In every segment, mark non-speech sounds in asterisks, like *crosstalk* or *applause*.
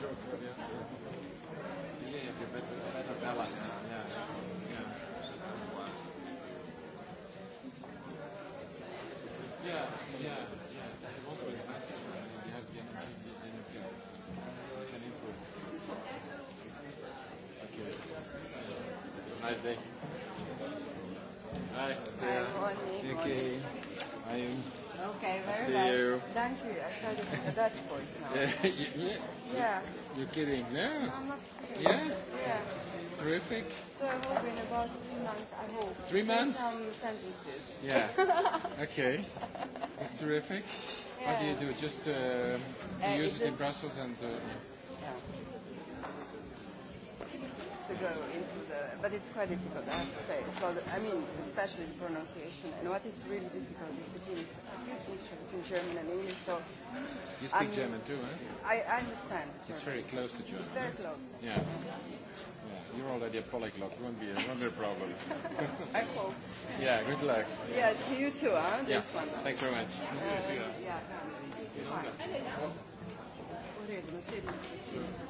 Yeah. Yeah, if you're better balanced. Yeah. Thank you. I try to be the Dutch voice now. yeah. Yeah. You're kidding, no? no I'm not yeah? Yeah. Terrific. So I hope in about three months, I hope. Three months? Some sentences. Yeah. *laughs* okay. It's terrific. Yeah. How do you do it? Just um, uh, do uh, you use it, it in Brussels and. Uh, yeah. to go into the, but it's quite difficult, I have to say. So, I mean, especially the pronunciation. And what is really difficult is between, it's a huge issue between German and English. So, you speak I mean, German too, eh? I, I understand. German. It's very close to German. It's very close. Yeah. yeah. yeah. You're already a polyglot. It won't be a, won't be a problem. *laughs* I hope. Yeah, good luck. Yeah, yeah to you too, huh? This yeah. one. Thanks very much. Uh, yeah. yeah. yeah. yeah. yeah. yeah. yeah. yeah. yeah. yeah. yeah.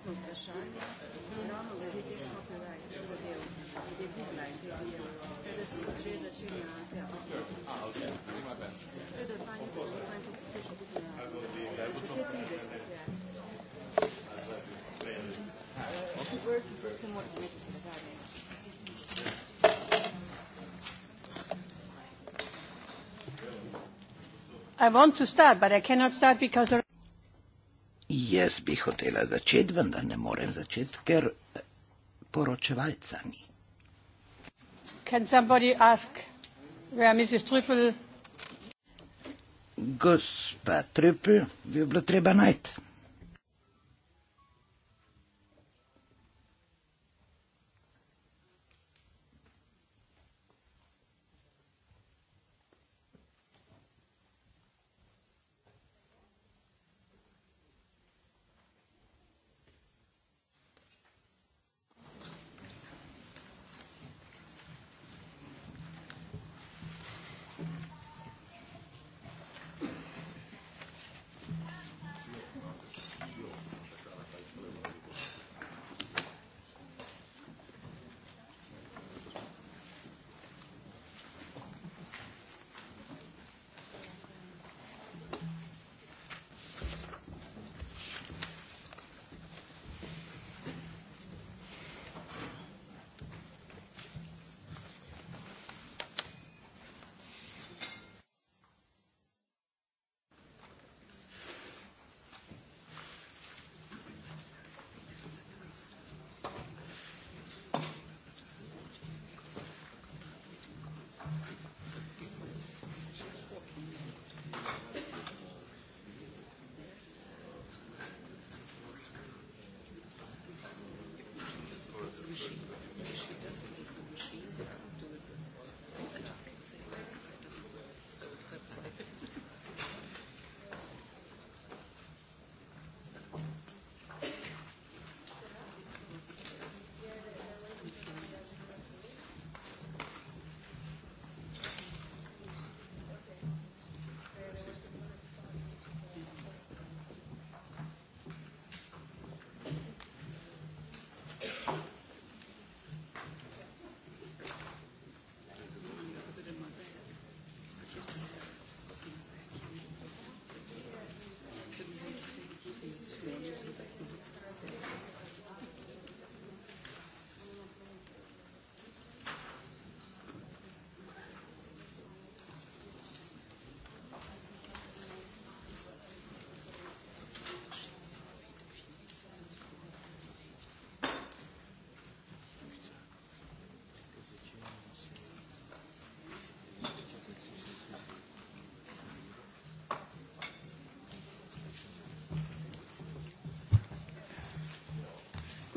jasno vprašanje, ki nam glede teh copyright zadev, glede Google, ki je bil, da se že začenja te avtomobile. To je pani, to je pani, ki posluša tudi na 10.30. Ja. Uh, work is just somewhat related to the body. I want to start, but I cannot start because... Jaz bi hotela začeti, vendar ne morem začeti, ker eh, poročevalca ni. Gospa Trüppel, bi jo bilo treba najti.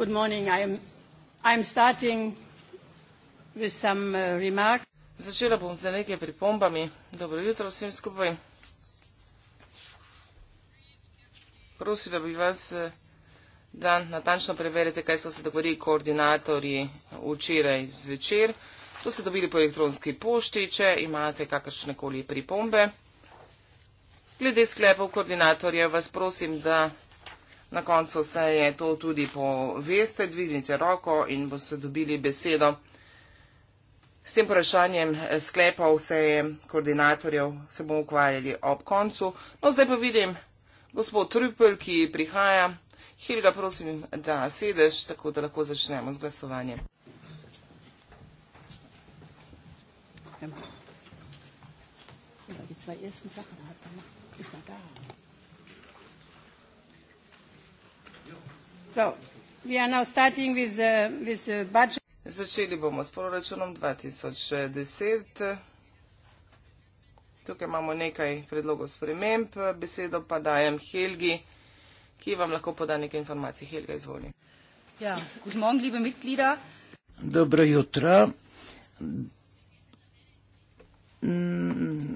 Good morning. I am, I am starting with some uh, remark. Začela bom za nekaj pripombami. Dobro jutro vsem skupaj. Prosila bi vas, eh, da natančno preverite, kaj so se dogovorili koordinatorji včeraj zvečer. To ste dobili po elektronski pošti, če imate kakršnekoli pripombe. Glede sklepov koordinatorja vas prosim, da Na koncu se je to tudi poveste, dvignite roko in boste dobili besedo. S tem vprašanjem sklepa vse je koordinatorjev, se bomo ukvarjali ob koncu. No, zdaj pa vidim gospod Trupel, ki prihaja. Hilga, prosim, da sedeš, tako da lahko začnemo z glasovanjem. Ja. Die zwei ersten Sachen hat er noch. Ist man da? Začeli bomo s proračunom 2010. Tukaj imamo nekaj predlogov sprememb. Besedo pa dajem Helgi, ki vam lahko poda nekaj informacij. Helga, izvoli. Ja, good morning, liebe Mitglieder. Dobro jutro.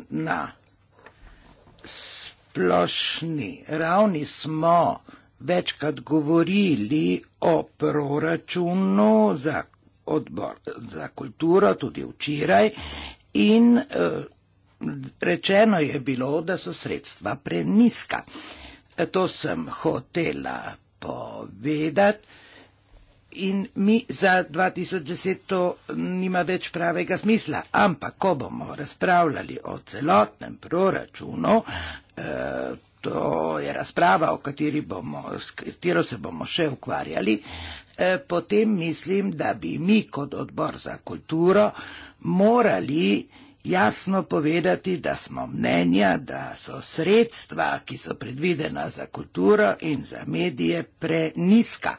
Na splošni ravni smo večkrat govorili o proračunu za odbor za kulturo, tudi včeraj, in eh, rečeno je bilo, da so sredstva preniska. E, to sem hotela povedati. In mi za 2010 to nima več pravega smisla, ampak ko bomo razpravljali o celotnem proračunu, eh, to je razprava, o kateri bomo, s katero se bomo še ukvarjali, e, potem mislim, da bi mi kot odbor za kulturo morali jasno povedati, da smo mnenja, da so sredstva, ki so predvidena za kulturo in za medije, preniska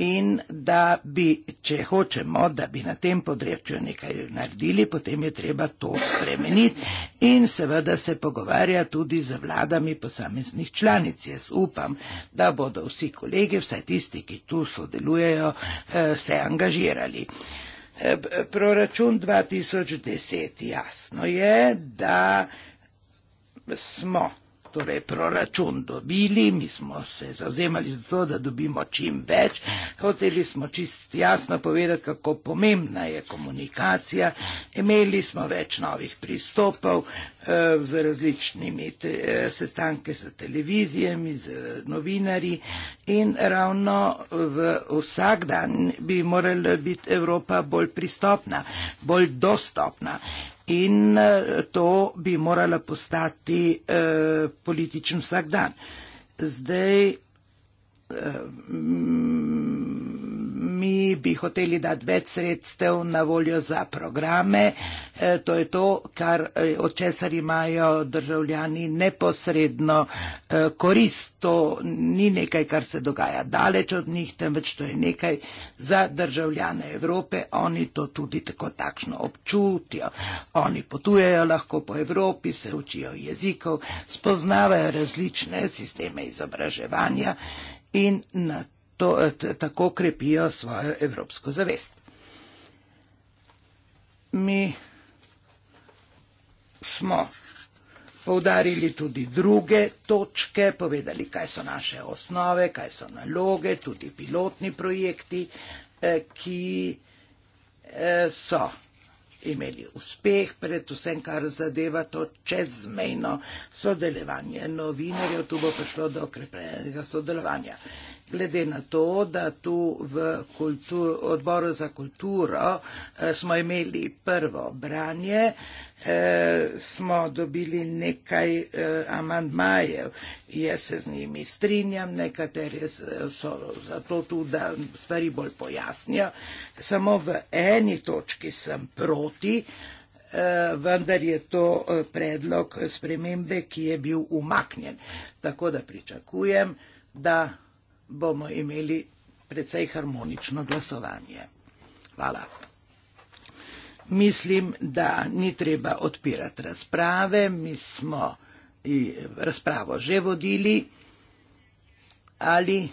in da bi, če hočemo, da bi na tem področju nekaj naredili, potem je treba to spremeniti in seveda se pogovarja tudi z vladami posameznih članic. Jaz upam, da bodo vsi kolegi, vsaj tisti, ki tu sodelujejo, eh, se angažirali. Eh, proračun 2010 jasno je, da smo Torej, proračun dobili, mi smo se zauzemali za to, da dobimo čim več. Hoteli smo čist jasno povedati, kako pomembna je komunikacija. Imeli smo več novih pristopov eh, z različnimi te, eh, sestanke s televizijami, z eh, novinari in ravno eh, v vsak dan bi morala biti Evropa bolj pristopna, bolj dostopna in eh, to bi morala postati eh, političen vsak dan. Zdaj, eh, mi bi hoteli dati več sredstev na voljo za programe. E, to je to, kar, e, od česar imajo državljani neposredno e, korist. To ni nekaj, kar se dogaja daleč od njih, temveč to je nekaj za državljane Evrope. Oni to tudi tako takšno občutijo. Oni potujejo lahko po Evropi, se učijo jezikov, spoznavajo različne sisteme izobraževanja in na to to, eh, t, tako krepijo svojo evropsko zavest. Mi smo povdarili tudi druge točke, povedali, kaj so naše osnove, kaj so naloge, tudi pilotni projekti, eh, ki eh, so imeli uspeh, predvsem kar zadeva to čezmejno sodelovanje novinarjev, tu bo prišlo do okrepljenega sodelovanja glede na to, da tu v kultur, odboru za kulturo eh, smo imeli prvo branje, eh, smo dobili nekaj eh, amandmajev. Jaz se z njimi strinjam, nekateri so zato tu, da stvari bolj pojasnijo. Samo v eni točki sem proti, vendar je to predlog spremembe, ki je bil umaknjen. Tako da pričakujem, da bomo imeli precej harmonično glasovanje. Hvala. Mislim, da ni treba odpirati razprave, mi smo razpravo že vodili. Ali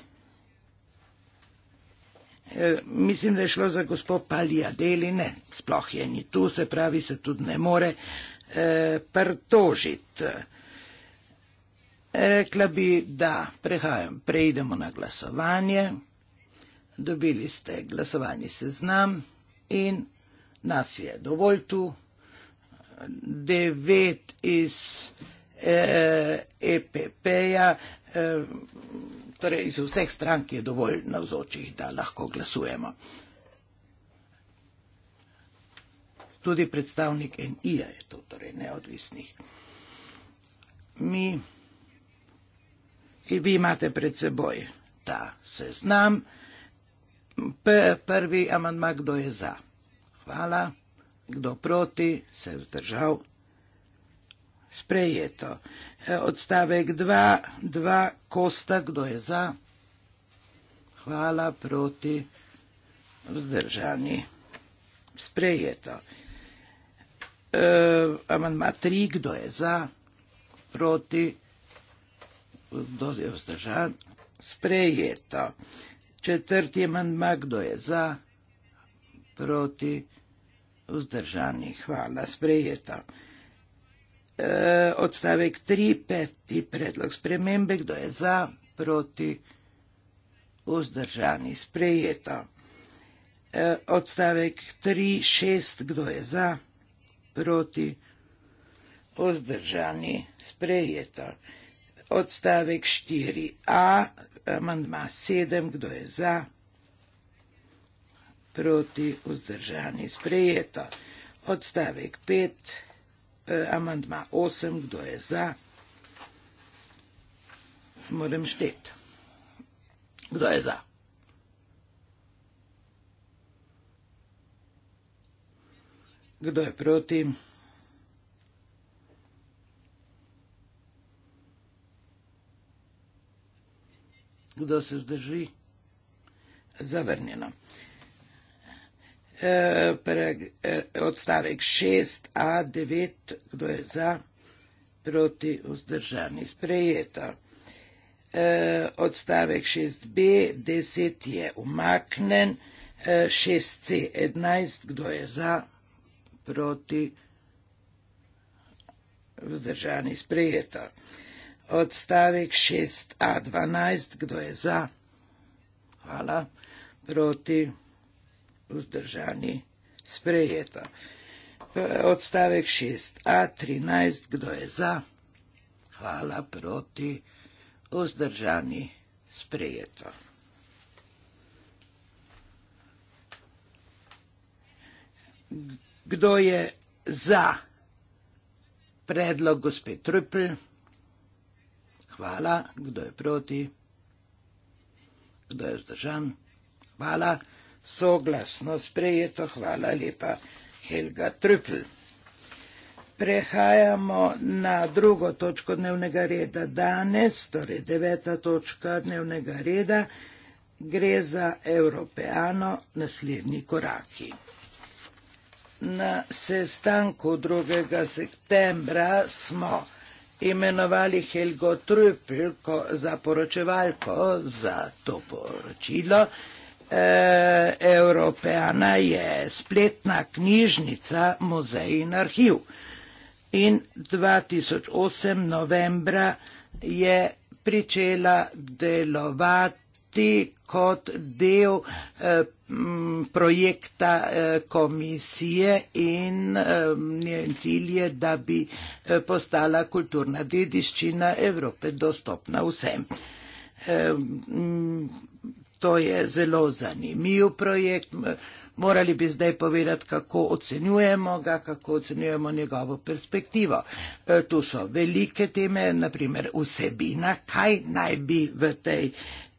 e, mislim, da je šlo za gospod Palija Deli, ne, sploh je ni tu, se pravi, se tudi ne more eh, pritožiti. Rekla bi, da prehajam, preidemo na glasovanje. Dobili ste glasovanje seznam in nas je dovolj tu. Devet iz eh, EPP-ja, eh, torej iz vseh strank je dovolj navzočih, da lahko glasujemo. Tudi predstavnik NIA je to, torej neodvisnih. Mi in vi imate pred seboj ta seznam. Prvi amantma, kdo je za? Hvala. Kdo proti, se je vzdržal. Sprejeto. E, odstavek 2, 2, Kosta, kdo je za? Hvala, proti, vzdržani. Sprejeto. E, amandma 3, kdo je za? Proti kdo je vzdržan, sprejeto. Četrti manjma, kdo je za, proti, vzdržani, hvala, sprejeto. E, odstavek tri, peti predlog spremembe, kdo je za, proti, vzdržani, sprejeto. E, odstavek tri, šest, kdo je za, proti, vzdržani, sprejeto odstavek 4a, amandma 7, kdo je za, proti, vzdržani, sprejeto. Odstavek 5, eh, amandma 8, kdo je za, moram šteti. Kdo je za? Kdo je proti? da se zdrži. Zavrnjeno. E, preg, e, odstavek 6a9, kdo je za, proti, vzdržani, sprejeto. E, odstavek 6b10 je umaknen, e, 6c11, kdo je za, proti, vzdržani, sprejeto. E, odstavek 6a12, kdo je za? Hvala. Proti, vzdržani, sprejeto. Odstavek 6a13, kdo je za? Hvala. Proti, vzdržani, sprejeto. Kdo je za predlog gospe Trupl? Hvala. Kdo je proti? Kdo je zdržan? Hvala. Soglasno sprejeto. Hvala lepa. Helga Trüppel. Prehajamo na drugo točko dnevnega reda danes, torej deveta točka dnevnega reda. Gre za Evropejano naslednji koraki. Na sestanku 2. septembra smo imenovali Helgo Trupel za poročevalko za to poročilo. E, Evropejana je spletna knjižnica Muzej in arhiv. In 2008. novembra je pričela delovati ti kot del eh, projekta eh, komisije in eh, njen cilj je, da bi postala kulturna dediščina Evrope dostopna vsem. To je zelo zanimiv projekt. Morali bi zdaj povedati, kako ocenjujemo ga, kako ocenjujemo njegovo perspektivo. Tu so velike teme, naprimer vsebina, kaj naj bi v tej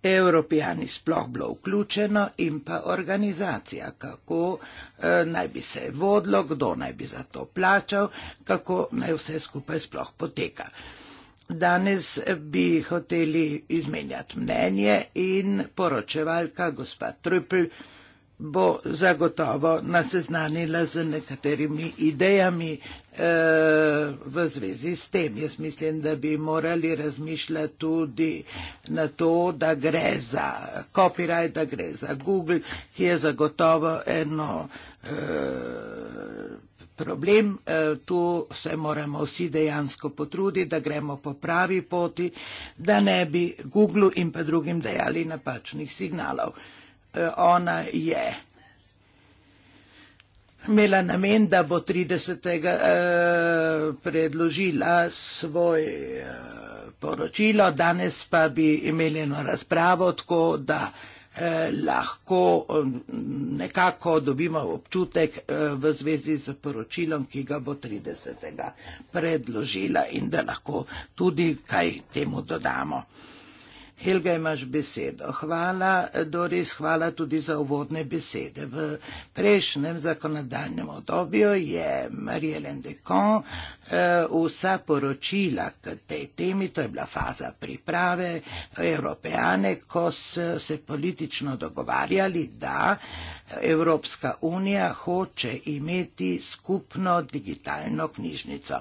Evropijani sploh bilo vključeno in pa organizacija, kako eh, naj bi se vodilo, kdo naj bi za to plačal, kako naj vse skupaj sploh poteka. Danes eh, bi hoteli izmenjati mnenje in poročevalka gospa Trupl bo zagotovo nas seznanila z nekaterimi idejami eh, v zvezi s tem. Jaz mislim, da bi morali razmišljati tudi na to, da gre za copyright, da gre za Google, ki je zagotovo eno eh, problem. Eh, tu se moramo vsi dejansko potruditi, da gremo po pravi poti, da ne bi Google in pa drugim dejali napačnih signalov. Eh, ona je. Imela namen, da bo 30. Eh, predložila svoj eh, poročilo, danes pa bi imeli eno razpravo, tako da lahko nekako dobimo občutek v zvezi z poročilom, ki ga bo 30. predložila in da lahko tudi kaj temu dodamo. Helga, imaš besedo. Hvala, Doris, hvala tudi za uvodne besede. V prejšnjem zakonodajnem odobju je Marielen de Con eh, vsa poročila k tej temi, to je bila faza priprave Evropejane, ko so se politično dogovarjali, da Evropska unija hoče imeti skupno digitalno knjižnico.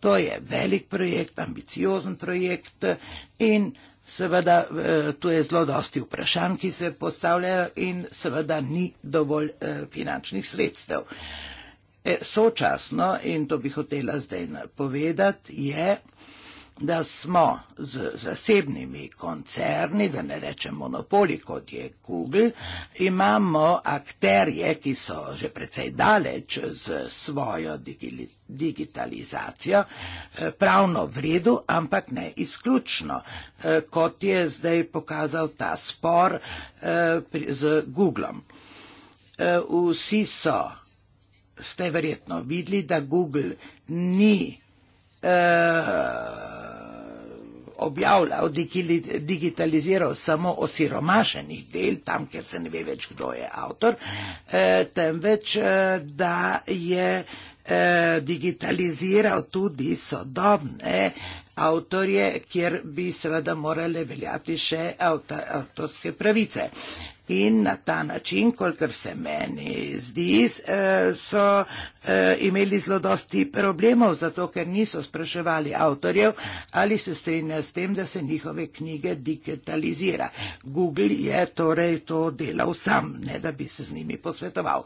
To je velik projekt, ambiciozen projekt in Seveda, eh, tu je zelo dosti vprašanj, ki se postavljajo in seveda ni dovolj eh, finančnih sredstev. Eh, sočasno, in to bi hotela zdaj povedati, je da smo z zasebnimi koncerni, da ne rečem monopoli, kot je Google, imamo akterje, ki so že precej daleč z svojo digitalizacijo, eh, pravno v redu, ampak ne izključno, eh, kot je zdaj pokazal ta spor eh, z Googlom. Vsi so, ste verjetno videli, da Google ni uh, objavljal, digitaliziral samo osiromašenih del, tam, kjer se ne ve več, kdo je avtor, eh, temveč, eh, da je eh, digitaliziral tudi sodobne avtorje, kjer bi seveda morale veljati še avtorske pravice. In na ta način, kolikor se meni zdi, eh, so eh, imeli zelo dosti problemov, zato ker niso spraševali avtorjev, ali se strinjajo s tem, da se njihove knjige digitalizira. Google je torej to delal sam, ne da bi se z njimi posvetoval.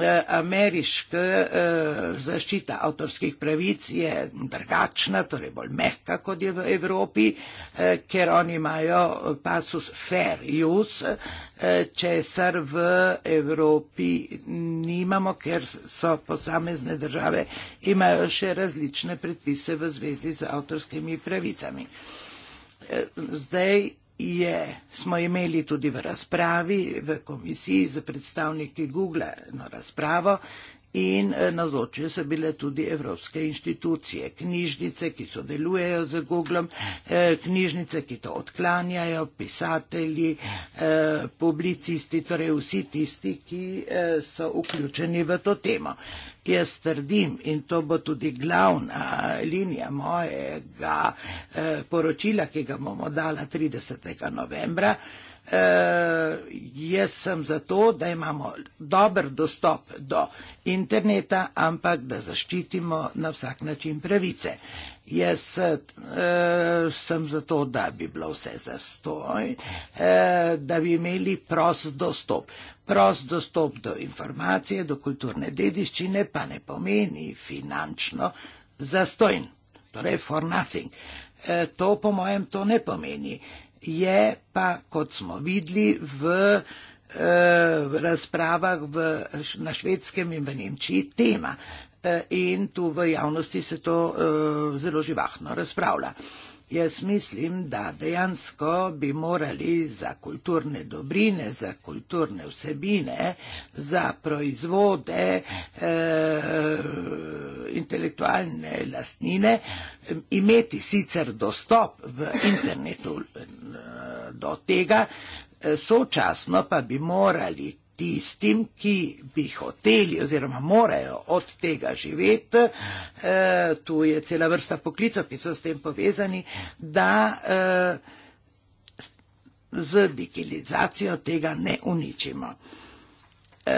E, ameriška e, zaščita avtorskih pravic je drugačna, torej bolj mehka kot je v Evropi, e, ker oni imajo pasus fair use, česar v Evropi nimamo, ker so posamezne države imajo še različne predpise v zvezi z avtorskimi pravicami. Zdaj je, smo imeli tudi v razpravi v komisiji z predstavniki Google na razpravo in eh, na zoče so bile tudi evropske inštitucije, knjižnice, ki sodelujejo z Google, eh, knjižnice, ki to odklanjajo, pisatelji, eh, publicisti, torej vsi tisti, ki so vključeni v to temo jaz trdim in to bo tudi glavna linija mojega eh, poročila, ki ga bomo dala 30. novembra, eh, E, jaz sem za to, da imamo dober dostop do interneta, ampak da zaščitimo na vsak način pravice. Jaz e, sem za to, da bi bilo vse zastoj, e, da bi imeli prost dostop. Prost dostop do informacije, do kulturne dediščine pa ne pomeni finančno zastojn, torej for nothing. E, to po mojem to ne pomeni. E, je pa, kot smo videli v eh, razpravah v, na švedskem in v Nemčiji, tema. Eh, in tu v javnosti se to eh, zelo živahno razpravlja. Eh, Jaz mislim, da dejansko bi morali za kulturne dobrine, za kulturne vsebine, za proizvode, e, intelektualne lastnine imeti sicer dostop v internetu eh, do tega, eh, sočasno pa bi morali tistim, ki bi hoteli oziroma morajo od tega živeti, eh, tu je cela vrsta poklicov, ki so s tem povezani, da eh, z digitalizacijo tega ne uničimo.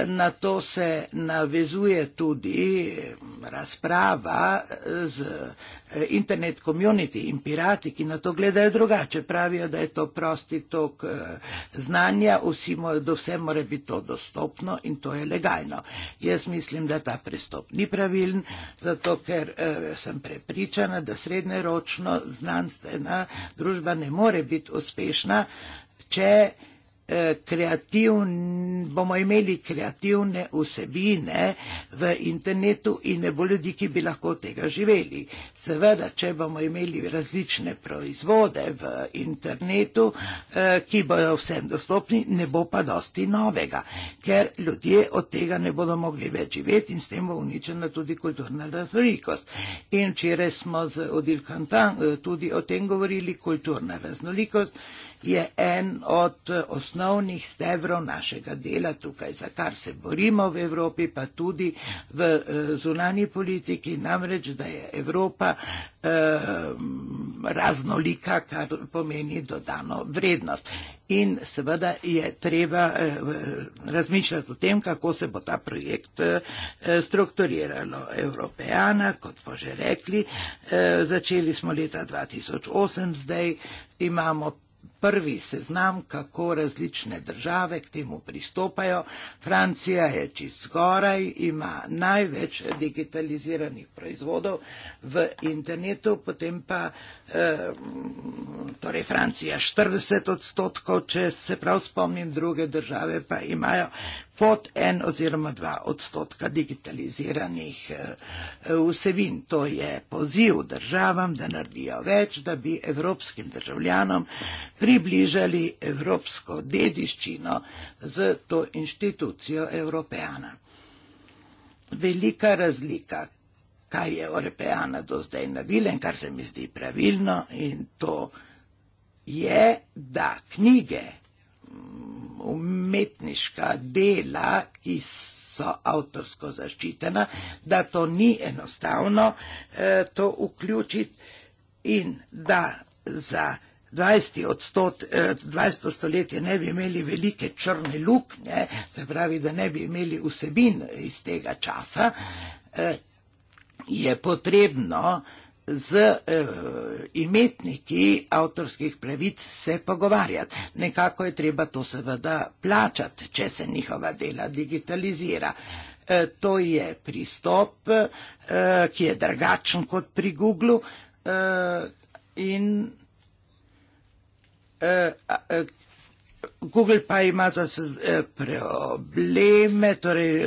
Na to se navezuje tudi razprava z eh, internet community in pirati, ki na to gledajo drugače. Pravijo, da je to prosti tok eh, znanja, vsi more, do vse more biti to dostopno in to je legalno. Jaz mislim, da ta pristop ni pravilen, zato ker eh, sem prepričana, da srednjeročno znanstvena družba ne more biti uspešna, če Eh, kreativni, bomo imeli kreativne vsebine v internetu in ne bo ljudi, ki bi lahko tega živeli. Seveda, če bomo imeli različne proizvode v internetu, eh, ki bojo vsem dostopni, ne bo pa dosti novega, ker ljudje od tega ne bodo mogli več živeti in s tem bo uničena tudi kulturna raznolikost. In včeraj smo z Odil Kantan eh, tudi o tem govorili, kulturna raznolikost je en od eh, osnovnih stebrov našega dela tukaj, za kar se borimo v Evropi, pa tudi v eh, zunani politiki, namreč, da je Evropa eh, raznolika, kar pomeni dodano vrednost. In seveda je treba eh, razmišljati o tem, kako se bo ta projekt eh, strukturiralo. Evropejana, kot smo že rekli, eh, začeli smo leta 2008, zdaj imamo prvi seznam, kako različne države k temu pristopajo. Francija je čist zgoraj, ima največ digitaliziranih proizvodov v internetu, potem pa eh, torej Francija 40 odstotkov, če se prav spomnim, druge države pa imajo pod en oziroma dva odstotka digitaliziranih eh, vsebin. To je poziv državam, da naredijo več, da bi evropskim državljanom pri približali evropsko dediščino z to inštitucijo Evropejana. Velika razlika, kaj je Evropejana do zdaj naredila in kar se mi zdi pravilno in to je, da knjige, mm, umetniška dela, ki so avtorsko zaščitena, da to ni enostavno eh, to vključiti in da za 20. Odstot, 20. Eh, stoletje ne bi imeli velike črne luknje, se pravi, da ne bi imeli vsebin iz tega časa, eh, je potrebno z eh, imetniki avtorskih pravic se pogovarjati. Nekako je treba to seveda plačati, če se njihova dela digitalizira. To je pristop, ki je drugačen kot pri Google in Eh, eh, Google pa ima za eh, probleme, torej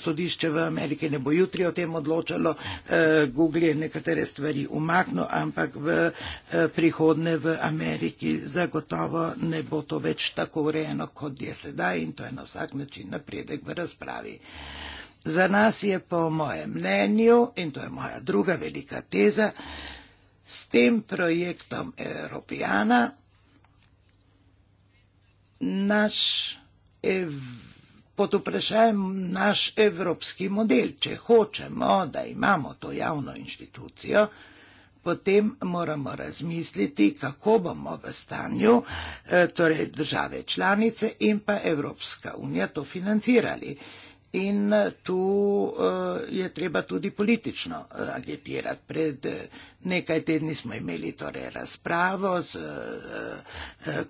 sodišče v Ameriki ne bo jutri o tem odločalo, Google je nekatere stvari umaknil, ampak v prihodne v Ameriki zagotovo ne bo to več tako urejeno, kot je sedaj in to je na vsak način napredek v razpravi. Za nas je po mojem mnenju, in to je moja druga velika teza, s tem projektom Evropijana, naš ev, pod vprašanjem naš evropski model. Če hočemo, da imamo to javno inštitucijo, potem moramo razmisliti, kako bomo v stanju, eh, torej države članice in pa Evropska unija to financirali. Uh, In eh, tu eh, je treba tudi politično eh, agitirati. Pred nekaj tedni smo imeli torej razpravo z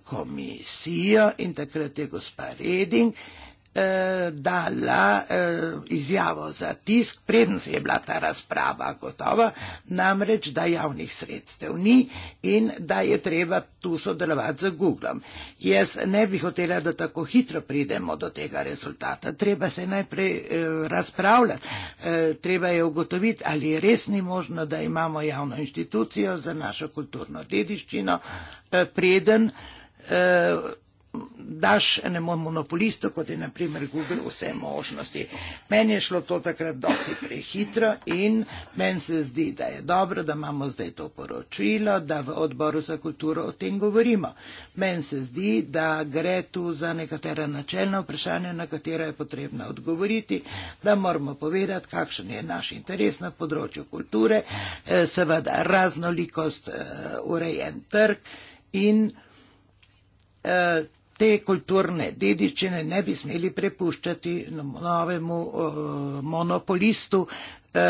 komisijo in takrat je gospa Reding eh, dala eh, izjavo za tisk, preden se je bila ta razprava gotova, namreč, da javnih sredstev ni in da je treba tu sodelovati z Googlom. Jaz ne bi hotela, da tako hitro pridemo do tega rezultata. Treba se najprej eh, razpravljati, eh, treba je ugotoviti, ali res ni možno, da imamo javno inštitucijo za našo kulturno dediščino, eh, preden. Eh, daš enemu monopolistu, kot je naprimer Google, vse možnosti. Meni je šlo to takrat dosti prehitro in meni se zdi, da je dobro, da imamo zdaj to poročilo, da v odboru za kulturo o tem govorimo. Meni se zdi, da gre tu za nekatera načelna vprašanja, na katera je potrebno odgovoriti, da moramo povedati, kakšen je naš interes na področju kulture, eh, seveda raznolikost, eh, urejen trg in eh, te kulturne dedičine ne bi smeli prepuščati novemu monopolistu, e,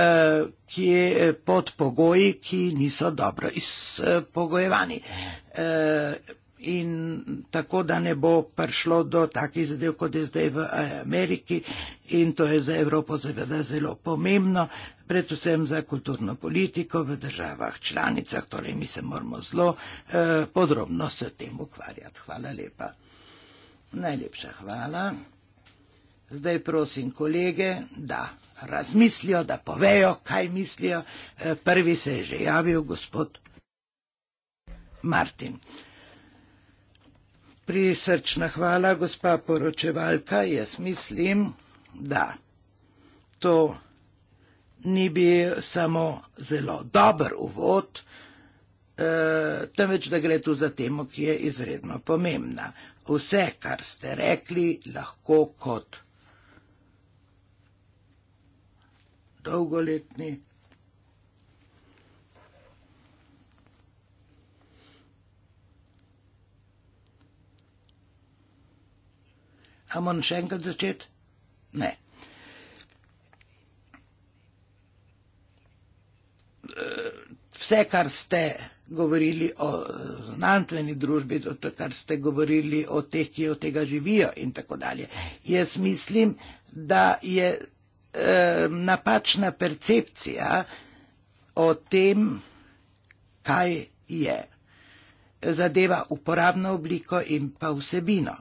ki je pod pogoji, ki niso dobro izpogojevani. E, in tako, da ne bo prišlo do takih zadev, kot je zdaj v e, Ameriki, in to je za Evropo seveda zelo pomembno, predvsem za kulturno politiko v državah članicah, torej mi se moramo zelo eh, podrobno s tem ukvarjati. Hvala lepa. Najlepša hvala. Zdaj prosim kolege, da razmislijo, da povejo, kaj mislijo. E, prvi se je že javil gospod Martin. Prisrčna hvala, gospa poročevalka. Jaz mislim, da to ni bil samo zelo dober uvod, Eh, temveč da gre tu za temo, ki je izredno pomembna. Vse, kar ste rekli, lahko kot dolgoletni A moram še enkrat začeti? Ne. Eh, vse, kar ste rekli, govorili o znanstveni družbi, o to, kar ste govorili o teh, ki od tega živijo in tako dalje. Jaz mislim, da je e, napačna percepcija o tem, kaj je. Zadeva uporabno obliko in pa vsebino.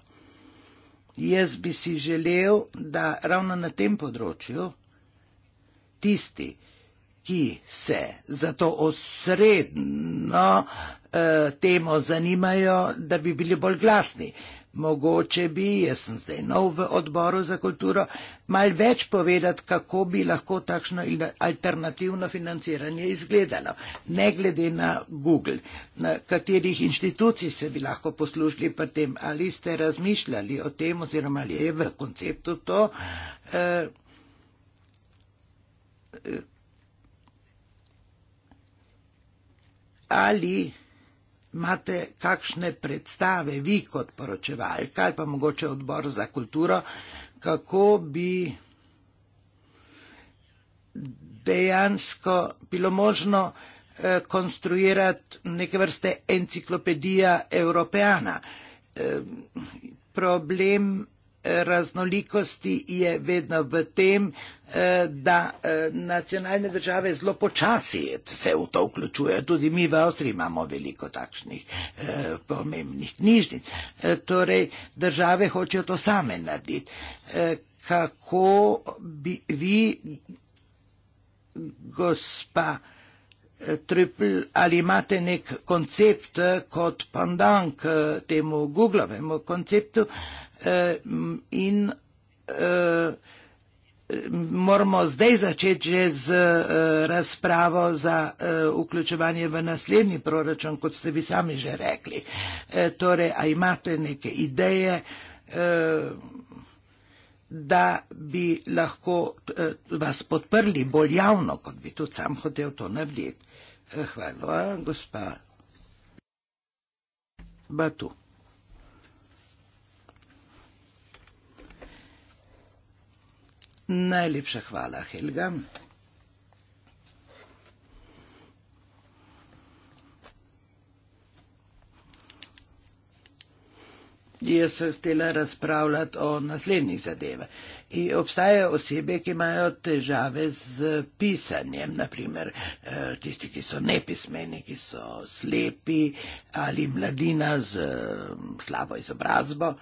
Jaz bi si želel, da ravno na tem področju tisti, ki se za to osredno eh, temo zanimajo, da bi bili bolj glasni. Mogoče bi, jaz sem zdaj nov v odboru za kulturo, mal več povedati, kako bi lahko takšno alternativno financiranje izgledalo, ne glede na Google, na katerih inštitucij se bi lahko poslužili pri tem, ali ste razmišljali o tem oziroma ali je v konceptu to. Eh, eh ali imate kakšne predstave, vi kot poročevalka ali pa mogoče odbor za kulturo, kako bi dejansko bilo možno eh, konstruirati neke vrste enciklopedija Evropejana. Eh, problem raznolikosti je vedno v tem, eh, da eh, nacionalne države zelo počasi se v to vključujejo. Tudi mi v Avstriji imamo veliko takšnih eh, pomembnih knjižnic. Torej, države hočejo to same narediti. Kako bi vi, gospa Trupl, ali imate nek koncept kot pandank temu Googlovemu konceptu? in eh, moramo zdaj začeti že z eh, razpravo za eh, vključevanje v naslednji proračun, kot ste vi sami že rekli. Torej, a imate neke ideje, da bi lahko vas podprli bolj javno, kot bi tudi sam hotel to narediti. Hvala, gospa Batu. Najlepša hvala, Helga. Jaz sem htela razpravljati o naslednjih zadevah. In obstajajo osebe, ki imajo težave z pisanjem, naprimer eh, tisti, ki so nepismeni, ki so slepi ali mladina z mm, slabo izobrazbo.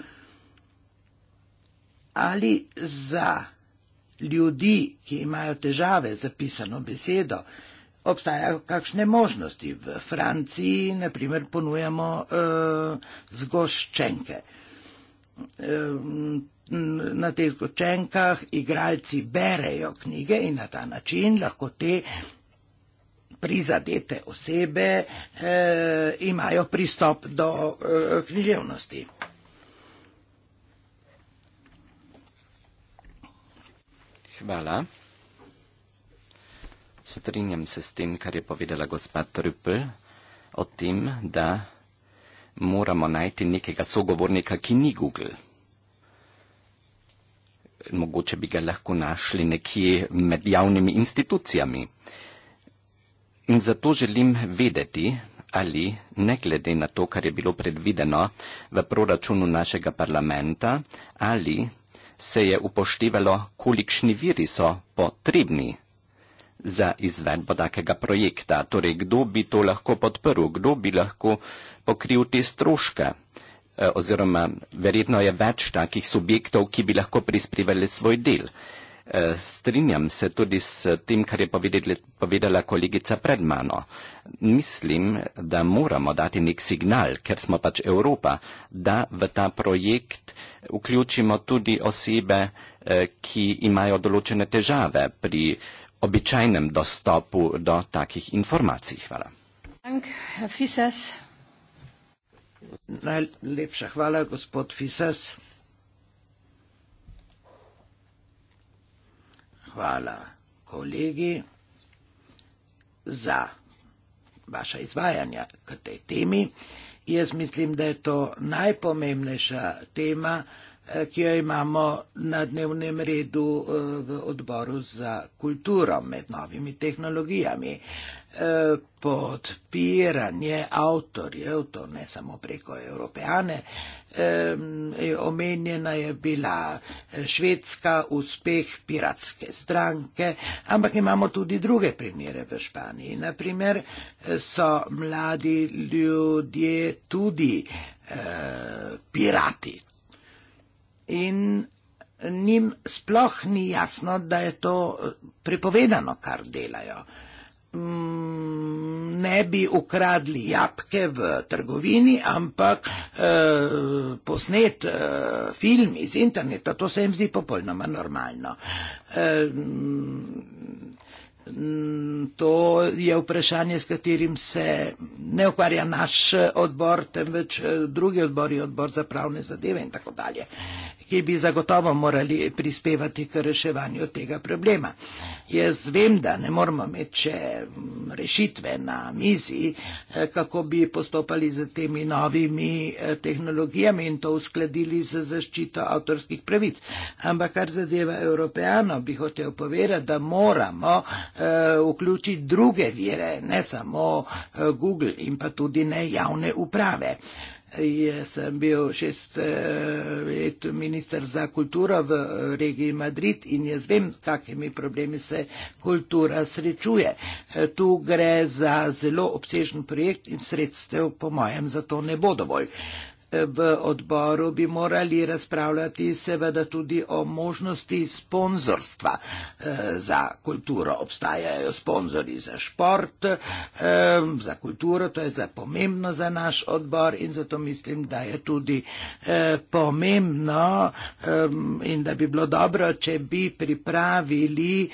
Ali za ljudi, ki imajo težave z pisano besedo, obstajajo kakšne možnosti. V Franciji, naprimer, ponujamo uh, zgoščenke. Eh, na teh učenkah igralci berejo knjige in na ta način lahko te prizadete osebe eh, imajo pristop do eh, književnosti. Hvala. Strinjam se s tem, kar je povedala gospa Trpl o tem, da moramo najti nekega sogovornika, ki ni Google. Mogoče bi ga lahko našli nekje med javnimi institucijami. In zato želim vedeti, ali ne glede na to, kar je bilo predvideno v proračunu našega parlamenta, ali se je upoštevalo, kolikšni viri so potrebni za izvedbo takega projekta. Torej, kdo bi to lahko podprl, kdo bi lahko pokril te stroške eh, oziroma verjetno je več takih subjektov, ki bi lahko prispevali svoj del. Eh, strinjam se tudi s tem, kar je povedala kolegica pred mano. Mislim, da moramo dati nek signal, ker smo pač Evropa, da v ta projekt vključimo tudi osebe, eh, ki imajo določene težave pri običajnem dostopu do takih informacij. Hvala. Najlepša hvala, gospod Fises. Hvala, kolegi, za vaša izvajanja k tej temi. Jaz mislim, da je to najpomembnejša tema, eh, ki jo imamo na dnevnem redu eh, v odboru za kulturo med novimi tehnologijami. Eh, podpiranje avtorjev, to ne samo preko Evropejane, eh, omenjena je bila eh, švedska, uspeh piratske stranke, ampak imamo tudi druge primere v Španiji. Naprimer eh, so mladi ljudje tudi eh, pirati. In njim sploh ni jasno, da je to eh, prepovedano, kar delajo. Mm, ne bi ukradli jabke v trgovini, ampak e, posnet e, film iz interneta, to se jim zdi popolnoma normalno. E, Mm, to je vprašanje, s katerim se ne ukvarja naš odbor, temveč eh, drugi odbor, odbor za pravne zadeve in tako dalje, ki bi zagotovo morali prispevati k reševanju tega problema. Jaz vem, da ne moramo imeti mm, rešitve na mizi, eh, kako bi postopali z temi novimi eh, tehnologijami in to uskladili z zaščito avtorskih pravic. Ampak kar zadeva Evropejano, bi hotel povedati, da moramo Eh, vključiti druge vire, ne samo eh, Google in pa tudi ne javne uprave. Jaz sem bil šest eh, let ministr za kulturo v regiji Madrid in jaz vem, s kakimi problemi se kultura srečuje. Tu gre za zelo obsežen projekt in sredstev, po mojem, za to ne bo dovolj v odboru bi morali razpravljati seveda tudi o možnosti sponzorstva eh, za kulturo. Obstajajo sponzori za šport, eh, za kulturo, to je za pomembno za naš odbor in zato mislim, da je tudi eh, pomembno in da bi bilo dobro, če bi pripravili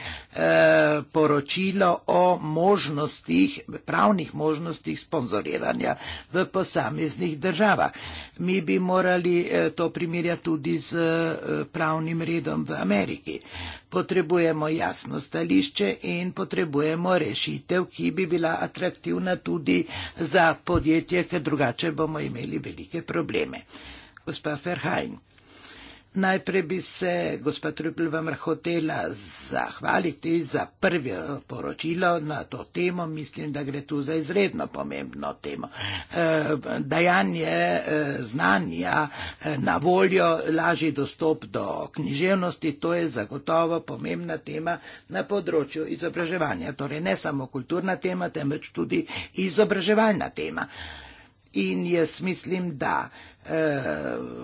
poročilo o možnostih, pravnih možnostih sponzoriranja v posameznih državah mi bi morali eh, to primerjati tudi z eh, pravnim redom v Ameriki. Potrebujemo jasno stališče in potrebujemo rešitev, ki bi bila atraktivna tudi za podjetje, ker drugače bomo imeli velike probleme. Gospa Ferhajn. Najprej bi se, gospod Trupel, vam hotela zahvaliti za prvo poročilo na to temo. Mislim, da gre tu za izredno pomembno temo. Eh, dajanje eh, znanja eh, na voljo, lažji dostop do književnosti, to je zagotovo pomembna tema na področju izobraževanja. Torej ne samo kulturna tema, temveč tudi izobraževalna tema. In jaz mislim, da Eh,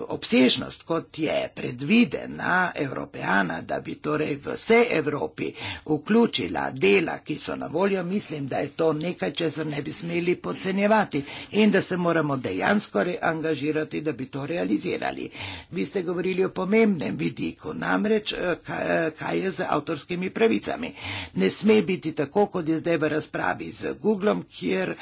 obsežnost, kot je predvidena Evropejana, da bi torej v vse Evropi vključila dela, ki so na voljo, mislim, da je to nekaj, česar ne bi smeli podcenjevati in da se moramo dejansko angažirati, da bi to realizirali. Vi ste govorili o pomembnem vidiku, namreč eh, eh, kaj je z avtorskimi pravicami. Ne sme biti tako, kot je zdaj v razpravi z Googlom, kjer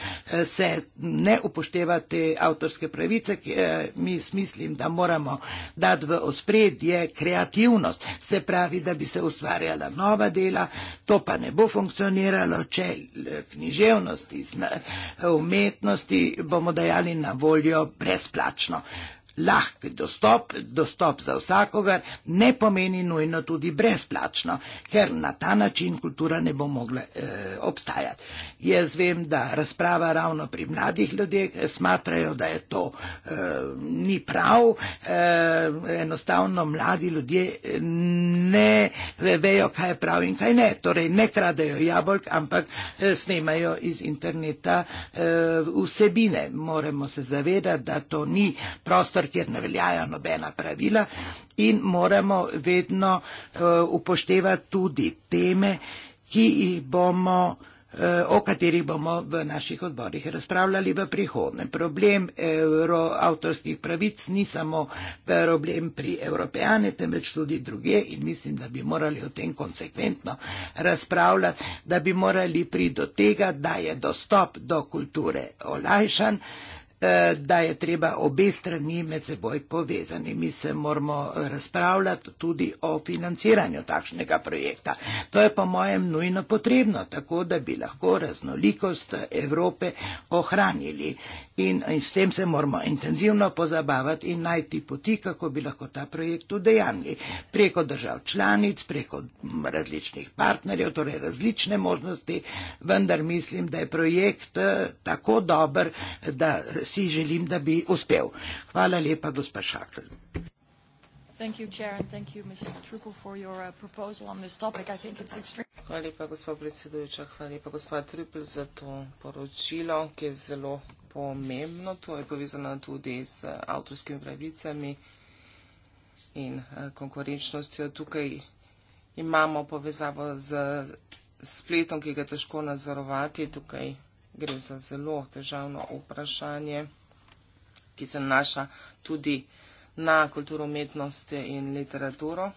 se ne upoštevate avtorske pravice, ki, jaz mislim, da moramo dati v ospredje kreativnost, se pravi, da bi se ustvarjala nova dela, to pa ne bo funkcioniralo, če književnosti, umetnosti bomo dajali na voljo brezplačno lahk dostop, dostop za vsakogar, ne pomeni nujno tudi brezplačno, ker na ta način kultura ne bo mogla e, obstajati. Jaz vem, da razprava ravno pri mladih ljudeh eh, smatrajo, da je to e, ni prav, e, enostavno mladi ljudje ne vejo, kaj je prav in kaj ne. Torej, ne kradejo jabolk, ampak snemajo iz interneta e, vsebine. Moramo se zavedati, da to ni prostor, kjer ne veljajo nobena pravila in moramo vedno eh, upoštevati tudi teme, bomo, eh, o katerih bomo v naših odborih razpravljali v prihodnem. Problem avtorskih pravic ni samo problem pri Evropejane, temveč tudi druge in mislim, da bi morali o tem konsekventno razpravljati, da bi morali priti do tega, da je dostop do kulture olajšan. Eh, da je treba obe strani med seboj povezani. Mi se moramo razpravljati tudi o financiranju takšnega projekta. To je po mojem nujno potrebno, tako da bi lahko raznolikost Evrope ohranili in, in s tem se moramo intenzivno pozabavati in najti poti, kako bi lahko ta projekt udejanili. Preko držav članic, preko različnih partnerjev, torej različne možnosti, vendar mislim, da je projekt eh, tako dober, da si želim, da bi uspel. Hvala lepa, gospa Šakl. Thank you, Chair, and thank you, Ms. Trupel, for your uh, proposal on this topic. I think it's extremely. Hvala lepa, gospod predsedujoča, hvala lepa, gospod Trupel, za to poročilo, ki je zelo pomembno, to je povezano tudi z avtorskimi pravicami in eh, konkurenčnostjo. Tukaj imamo povezavo z spletom, ki ga težko nadzorovati. Tukaj gre za zelo težavno vprašanje, ki se nanaša tudi na kulturo umetnosti in literaturo.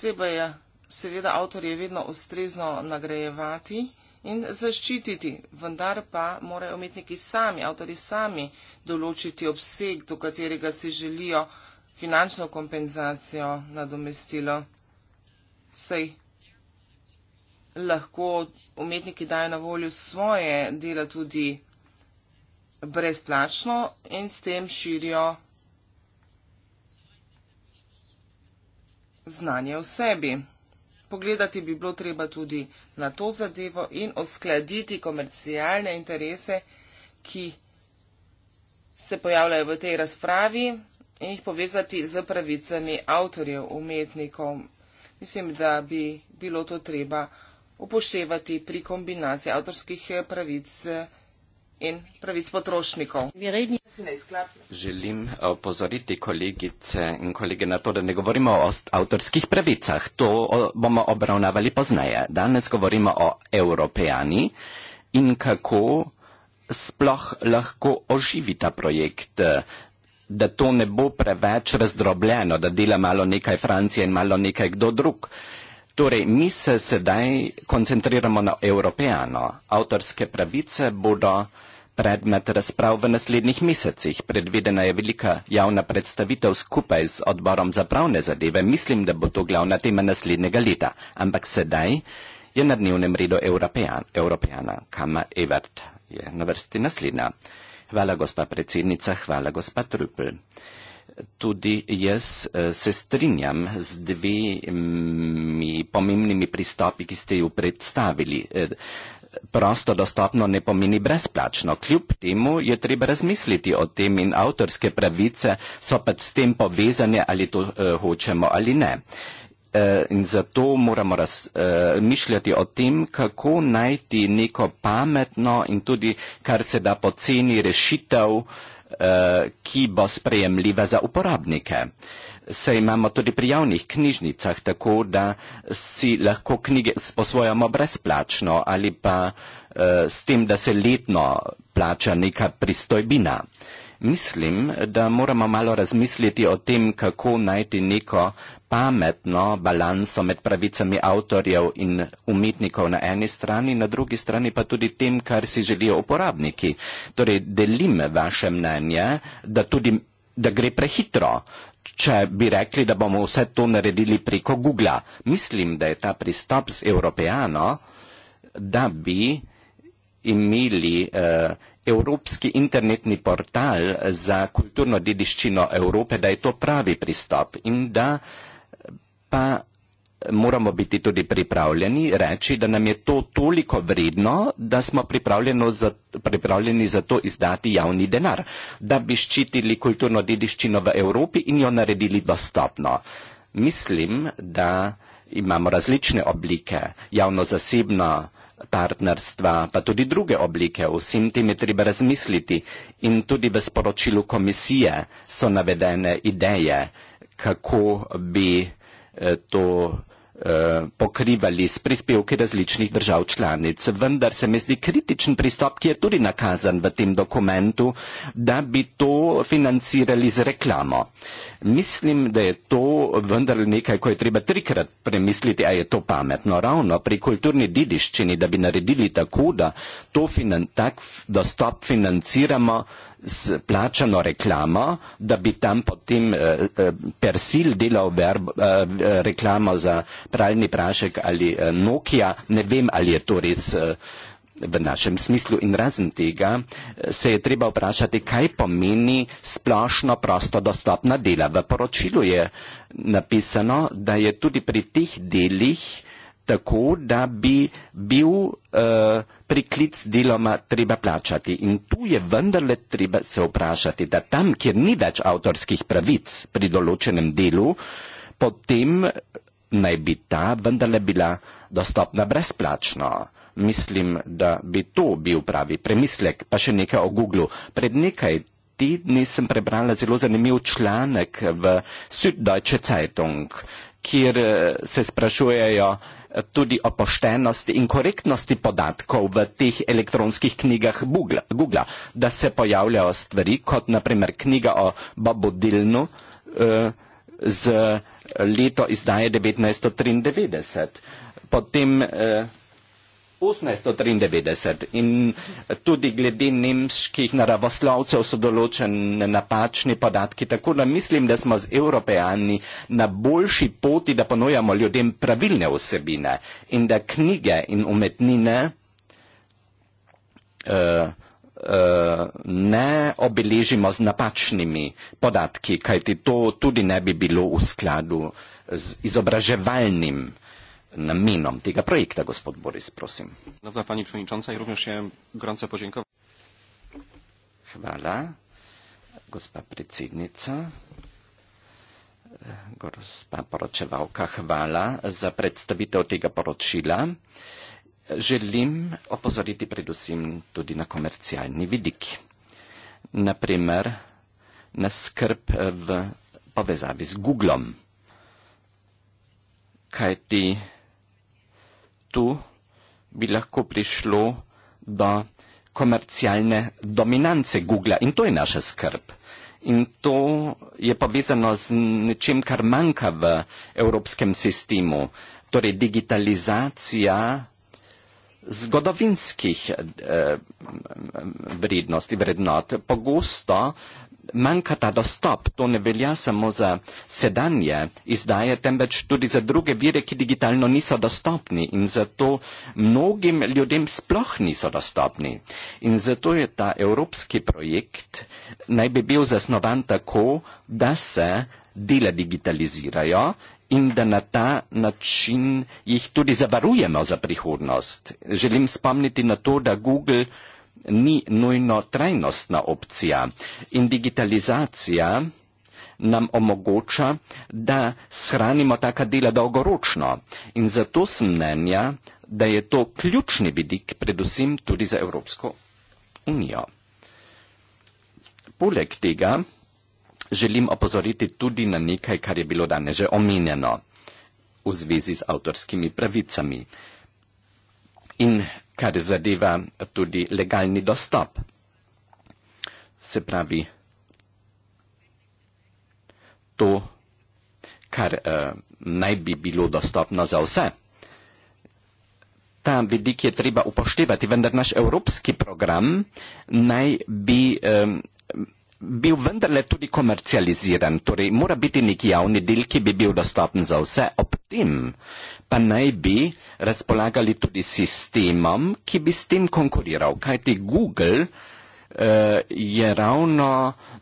Treba je seveda avtorje vedno ustrezno nagrajevati in zaščititi, vendar pa morajo umetniki sami, avtori sami določiti obseg, do katerega si želijo finančno kompenzacijo nadomestilo. Sej lahko umetniki dajo na voljo svoje dela tudi brezplačno in s tem širijo znanje o sebi pogledati bi bilo treba tudi na to zadevo in oskladiti komercialne interese, ki se pojavljajo v tej razpravi in jih povezati z pravicami avtorjev, umetnikov. Mislim, da bi bilo to treba upoštevati pri kombinaciji avtorskih pravic in pravic potrošnikov. Želim eh, opozoriti kolegice in kolege na to, da ne govorimo o avtorskih pravicah. To bomo obravnavali pozneje. Danes govorimo o Evropejani in kako sploh lahko oživi ta projekt, eh, da to ne bo preveč razdrobljeno, da dela malo nekaj Francije in malo nekaj kdo drug. Torej, mi se sedaj koncentriramo na Evropejano. Avtorske pravice bodo Predmet razprav v naslednjih mesecih. Predvidena je velika javna predstavitev skupaj z odborom za pravne zadeve. Mislim, da bo to glavna tema naslednjega leta. Ampak sedaj je na dnevnem redu Evropejan, Evropejana Kama Evert. Je na vrsti naslednja. Hvala, gospa predsednica, hvala, gospa Trupl. Tudi jaz eh, se strinjam z dvemi pomembnimi pristopi, ki ste ju predstavili. Eh, prosto dostopno ne pomeni brezplačno. Kljub temu je treba razmisliti o tem in avtorske pravice so pač s tem povezane, ali to uh, hočemo ali ne. Eh, in zato moramo razmišljati eh, uh, o tem, kako najti neko pametno in tudi kar se da poceni rešitev, uh, ki bo sprejemljiva za uporabnike. Uh, se imamo tudi pri javnih knjižnicah, tako da si lahko knjige posvojamo brezplačno ali pa eh, s tem, da se letno plača neka pristojbina. Mislim, da moramo malo razmisliti o tem, kako najti neko pametno balanso med pravicami avtorjev in umetnikov na eni strani, na drugi strani pa tudi tem, kar si želijo uporabniki. Torej, delim vaše mnenje, da tudi da gre prehitro uh, če bi rekli, da bomo vse to naredili preko Google. Mislim, da je ta pristop z Evropejano, da bi imeli uh, evropski internetni portal za kulturno dediščino Evrope, da je to pravi pristop in da pa moramo biti tudi pripravljeni reči, da nam je to toliko vredno, da smo za, pripravljeni za to izdati javni denar, da bi ščitili kulturno dediščino v Evropi in jo naredili dostopno. Mislim, da imamo različne oblike javno-zasebno partnerstva, pa tudi druge oblike. Vsem tem je treba razmisliti in tudi v sporočilu komisije so navedene ideje, kako bi eh, to Eh, pokrivali s prispevki različnih držav članic. Vendar se mi zdi kritičen pristop, ki je tudi nakazan v tem dokumentu, da bi to financirali z reklamo. Mislim, da je to vendar nekaj, ko je treba trikrat premisliti, a je to pametno. Ravno pri kulturni didiščini, da bi naredili tako, da to finan, tak dostop financiramo s plačano reklamo, da bi tam potem eh, eh, persil delal verb, eh, reklamo za pravilni prašek ali Nokia. Ne vem, ali je to res v našem smislu in razen tega se je treba vprašati, kaj pomeni splošno prosto dostopna dela. V poročilu je napisano, da je tudi pri teh delih tako, da bi bil uh, priklic deloma treba plačati. In tu je vendarle treba se vprašati, da tam, kjer ni več avtorskih pravic pri določenem delu, potem naj bi ta vendarle bila dostopna brezplačno. Mislim, da bi to bil pravi premislek. Pa še nekaj o Google. Pred nekaj tedni sem prebrala zelo zanimiv članek v Süddeutsche Zeitung, kjer eh, se sprašujejo, tudi o poštenosti in korektnosti podatkov v teh elektronskih knjigah Google, da se pojavljajo stvari, kot naprimer knjiga o Bobu Dilnu eh, z leto izdaje 1993. Potem eh, 1893 in tudi glede nemških naravoslovcev so določene napačni podatki, tako da mislim, da smo z Evropejani na boljši poti, da ponujamo ljudem pravilne osebine in da knjige in umetnine uh, ne obeležimo z napačnimi podatki, kajti to tudi ne bi bilo v skladu z izobraževalnim namenom tega projekta, gospod Boris, prosim. Dobro, pani przewodnicząca, i również się gorąco podziękować. Hvala, gospa predsednica. Gospa poročevalka, hvala za predstavitev tega poročila. Želim opozoriti predvsem tudi na komercialni vidik. Naprimer, na skrb v povezavi z Googlom. Kaj ti tu bi lahko prišlo do komercialne dominance Google in to je naša skrb. In to je povezano z nečim, kar manjka v evropskem sistemu, torej digitalizacija zgodovinskih eh, vrednosti, vrednot. Pogosto manjka ta dostop. To ne velja samo za sedanje izdaje, temveč tudi za druge vire, ki digitalno niso dostopni in zato mnogim ljudem sploh niso dostopni. In zato je ta evropski projekt naj bi bil zasnovan tako, da se dele digitalizirajo in da na ta način jih tudi zavarujemo za prihodnost. Želim spomniti na to, da Google ni nujno trajnostna opcija in digitalizacija nam omogoča, da shranimo taka dela dolgoročno. In zato sem mnenja, da je to ključni vidik, predvsem tudi za Evropsko unijo. Poleg tega želim opozoriti tudi na nekaj, kar je bilo danes že omenjeno v zvezi z avtorskimi pravicami in kar zadeva tudi legalni dostop. Se pravi, to, kar uh, naj bi bilo dostopno za vse. Ta vidik je treba upoštevati, vendar naš evropski program naj bi um, bil vendarle tudi komercializiran, torej mora biti neki javni del, ki bi bil dostopen za vse, ob tem pa naj bi razpolagali tudi sistemom, ki bi s tem konkuriral. Kajti Google uh, je ravno,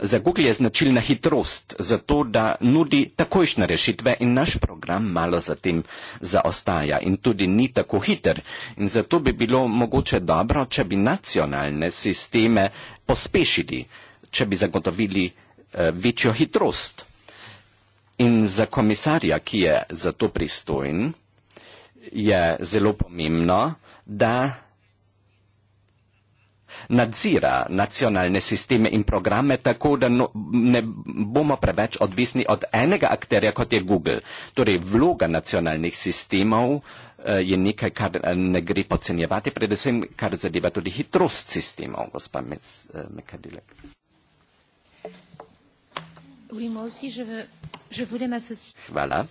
za Google je značilna hitrost, zato da nudi takojšnje rešitve in naš program malo za tem zaostaja in tudi ni tako hiter. In zato bi bilo mogoče dobro, če bi nacionalne sisteme pospešili če bi zagotovili eh, večjo hitrost. In za komisarja, ki je za to pristojen, je zelo pomembno, da nadzira nacionalne sisteme in programe tako, da no, ne bomo preveč odvisni od enega akterja, kot je Google. Torej, vloga nacionalnih sistemov eh, je nekaj, kar eh, ne gre podcenjevati, predvsem kar zadeva tudi hitrost sistemov, gospa Mekadilek. Oui, moi aussi, je, veux, je voulais m'associer. Voilà.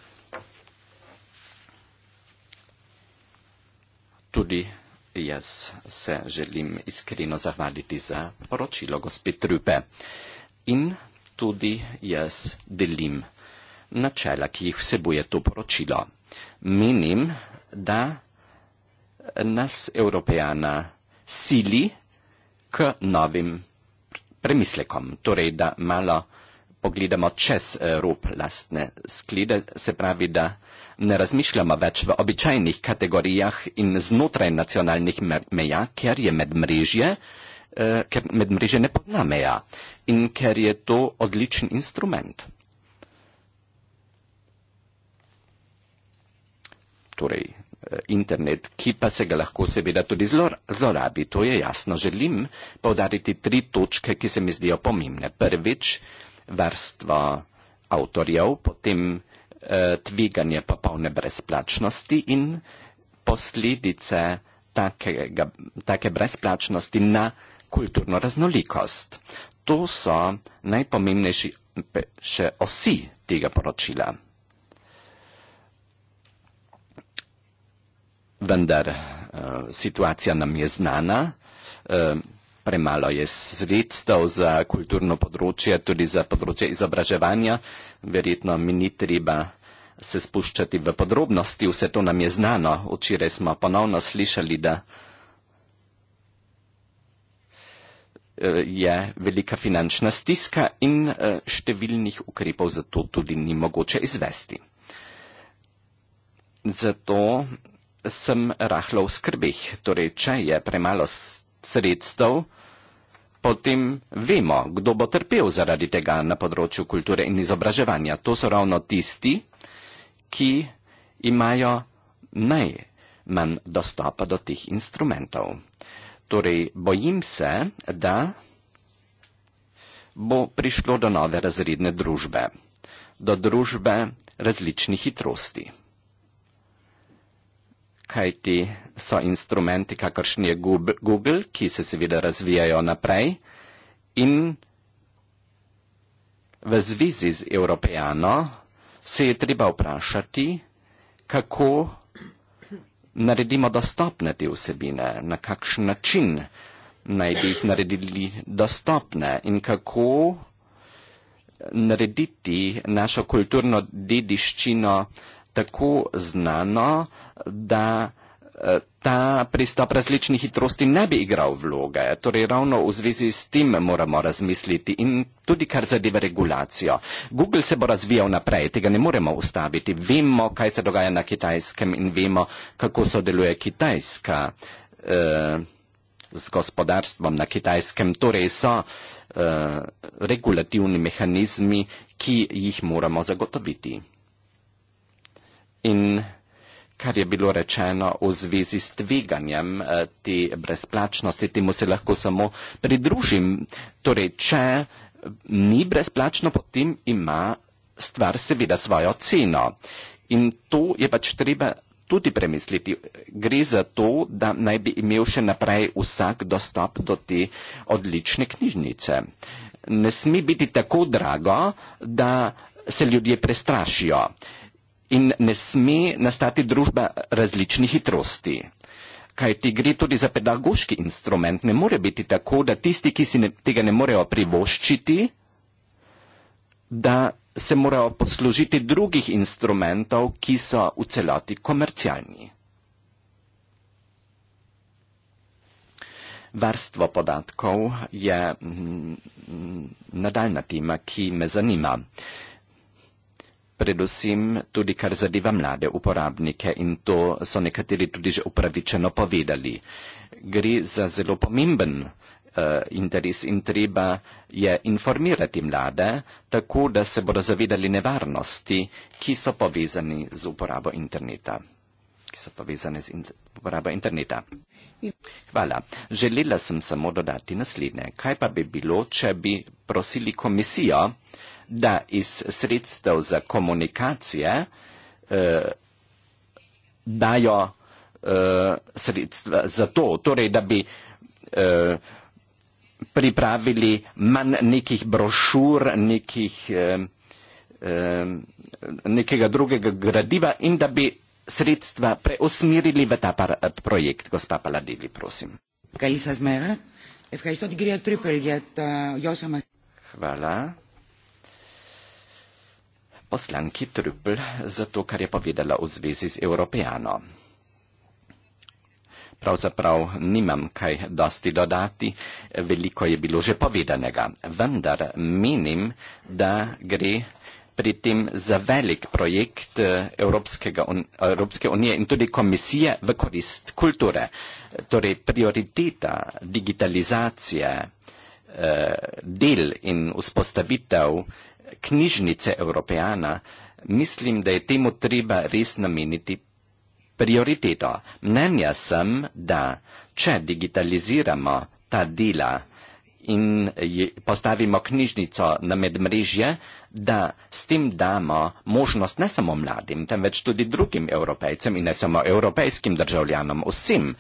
Tudi jaz se želim iskreno zahvaliti za poročilo gospe Trupe. In tudi jaz delim načela, ki jih vsebuje to poročilo. Menim, da nas Evropejana sili k novim premislekom, torej da malo pogledamo čez eh, rob lastne sklede, se pravi, da ne razmišljamo več v običajnih kategorijah in znotraj nacionalnih meja, ker je medmrežje, eh, ker medmrežje ne pozna meja in ker je to odličen instrument. Torej, eh, internet, ki pa se ga lahko seveda tudi zlorabi. To je jasno. Želim povdariti tri točke, ki se mi zdijo pomembne. Prvič, vrstvo avtorjev, potem eh, tveganje popolne brezplačnosti in posledice takega, take brezplačnosti na kulturno raznolikost. To so najpomembnejši še osi tega poročila. Vendar eh, situacija nam je znana. Eh, premalo je sredstev za kulturno področje, tudi za področje izobraževanja. Verjetno mi ni treba se spuščati v podrobnosti, vse to nam je znano. Včeraj smo ponovno slišali, da e, je velika finančna stiska in e, številnih ukrepov za to tudi ni mogoče izvesti. Zato sem rahlo v skrbih. Torej, če je premalo sredstev, potem vemo, kdo bo trpel zaradi tega na področju kulture in izobraževanja. To so ravno tisti, ki imajo najmanj dostopa do teh instrumentov. Torej, bojim se, da bo prišlo do nove razredne družbe, do družbe različnih hitrosti kajti so instrumenti, kakršni je Google, ki se seveda razvijajo naprej in v zvizi z Evropejano se je treba vprašati, kako naredimo dostopne te vsebine, na kakšen način naj bi jih naredili dostopne in kako narediti našo kulturno dediščino uh, tako znano, da eh, ta pristop različnih hitrosti ne bi igral vloge. Torej ravno v zvezi s tem moramo razmisliti in tudi kar zadeva regulacijo. Google se bo razvijal naprej, tega ne moremo ustaviti. Vemo, kaj se dogaja na kitajskem in vemo, kako sodeluje kitajska eh, z gospodarstvom na kitajskem. Torej so uh, regulativni mehanizmi, ki jih moramo zagotoviti. In kar je bilo rečeno v zvezi s tveganjem eh, te brezplačnosti, temu se lahko samo pridružim. Torej, če eh, ni brezplačno, potem ima stvar seveda svojo ceno. In to je pač treba tudi premisliti. Gre za to, da naj bi imel še naprej vsak dostop do te odlične knjižnice. Ne sme biti tako drago, da se ljudje prestrašijo in ne sme nastati družba različnih hitrosti. Kaj ti gre tudi za pedagoški instrument, ne more biti tako, da tisti, ki si ne, tega ne morejo privoščiti, da se morajo poslužiti drugih instrumentov, ki so v celoti komercialni. Varstvo podatkov je mm, mm, nadaljna tema, ki me zanima. Uh, predvsem tudi kar zadeva mlade uporabnike in to so nekateri tudi že upravičeno povedali. Gre za zelo pomemben uh, interes in treba je informirati mlade, tako da se bodo zavedali nevarnosti, ki so povezani z uporabo interneta. So povezane z uporabo interneta. Hvala. Želela sem samo dodati naslednje. Kaj pa bi bilo, če bi prosili komisijo, uh, da iz sredstev za komunikacije eh, dajo eh, sredstva za to, torej da bi eh, pripravili manj nekih brošur, nekih, eh, eh, nekega drugega gradiva in da bi sredstva preusmirili v ta eh, projekt. Gospa Paladili, prosim. Ja, ja, ja, Hvala poslanki Trupl za to, kar je povedala v zvezi z Evropejano. Pravzaprav nimam kaj dosti dodati, veliko je bilo že povedanega, vendar menim, da gre pri tem za velik projekt eh, Evropske unije in tudi komisije v korist kulture. Torej prioriteta digitalizacije eh, del in vzpostavitev knjižnice Evropejana, mislim, da je temu treba res nameniti prioriteto. Mnenja sem, da če digitaliziramo ta dela in postavimo knjižnico na medmrežje, da s tem damo možnost ne samo mladim, temveč tudi drugim evropejcem in ne samo evropejskim državljanom, vsem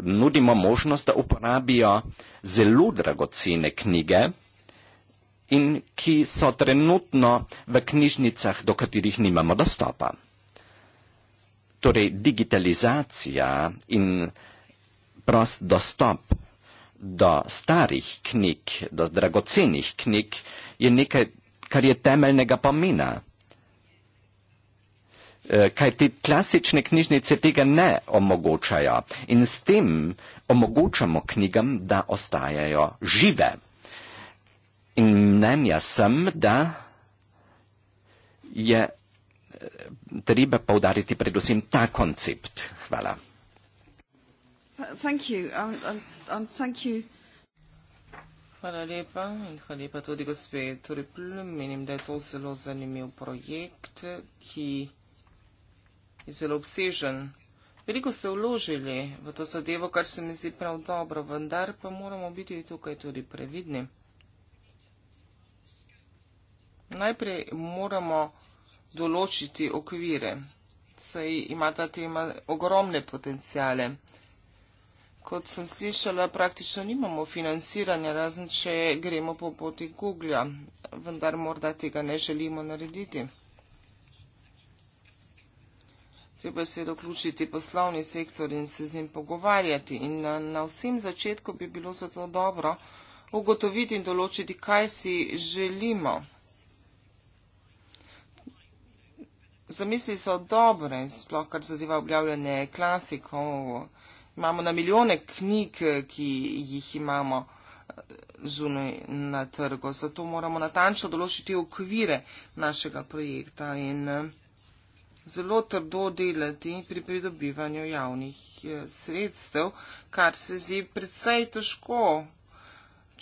nudimo možnost, da uporabijo zelo dragocene knjige, in ki so trenutno v knjižnicah, do katerih nimamo dostopa. Torej, digitalizacija in prost dostop do starih knjig, do dragocenih knjig, je nekaj, kar je temeljnega pomena. E, kaj te klasične knjižnice tega ne omogočajo in s tem omogočamo knjigam, da ostajajo žive. In mnenja sem, da je eh, treba povdariti predvsem ta koncept. Hvala. Thank you. Um, um, um, thank you. Hvala lepa in hvala lepa tudi gospe Turipl. Menim, da je to zelo zanimiv projekt, ki je zelo obsežen. Veliko ste vložili v to zadevo, kar se mi zdi prav dobro, vendar pa moramo biti tukaj tudi previdni najprej moramo določiti okvire, saj ima ta tema ogromne potencijale. Kot sem slišala, praktično nimamo financiranja, razen če gremo po poti Google, vendar morda tega ne želimo narediti. Treba je seveda vključiti poslovni sektor in se z njim pogovarjati. In na, na vsem začetku bi bilo zato dobro ugotoviti in določiti, kaj si želimo. zamisli so dobre, sploh kar zadeva objavljanje klasikov. Imamo na milijone knjig, ki jih imamo eh, zunaj na trgu, zato moramo natančno določiti okvire našega projekta in eh, zelo trdo delati pri pridobivanju javnih eh, sredstev, kar se zdi predvsej težko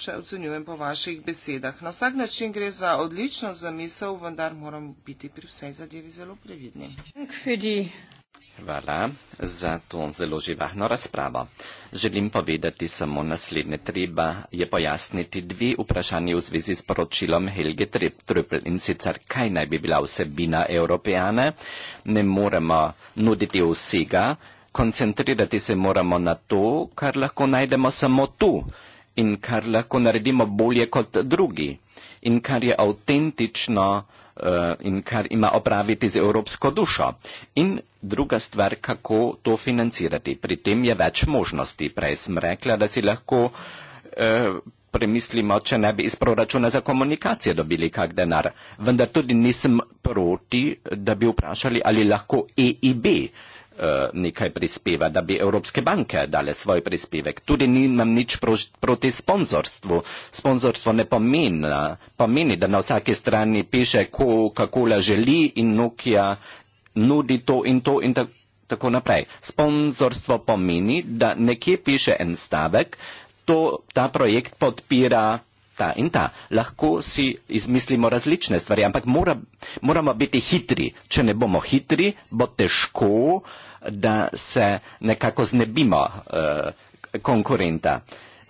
če ocenjujem po vaših besedah. Na vsak način gre za odlično zamisel, vendar moram biti pri vsej zadevi zelo previdni. Hvala za to zelo živahno razpravo. Želim povedati samo naslednje. Treba je pojasniti dve vprašanje v zvezi s poročilom Helge Trüppel in sicer, kaj naj bi bila vsebina evropejane. Ne moremo nuditi vsega, koncentrirati se moramo na to, kar lahko najdemo samo tu in kar lahko naredimo bolje kot drugi in kar je avtentično eh, in kar ima opraviti z evropsko dušo. In druga stvar, kako to financirati. Pri tem je več možnosti. Prej sem rekla, da si lahko eh, premislimo, če ne bi iz proračuna za komunikacijo dobili kak denar. Vendar tudi nisem proti, da bi vprašali, ali lahko EIB eh, Eh, nekaj prispeva, da bi evropske banke dale svoj prispevek. Tudi nimam nič pro, proti sponzorstvu. Sponzorstvo ne pomeni, pomeni, da na vsaki strani piše, ko kakola želi in Nokia nudi to in to in ta, tako naprej. Sponzorstvo pomeni, da nekje piše en stavek, to, ta projekt podpira ta in ta. Lahko si izmislimo različne stvari, ampak mora, moramo biti hitri. Če ne bomo hitri, bo težko, da se nekako znebimo eh, konkurenta.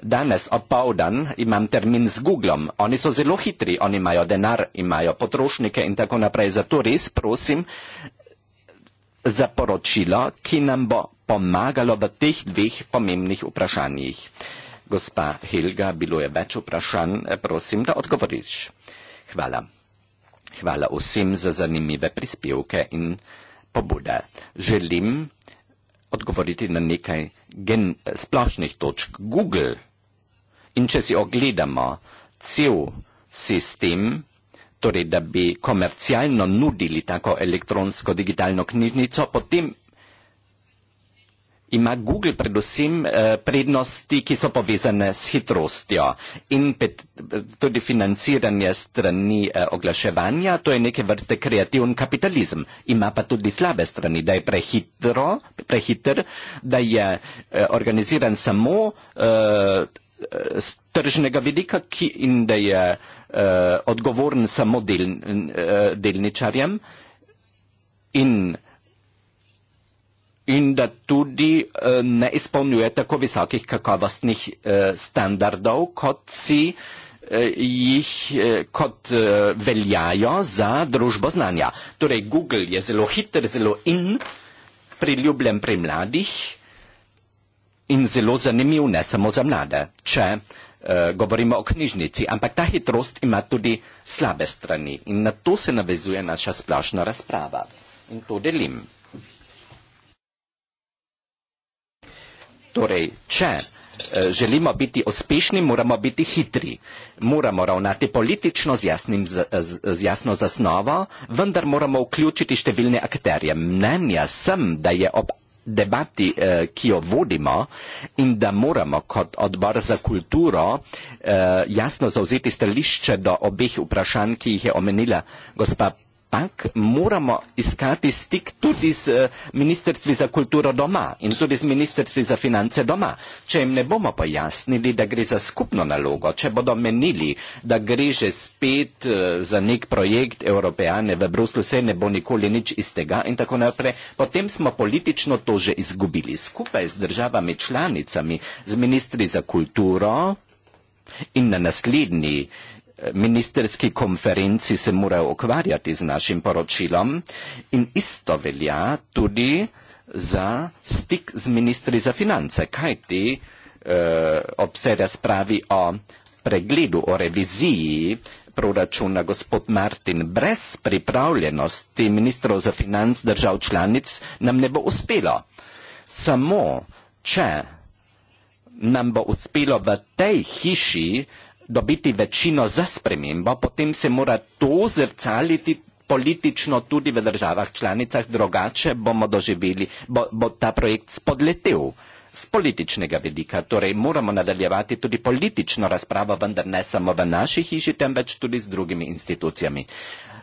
Danes opoldan imam termin z Googlom. Oni so zelo hitri, oni imajo denar, imajo potrošnike in tako naprej. Zato res prosim za poročilo, ki nam bo pomagalo v teh dveh pomembnih vprašanjih. Gospa Helga, bilo je več vprašanj, eh, prosim, da odgovoriš. Hvala. Hvala vsem za zanimive prispevke in pobude. Želim odgovoriti na nekaj gen, splošnih točk. Google in če si ogledamo cel sistem, torej da bi komercialno nudili tako elektronsko digitalno knjižnico, potem ima Google predvsem eh, prednosti, ki so povezane s hitrostjo in tudi financiranje strani eh, oglaševanja. To je neke vrste kreativen kapitalizem. Ima pa tudi slabe strani, da je prehitro, prehiter, da je eh, organiziran samo tržnega vidika ki, in da je uh, odgovoren samo del, uh, delničarjem in uh, in da tudi uh, ne izpolnjuje tako visokih kakovostnih uh, standardov, kot si eh, jih kot veljajo za družbo znanja. Torej, Google je zelo hiter, zelo in priljubljen pri mladih in zelo zanimiv ne samo za mlade, če uh, govorimo o knjižnici. Ampak ta hitrost ima tudi slabe strani in na to se navezuje naša splošna razprava. In to delim. Torej, če eh, želimo biti uspešni, moramo biti hitri. Moramo ravnati politično z, jasnim, eh, z, z jasno zasnovo, vendar moramo vključiti številne akterje. Mnenja sem, da je ob debati, eh, ki jo vodimo in da moramo kot odbor za kulturo jasno zauzeti stališče do obeh vprašanj, ki jih je omenila gospa ampak moramo iskati stik tudi z eh, Ministrstvi za kulturo doma in tudi z Ministrstvi za finance doma. Če jim ne bomo pojasnili, da gre za skupno nalogo, če bodo menili, da gre že spet eh, za nek projekt Evropejane v Bruslu, se ne bo nikoli nič iz tega in tako naprej, potem smo politično to že izgubili skupaj z državami članicami, z ministri za kulturo in na naslednji ministerski konferenci se morajo ukvarjati z našim poročilom in isto velja tudi za stik z ministri za finance, kajti eh, ob vsej razpravi o pregledu, o reviziji proračuna gospod Martin brez pripravljenosti ministrov za financ držav članic nam ne bo uspelo. Samo, če nam bo uspelo v tej hiši dobiti večino za spremembo, potem se mora to zrcaliti politično tudi v državah članicah, drugače bomo doživeli, bo, bo ta projekt spodletel z političnega vidika. Torej moramo nadaljevati tudi politično razpravo, vendar ne samo v naši hiši, temveč tudi z drugimi institucijami.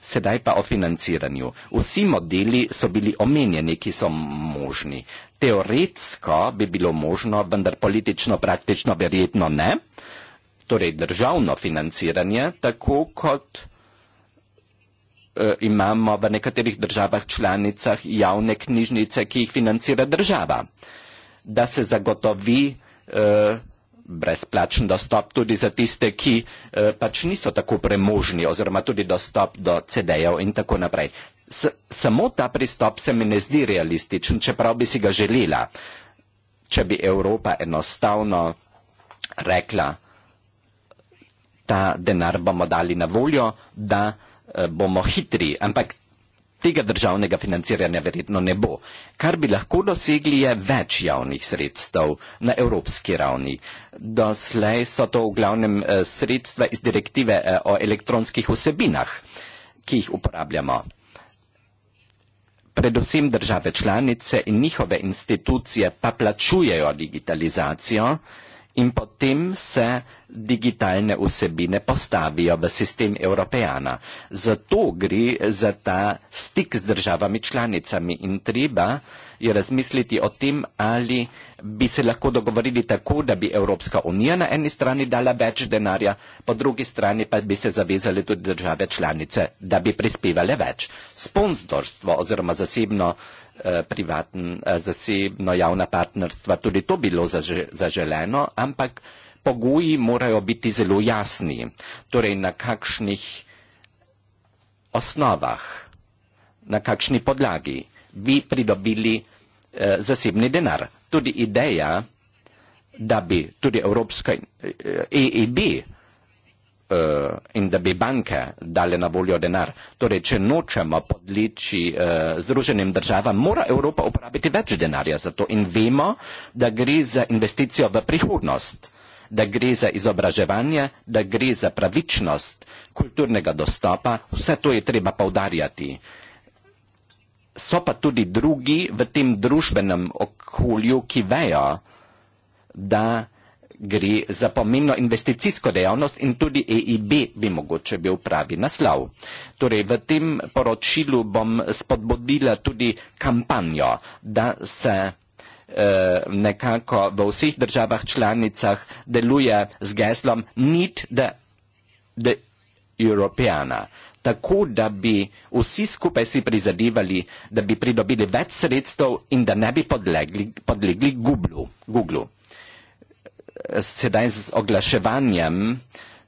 Sedaj pa o financiranju. Vsi modeli so bili omenjeni, ki so možni. Teoretsko bi bilo možno, vendar politično praktično verjetno ne torej državno financiranje, tako kot eh, imamo v nekaterih državah članicah javne knjižnice, ki jih financira država, da se zagotovi eh, brezplačen dostop tudi za tiste, ki eh, pač niso tako premožni oziroma tudi dostop do CD-jev in tako naprej. S samo ta pristop se mi ne zdi realističen, čeprav bi si ga želela, če bi Evropa enostavno rekla, ta denar bomo dali na voljo, da eh, bomo hitri, ampak tega državnega financiranja verjetno ne bo. Kar bi lahko dosegli je več javnih sredstev na evropski ravni. Doslej so to v glavnem eh, sredstva iz direktive eh, o elektronskih vsebinah, ki jih uporabljamo. Predvsem države članice in njihove institucije pa plačujejo digitalizacijo, in potem se digitalne vsebine postavijo v sistem Evropejana. Zato gre za ta stik z državami članicami in treba je razmisliti o tem, ali bi se lahko dogovorili tako, da bi Evropska unija na eni strani dala več denarja, po drugi strani pa bi se zavezali tudi države članice, da bi prispevale več. Sponzorstvo oziroma zasebno Eh, privatn, eh, zasebno-javna partnerstva. Tudi to bilo zaže, zaželeno, ampak pogoji morajo biti zelo jasni. Torej, na kakšnih osnovah, na kakšni podlagi bi pridobili eh, zasebni denar. Tudi ideja, da bi tudi Evropska eh, EIB e Eh, in da bi banke dale na voljo denar. Torej, če nočemo podliči eh, Združenim državam, mora Evropa uporabiti več denarja za to in vemo, da gre za investicijo v prihodnost, da gre za izobraževanje, da gre za pravičnost kulturnega dostopa, vse to je treba povdarjati. So pa tudi drugi v tem družbenem okolju, ki vejo, da gre za pomembno investicijsko dejavnost in tudi EIB bi mogoče bil pravi naslov. Torej, v tem poročilu bom spodbodila tudi kampanjo, da se eh, nekako v vseh državah članicah deluje z geslom Need the, the Europeana, tako da bi vsi skupaj si prizadevali, da bi pridobili več sredstev in da ne bi podlegli, podlegli Googlu. Googlu sedaj z oglaševanjem,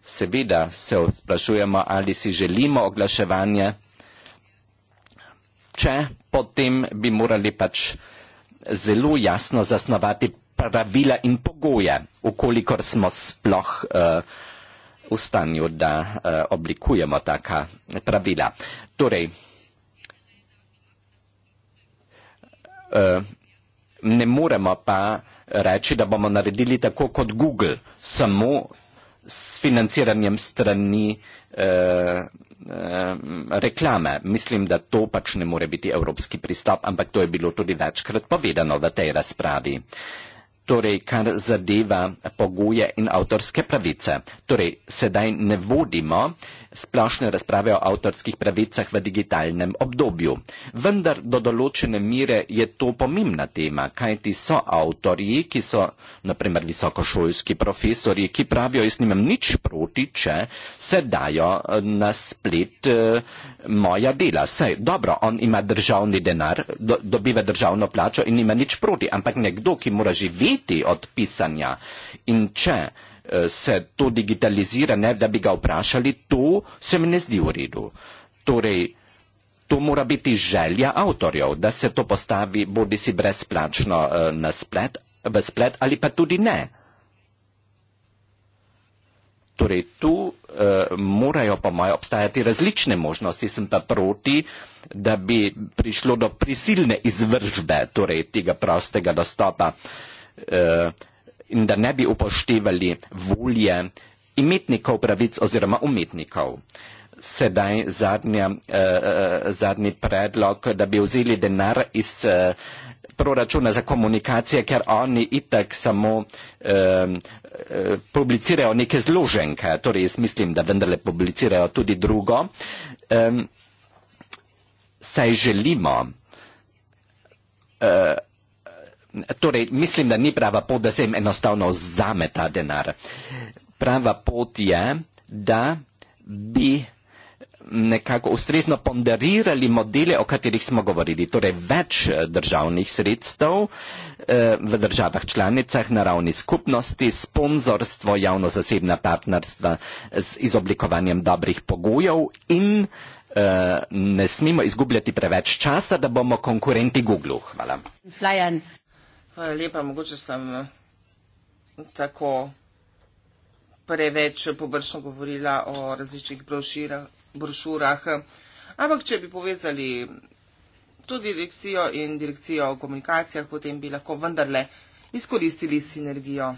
seveda se sprašujemo, ali si želimo oglaševanje, če potem bi morali pač zelo jasno zasnovati pravila in pogoje, ukolikor smo sploh uh, v stanju, da uh, oblikujemo taka pravila. Torej, uh, ne moremo pa reči, da bomo naredili tako kot Google, samo s financiranjem strani eh, eh, reklame. Mislim, da to pač ne more biti evropski pristop, ampak to je bilo tudi večkrat povedano v tej razpravi. Eh, torej kar zadeva pogoje in avtorske pravice. Torej, sedaj ne vodimo splošne razprave o avtorskih pravicah v digitalnem obdobju. Vendar do določene mire je to pomembna tema, kajti so avtorji, ki so naprimer visokošolski profesori, ki pravijo, jaz nimam nič proti, če se dajo eh, na splet. Eh, moja dela. Saj, dobro, on ima državni denar, do, dobiva državno plačo in nima nič proti, ampak nekdo, ki mora živeti od pisanja in če eh, se to digitalizira, ne da bi ga vprašali, to se mi ne zdi v redu. Torej, To mora biti želja avtorjev, da se to postavi bodi si brezplačno eh, na splet, v splet ali pa tudi ne. Torej, tu Eh, morajo pa maj obstajati različne možnosti. Sem pa proti, da bi prišlo do prisilne izvržbe torej, tega prostega dostopa e, in da ne bi upoštevali volje imetnikov pravic oziroma umetnikov. Sedaj zadnja, eh, zadnji predlog, da bi vzeli denar iz eh, proračuna za komunikacije, ker oni itak samo eh, Eh, publicirajo neke zloženke, torej jaz mislim, da vendarle publicirajo tudi drugo, um, saj želimo, uh, torej mislim, da ni prava pot, da se jim enostavno zame ta denar. Prava pot je, da bi nekako ustrezno ponderirali modele, o katerih smo govorili, torej več eh, državnih sredstev eh, v državah članicah na ravni skupnosti, sponzorstvo, javno-zasebna partnerstva z izoblikovanjem dobrih pogojev in eh, ne smemo izgubljati preveč časa, da bomo konkurenti Google. Hvala. Flajan. Hvala lepa, mogoče sem tako preveč površno govorila o različnih broširah, brošurah. Ampak, če bi povezali tudi direkcijo in direkcijo o komunikacijah, potem bi lahko vendarle izkoristili sinergijo.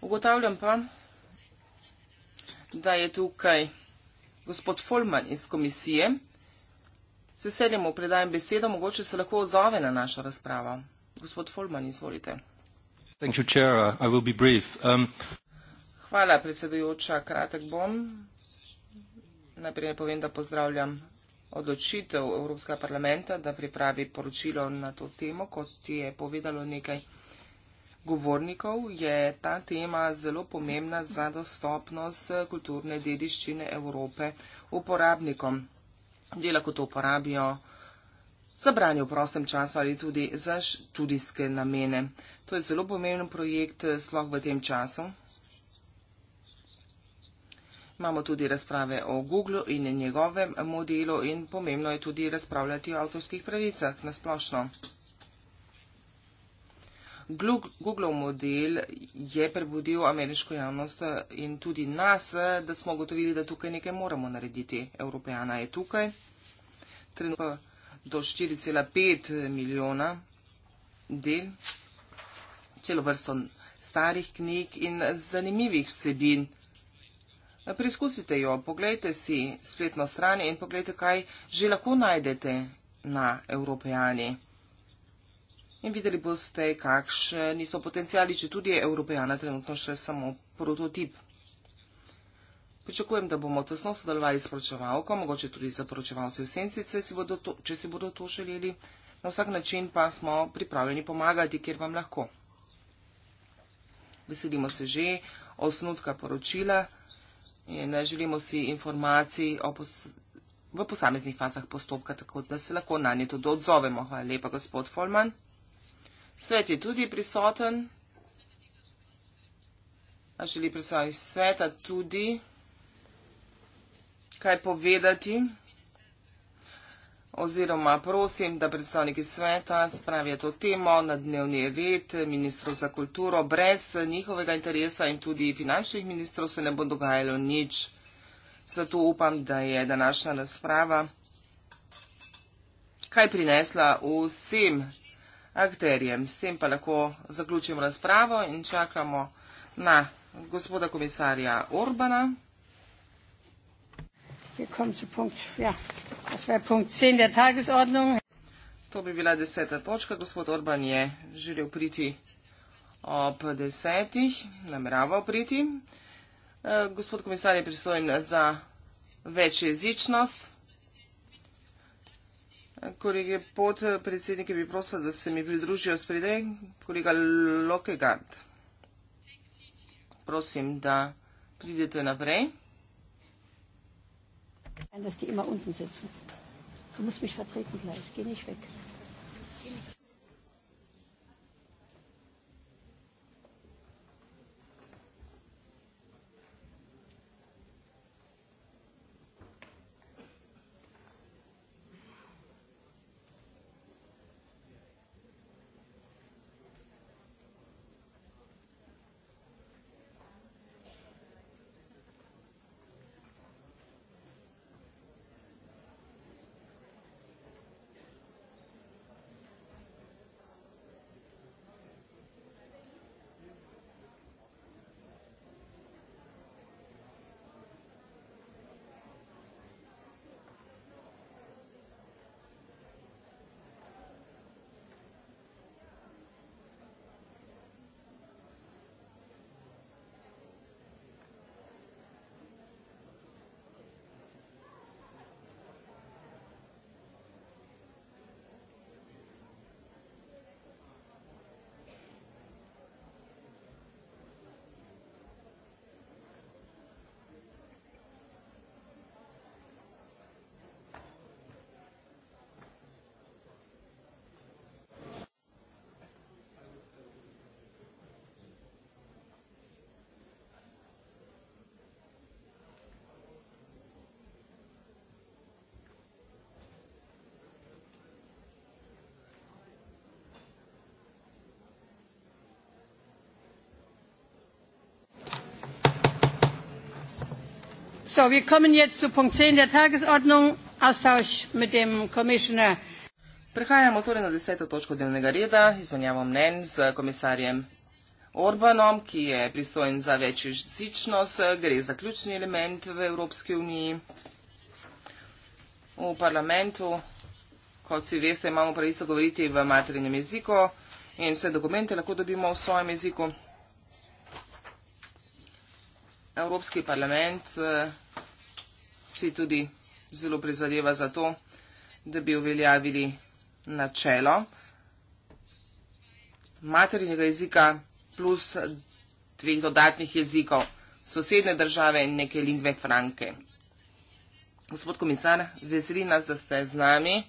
Ugotavljam pa, da je tukaj gospod Folman iz komisije. Se veseljem, predajem besedo, mogoče se lahko odzove na našo razpravo. Gospod Folman, izvolite. You, um... Hvala, predsedujoča, kratek bom. Najprej povem, da pozdravljam odločitev Evropskega parlamenta, da pripravi poročilo na to temo. Kot ti je povedalo nekaj govornikov, je ta tema zelo pomembna za dostopnost kulturne dediščine Evrope uporabnikom. Dela, ko to uporabijo za branje v prostem času ali tudi za študijske namene. To je zelo pomemben projekt sloh v tem času, Imamo tudi razprave o Google in njegovem modelu in pomembno je tudi razpravljati o avtorskih pravicah nasplošno. Google model je prebudil ameriško javnost eh, in tudi nas, eh, da smo gotovili, da tukaj nekaj moramo narediti. Evropejana je tukaj, trenutno do 4,5 milijona del, celo vrsto starih knjig in zanimivih vsebin. Preizkusite jo, pogledajte si spletno stran in pogledajte, kaj že lahko najdete na Evropejani. In videli boste, kakšni so potencijali, če tudi je Evropejana trenutno še samo prototip. Pričakujem, da bomo tesno sodelovali s poročevalko, mogoče tudi za poročevalce v Sencice, če si bodo to želeli. Na vsak način pa smo pripravljeni pomagati, kjer vam lahko. Veselimo se že osnutka poročila in eh, želimo si informacij pos v posameznih fazah postopka, tako da se lahko na nje tudi odzovemo. Hvala lepa, gospod Folman. Svet je tudi prisoten. A želi predstavnik sveta tudi kaj povedati? oziroma prosim, da predstavniki sveta spravijo to temo na dnevni red ministrov za kulturo. Brez njihovega interesa in tudi finančnih ministrov se ne bo dogajalo nič. Zato upam, da je današnja razprava kaj prinesla vsem akterjem. S tem pa lahko zaključimo razpravo in čakamo na gospoda komisarja Orbana. Here comes the punct. Yeah. Ja. Schwerpunkt 10 der Tagesordnung. To bi bila deseta točka. Gospod Orban je želel priti ob desetih, nameraval priti. E, gospod komisar je pristojen za večjezičnost. Kolege pod predsednike bi prosil, da se mi pridružijo spredaj. Kolega Lokegard, prosim, da pridete naprej. Dass die immer unten sitzen. Du musst mich vertreten gleich. Geh nicht weg. So, wir kommen jetzt zu Punkt 10 der Tagesordnung. Austausch mit dem Commissioner. Prehajamo torej na deseto točko dnevnega reda, izmenjavo mnen z komisarjem Orbanom, ki je pristojen za večjo žicičnost, gre za ključni element v Evropski uniji. V parlamentu, kot si veste, imamo pravico govoriti v materinem jeziku in vse dokumente lahko dobimo v svojem jeziku. Evropski parlament si tudi zelo prizadeva za to, da bi uveljavili načelo materinega jezika plus dveh dodatnih jezikov, sosedne države in neke lingve franke. Gospod komisar, veseli nas, da ste z nami.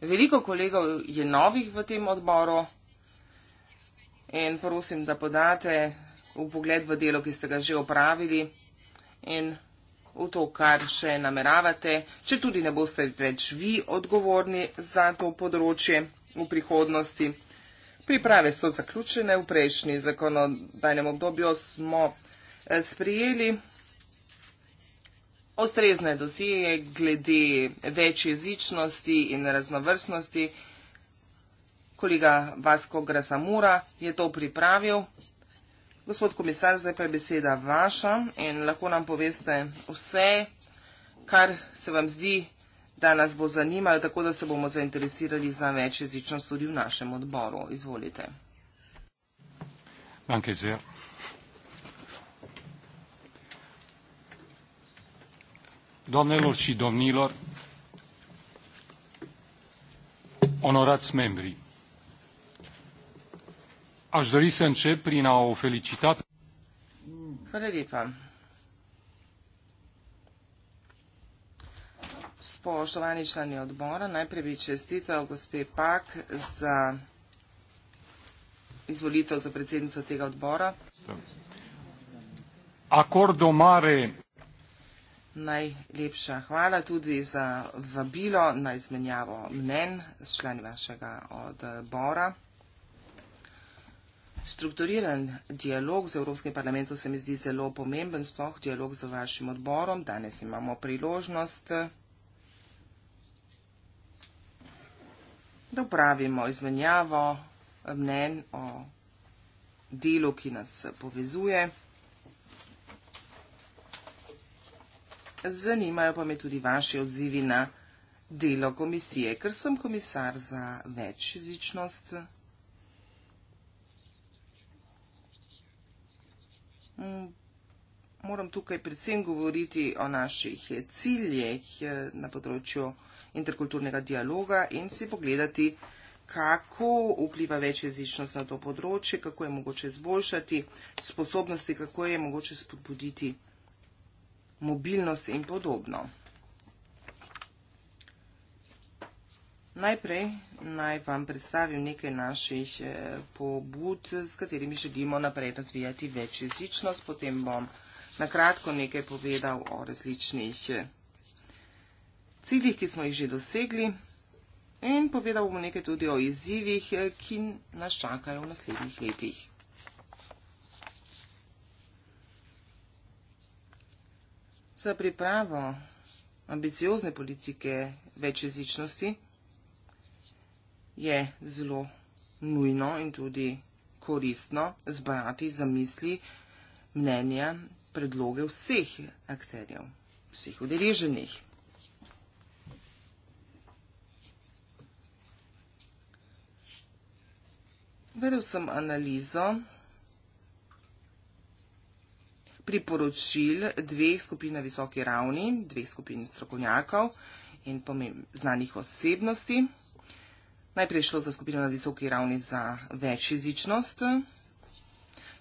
Veliko kolegov je novih v tem odboru in prosim, da podate v pogled v delo, ki ste ga že opravili in v to, kar še nameravate, če tudi ne boste več vi odgovorni za to področje v prihodnosti. Priprave so zaključene, v prejšnji zakonodajnem obdobju smo eh, sprijeli ostrezne dosije glede več jezičnosti in raznovrstnosti. Kolega Vasko Grasamura je to pripravil. Gospod komisar, zdaj pa je beseda vaša in lahko nam poveste vse, kar se vam zdi, da nas bo zanimalo, tako da se bomo zainteresirali za več jezičnost tudi v našem odboru. Izvolite. Danke sehr. Domnilor, ši domnilor, honorats membri. Aș dori să încep prin a o felicita. Fără lipă. Spoštovani člani odbora, najprej bi čestitev gospe Pak za izvolitev za predsednico tega odbora. Akordo mare. Najlepša hvala tudi za vabilo na izmenjavo mnen s člani vašega odbora. Strukturiran dialog z Evropskim parlamentom se mi zdi zelo pomemben, sploh dialog z vašim odborom. Danes imamo priložnost, da upravimo izmenjavo mnen o delu, ki nas povezuje. Zanimajo pa me tudi vaše odzivi na delo komisije, ker sem komisar za večjezičnost. Mm, moram tukaj predvsem govoriti o naših eh, ciljih eh, na področju interkulturnega dialoga in si pogledati, kako vpliva večjezičnost na to področje, kako je mogoče zboljšati sposobnosti, kako je mogoče spodbuditi mobilnost in podobno. Najprej naj vam predstavim nekaj naših eh, pobud, s katerimi želimo naprej razvijati večjezičnost. Potem bom na kratko nekaj povedal o različnih eh, ciljih, ki smo jih že dosegli. In povedal bom nekaj tudi o izzivih, eh, ki nas čakajo v naslednjih letih. Za pripravo ambiciozne politike večjezičnosti je zelo nujno in tudi koristno zbrati za misli, mnenja, predloge vseh akterjev, vseh udeleženih. Vedel sem analizo priporočil dveh skupin na visoki ravni, dveh skupin strokovnjakov in pomembnih znanih osebnosti. Najprej šlo za skupino na visoki ravni za večjezičnost,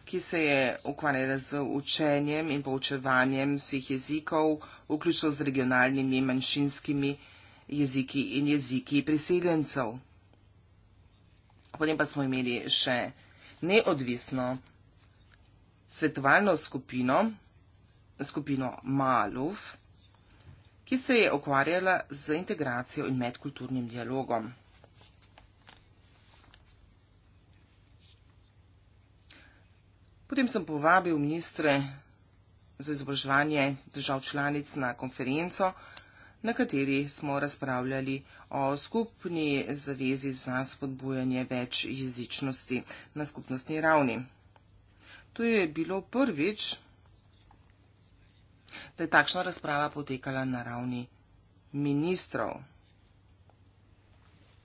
ki se je ukvarjala z učenjem in poučevanjem vseh jezikov, vključno z regionalnimi manjšinskimi jeziki in jeziki priseljencev. Potem pa smo imeli še neodvisno svetovalno skupino, skupino Maluf, ki se je ukvarjala z integracijo in medkulturnim dialogom. Potem sem povabil ministre za izobraževanje držav članic na konferenco, na kateri smo razpravljali o skupni zavezi za spodbujanje več jezičnosti na skupnostni ravni. To je bilo prvič, da je takšna razprava potekala na ravni ministrov.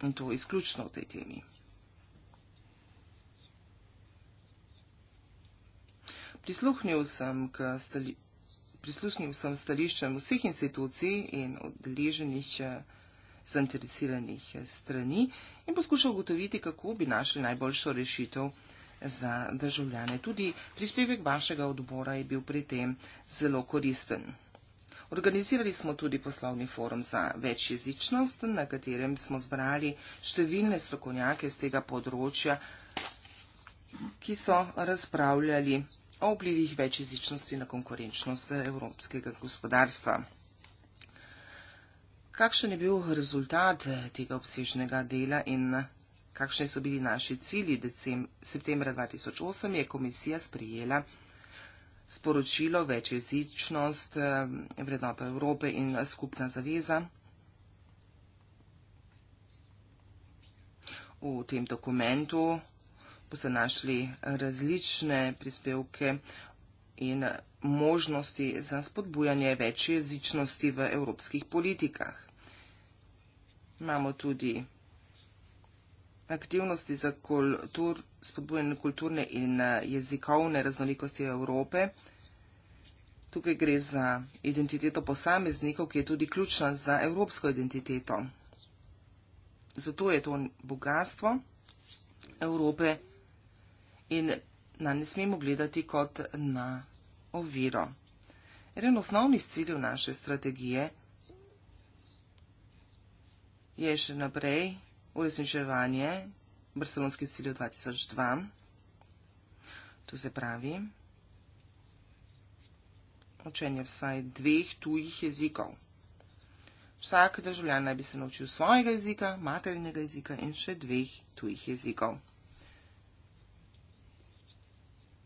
In to izključno v tej temi. Prisluhnil sem, stali, prisluhnil sem stališčem vseh institucij in odeleženih eh, zainteresiranih eh, strani in poskušal ugotoviti, kako bi našli najboljšo rešitev za državljane. Tudi prispevek vašega odbora je bil pri tem zelo koristen. Organizirali smo tudi poslovni forum za večjezičnost, na katerem smo zbrali številne strokovnjake z tega področja, ki so razpravljali o vplivih večjezičnosti na konkurenčnost evropskega gospodarstva. Kakšen je bil rezultat eh, tega obsežnega dela in eh, kakšni so bili naši cilji? Decem, septembra 2008 je komisija sprijela sporočilo večjezičnost, eh, vrednota Evrope in skupna zaveza. V tem dokumentu boste našli različne prispevke in možnosti za spodbujanje večje jezičnosti v evropskih politikah. Imamo tudi aktivnosti za kultur, spodbujanje kulturne in eh, jezikovne raznolikosti Evrope. Tukaj gre za identiteto posameznikov, ki je tudi ključna za evropsko identiteto. Zato je to bogatstvo Evrope in na ne smemo gledati kot na oviro. Eden osnovnih ciljev naše strategije je še naprej uresničevanje Barcelonskih ciljev 2002. Tu se pravi učenje vsaj dveh tujih jezikov. Vsak državljan naj bi se naučil svojega jezika, materinega jezika in še dveh tujih jezikov.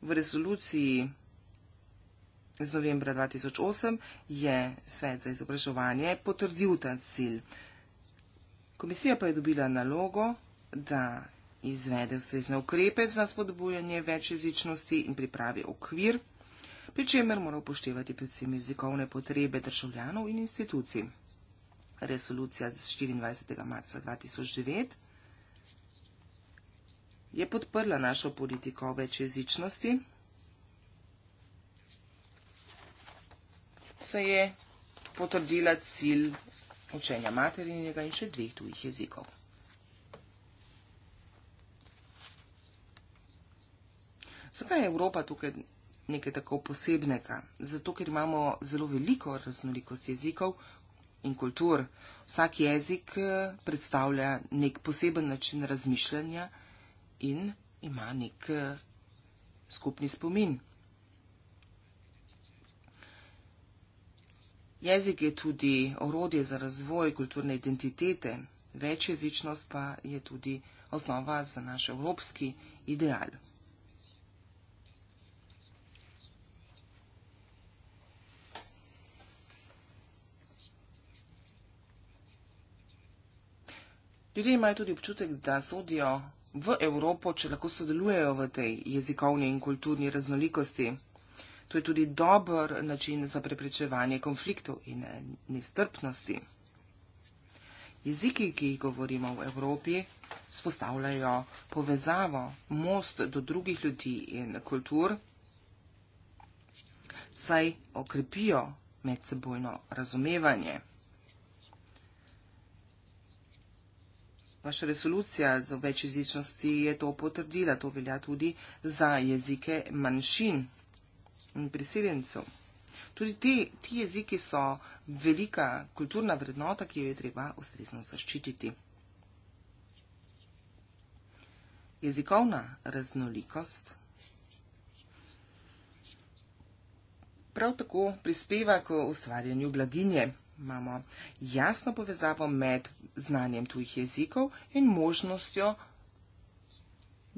V rezoluciji z novembra 2008 je Svet za izobraževanje potrdil ta cilj. Komisija pa je dobila nalogo, da izvede ustrezne ukrepe za spodbujanje večjezičnosti in pripravi okvir, pri čemer mora upoštevati predvsem jezikovne potrebe državljanov in institucij. Resolucija z 24. marca 2009 je podprla našo politiko večjezičnosti, se je potrdila cilj učenja materinjega in še dveh tujih jezikov. Zakaj je Evropa tukaj nekaj tako posebnega? Zato, ker imamo zelo veliko raznolikost jezikov in kultur. Vsak jezik eh, predstavlja nek poseben način razmišljanja, in ima nek eh, skupni spomin. Jezik je tudi orodje za razvoj kulturne identitete, večjezičnost pa je tudi osnova za naš evropski ideal. Ljudje imajo tudi občutek, da sodijo v Evropo, če lahko sodelujejo v tej jezikovni in kulturni raznolikosti. To je tudi dober način za preprečevanje konfliktov in nestrpnosti. Jeziki, ki jih govorimo v Evropi, spostavljajo povezavo, most do drugih ljudi in kultur, saj okrepijo medsebojno razumevanje. Vaša resolucija za večjezičnosti je to potrdila, to velja tudi za jezike manjšin in priseljencev. Tudi ti, ti jeziki so velika kulturna vrednota, ki jo je treba ustrezno zaščititi. Jezikovna raznolikost prav tako prispeva k ustvarjanju blaginje imamo jasno povezavo med znanjem tujih jezikov in možnostjo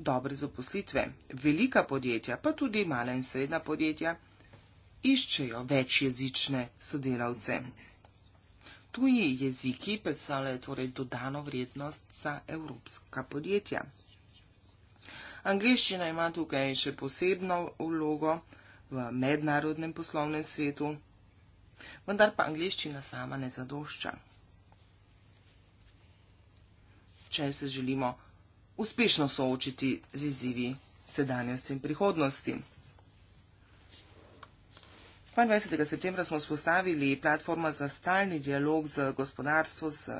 dobre zaposlitve. Velika podjetja, pa tudi mala in srednja podjetja, iščejo večjezične sodelavce. Tuji jeziki predstavljajo torej dodano vrednost za evropska podjetja. Angliščina ima tukaj še posebno vlogo v mednarodnem poslovnem svetu, vendar pa angliščina sama ne zadošča. Če se želimo uspešno soočiti z izzivi sedanjosti in prihodnosti. 22. septembra smo spostavili platforma za stalni dialog z gospodarstvo, z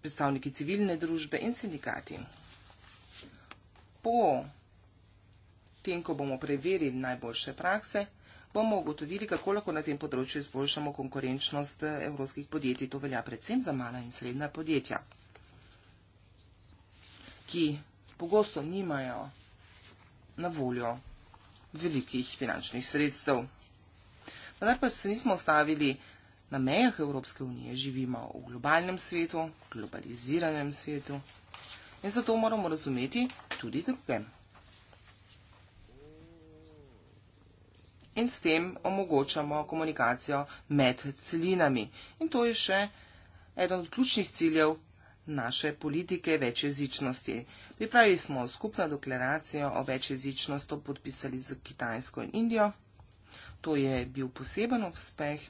predstavniki civilne družbe in sindikati. Po tem, ko bomo preverili najboljše prakse, bomo ugotovili, kako lahko na tem področju izboljšamo konkurenčnost eh, evropskih podjetij. To velja predvsem za mala in srednja podjetja, ki pogosto nimajo na voljo velikih finančnih sredstev. Vendar pa se nismo ostavili na mejah Evropske unije, živimo v globalnem svetu, globaliziranem svetu in zato moramo razumeti tudi drugem. in s tem omogočamo komunikacijo med celinami. In to je še eden od ključnih ciljev naše politike večjezičnosti. Pripravili smo skupno deklaracijo o večjezičnosti, podpisali z Kitajsko in Indijo. To je bil poseben uspeh.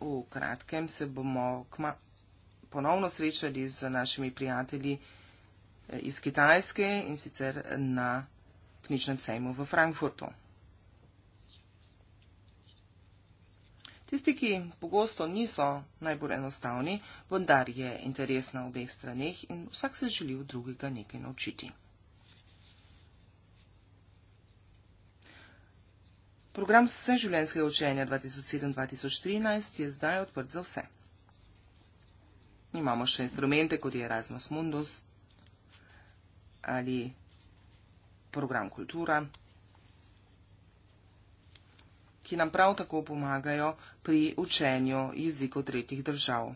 V kratkem se bomo kma, ponovno srečali z našimi prijatelji eh, iz Kitajske in sicer na knjižnem sejmu v Frankfurtu. Tisti, ki pogosto niso najbolj enostavni, vendar je interes na obeh straneh in vsak se želi od drugega nekaj naučiti. Program vseživljenjskega učenja 2007-2013 je zdaj odprt za vse. Imamo še instrumente, kot je Erasmus Mundus ali program Kultura, ki nam prav tako pomagajo pri učenju jezikov tretjih držav.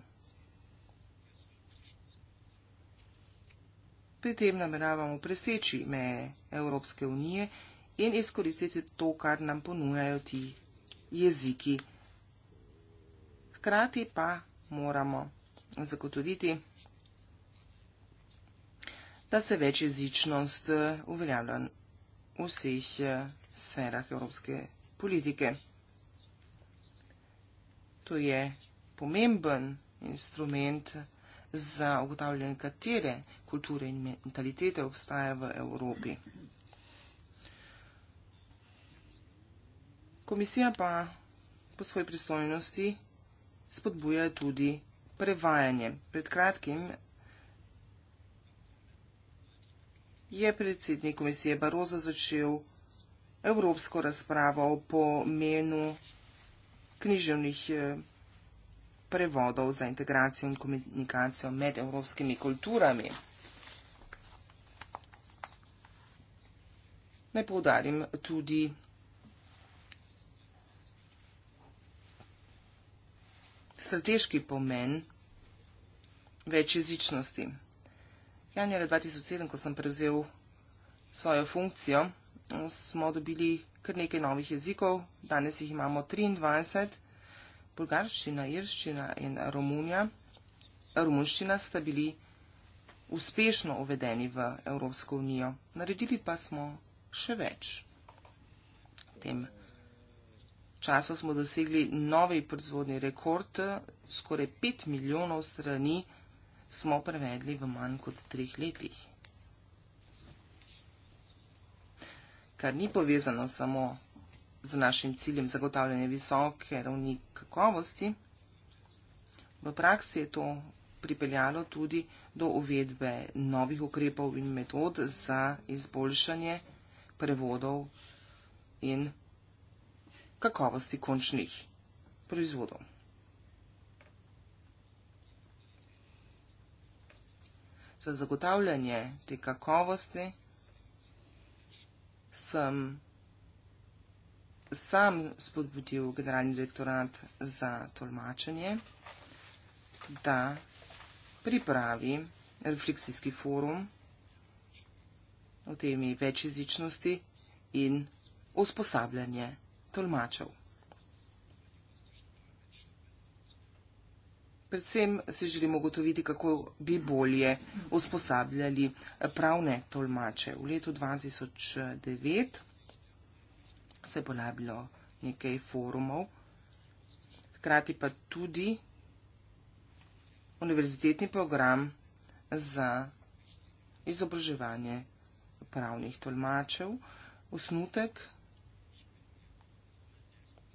Pri tem nameravamo preseči meje Evropske unije in izkoristiti to, kar nam ponujajo ti jeziki. Hkrati pa moramo zagotoviti, da da se večjezičnost eh, uveljavlja v vseh eh, sferah evropske politike. To je pomemben instrument za ugotavljanje, katere kulture in mentalitete obstaja v Evropi. Komisija pa po svoji pristojnosti spodbuja tudi prevajanje. Pred kratkim je predsednik komisije Baroza začel evropsko razpravo o pomenu književnih eh, prevodov za integracijo in komunikacijo med evropskimi kulturami. Naj povdarim tudi strateški pomen večjezičnosti januarja 2007, ko sem prevzel svojo funkcijo, smo dobili kar nekaj novih jezikov. Danes jih imamo 23. Bolgarščina, irščina in Romunija. Romunščina sta bili uspešno uvedeni v Evropsko unijo. Naredili pa smo še več. V tem času smo dosegli novi proizvodni rekord, skoraj 5 milijonov strani smo prevedli v manj kot treh letih. Kar ni povezano samo z našim ciljem zagotavljanja visoke ravni kakovosti, v praksi je to pripeljalo tudi do uvedbe novih ukrepov in metod za izboljšanje prevodov in kakovosti končnih proizvodov. za zagotavljanje te kakovosti, sem sam spodbudil generalni direktorat za tolmačenje, da pripravi refleksijski forum o temi večjezičnosti in usposabljanje tolmačev. Predvsem si želimo ugotoviti, kako bi bolje usposabljali pravne tolmače. V letu 2009 se je ponabilo nekaj forumov, hkrati pa tudi univerzitetni program za izobraževanje pravnih tolmačev. Osnutek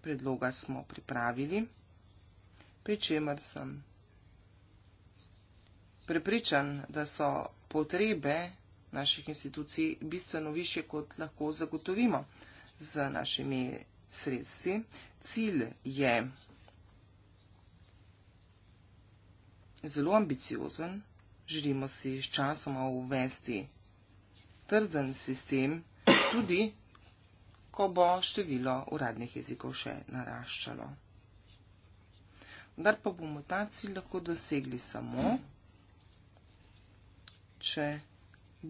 predloga smo pripravili pri čemer sem. Prepričan, da so potrebe naših institucij bistveno više, kot lahko zagotovimo z našimi sredstvi. Cilj je zelo ambiciozen. Želimo si s časoma uvesti trden sistem, tudi ko bo število uradnih jezikov še naraščalo. Vendar pa bomo ta cilj lahko dosegli samo, če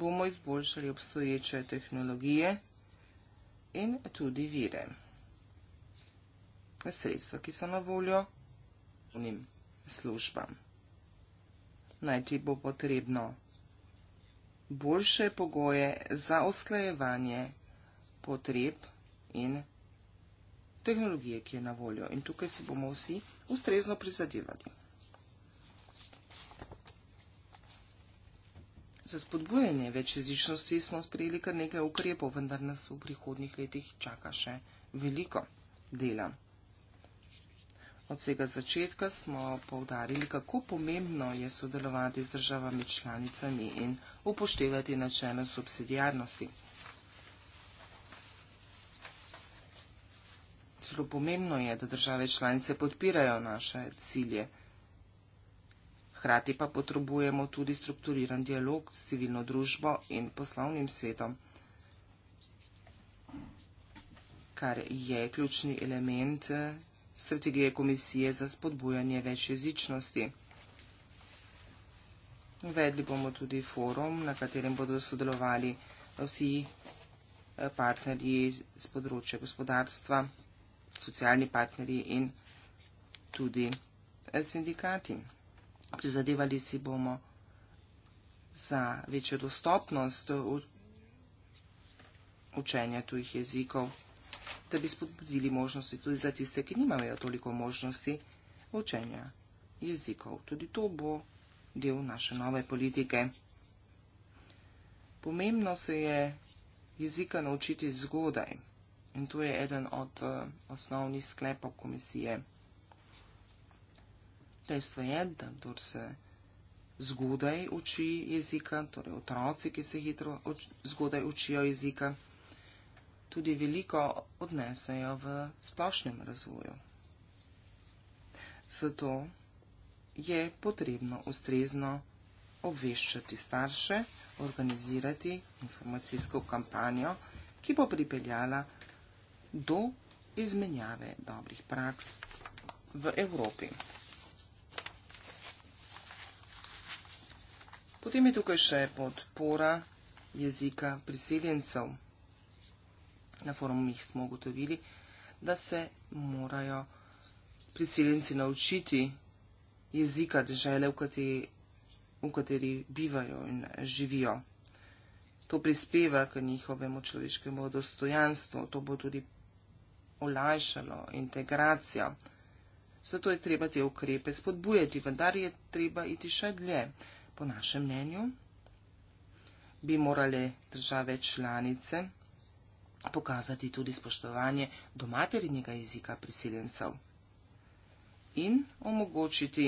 bomo izboljšali obstoječe tehnologije in tudi vire. Sredstva, ki so na voljo unim službam. Najti bo potrebno boljše pogoje za usklajevanje potreb in služb tehnologije, ki je na voljo in tukaj si bomo vsi ustrezno prizadevali. Za spodbujanje večjezičnosti smo sprejeli kar nekaj ukrepov, vendar nas v prihodnih letih čaka še veliko dela. Od vsega začetka smo povdarili, kako pomembno je sodelovati z državami članicami in upoštevati načelo subsidijarnosti. Zelo pomembno je, da države članice podpirajo naše cilje. Hrati pa potrebujemo tudi strukturiran dialog s civilno družbo in poslovnim svetom, kar je ključni element eh, strategije komisije za spodbujanje večjezičnosti. Uvedli bomo tudi forum, na katerem bodo sodelovali vsi eh, partnerji z področja gospodarstva socialni partnerji in tudi eh, sindikati. Prizadevali si bomo za večjo dostopnost eh, učenja tujih jezikov, da bi spodbudili možnosti tudi za tiste, ki nimajo toliko možnosti učenja jezikov. Tudi to bo del naše nove politike. Pomembno se je jezika naučiti zgodaj. In to je eden od eh, osnovnih sklepov komisije. Dejstvo je, da kdor se zgodaj uči jezika, torej otroci, ki se hitro zgodaj učijo jezika, tudi veliko odnesejo v splošnem razvoju. Zato je potrebno ustrezno obveščati starše, organizirati informacijsko kampanjo, ki bo pripeljala do izmenjave dobrih praks v Evropi. Potem je tukaj še podpora jezika priseljencev. Na forumih smo ugotovili, da se morajo priseljenci naučiti jezika države, v, v kateri bivajo in živijo. To prispeva k njihovemu človeškemu dostojanstvu, to bo tudi olajšalo integracijo. Zato je treba te ukrepe spodbujati, vendar je treba iti še dlje. Po našem mnenju bi morale države članice pokazati tudi spoštovanje do materinjega jezika priseljencev in omogočiti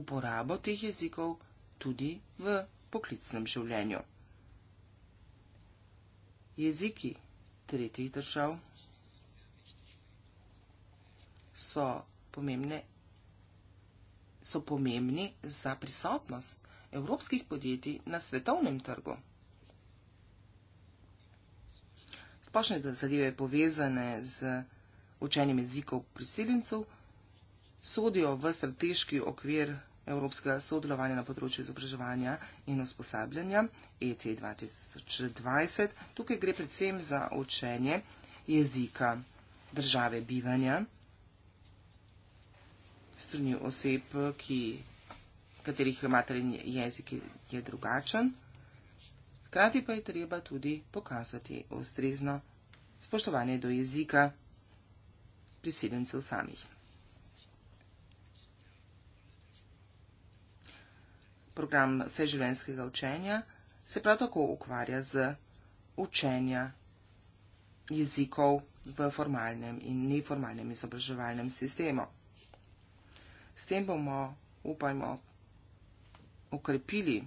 uporabo teh jezikov tudi v poklicnem življenju. Jeziki tretjih držav so, pomembne, so pomembni za prisotnost evropskih podjetij na svetovnem trgu. Splošne zadeve povezane z učenjem jezikov priseljencev sodijo v strateški okvir evropskega sodelovanja na področju izobraževanja in usposabljanja e ETI 2020. Tukaj gre predvsem za učenje jezika države bivanja strani oseb, ki, katerih materin jezik je drugačen. Hkrati pa je treba tudi pokazati ustrezno spoštovanje do jezika priseljencev samih. program vseživljenjskega učenja se prav tako ukvarja z učenja jezikov v formalnem in neformalnem izobraževalnem sistemu. S tem bomo, upajmo, ukrepili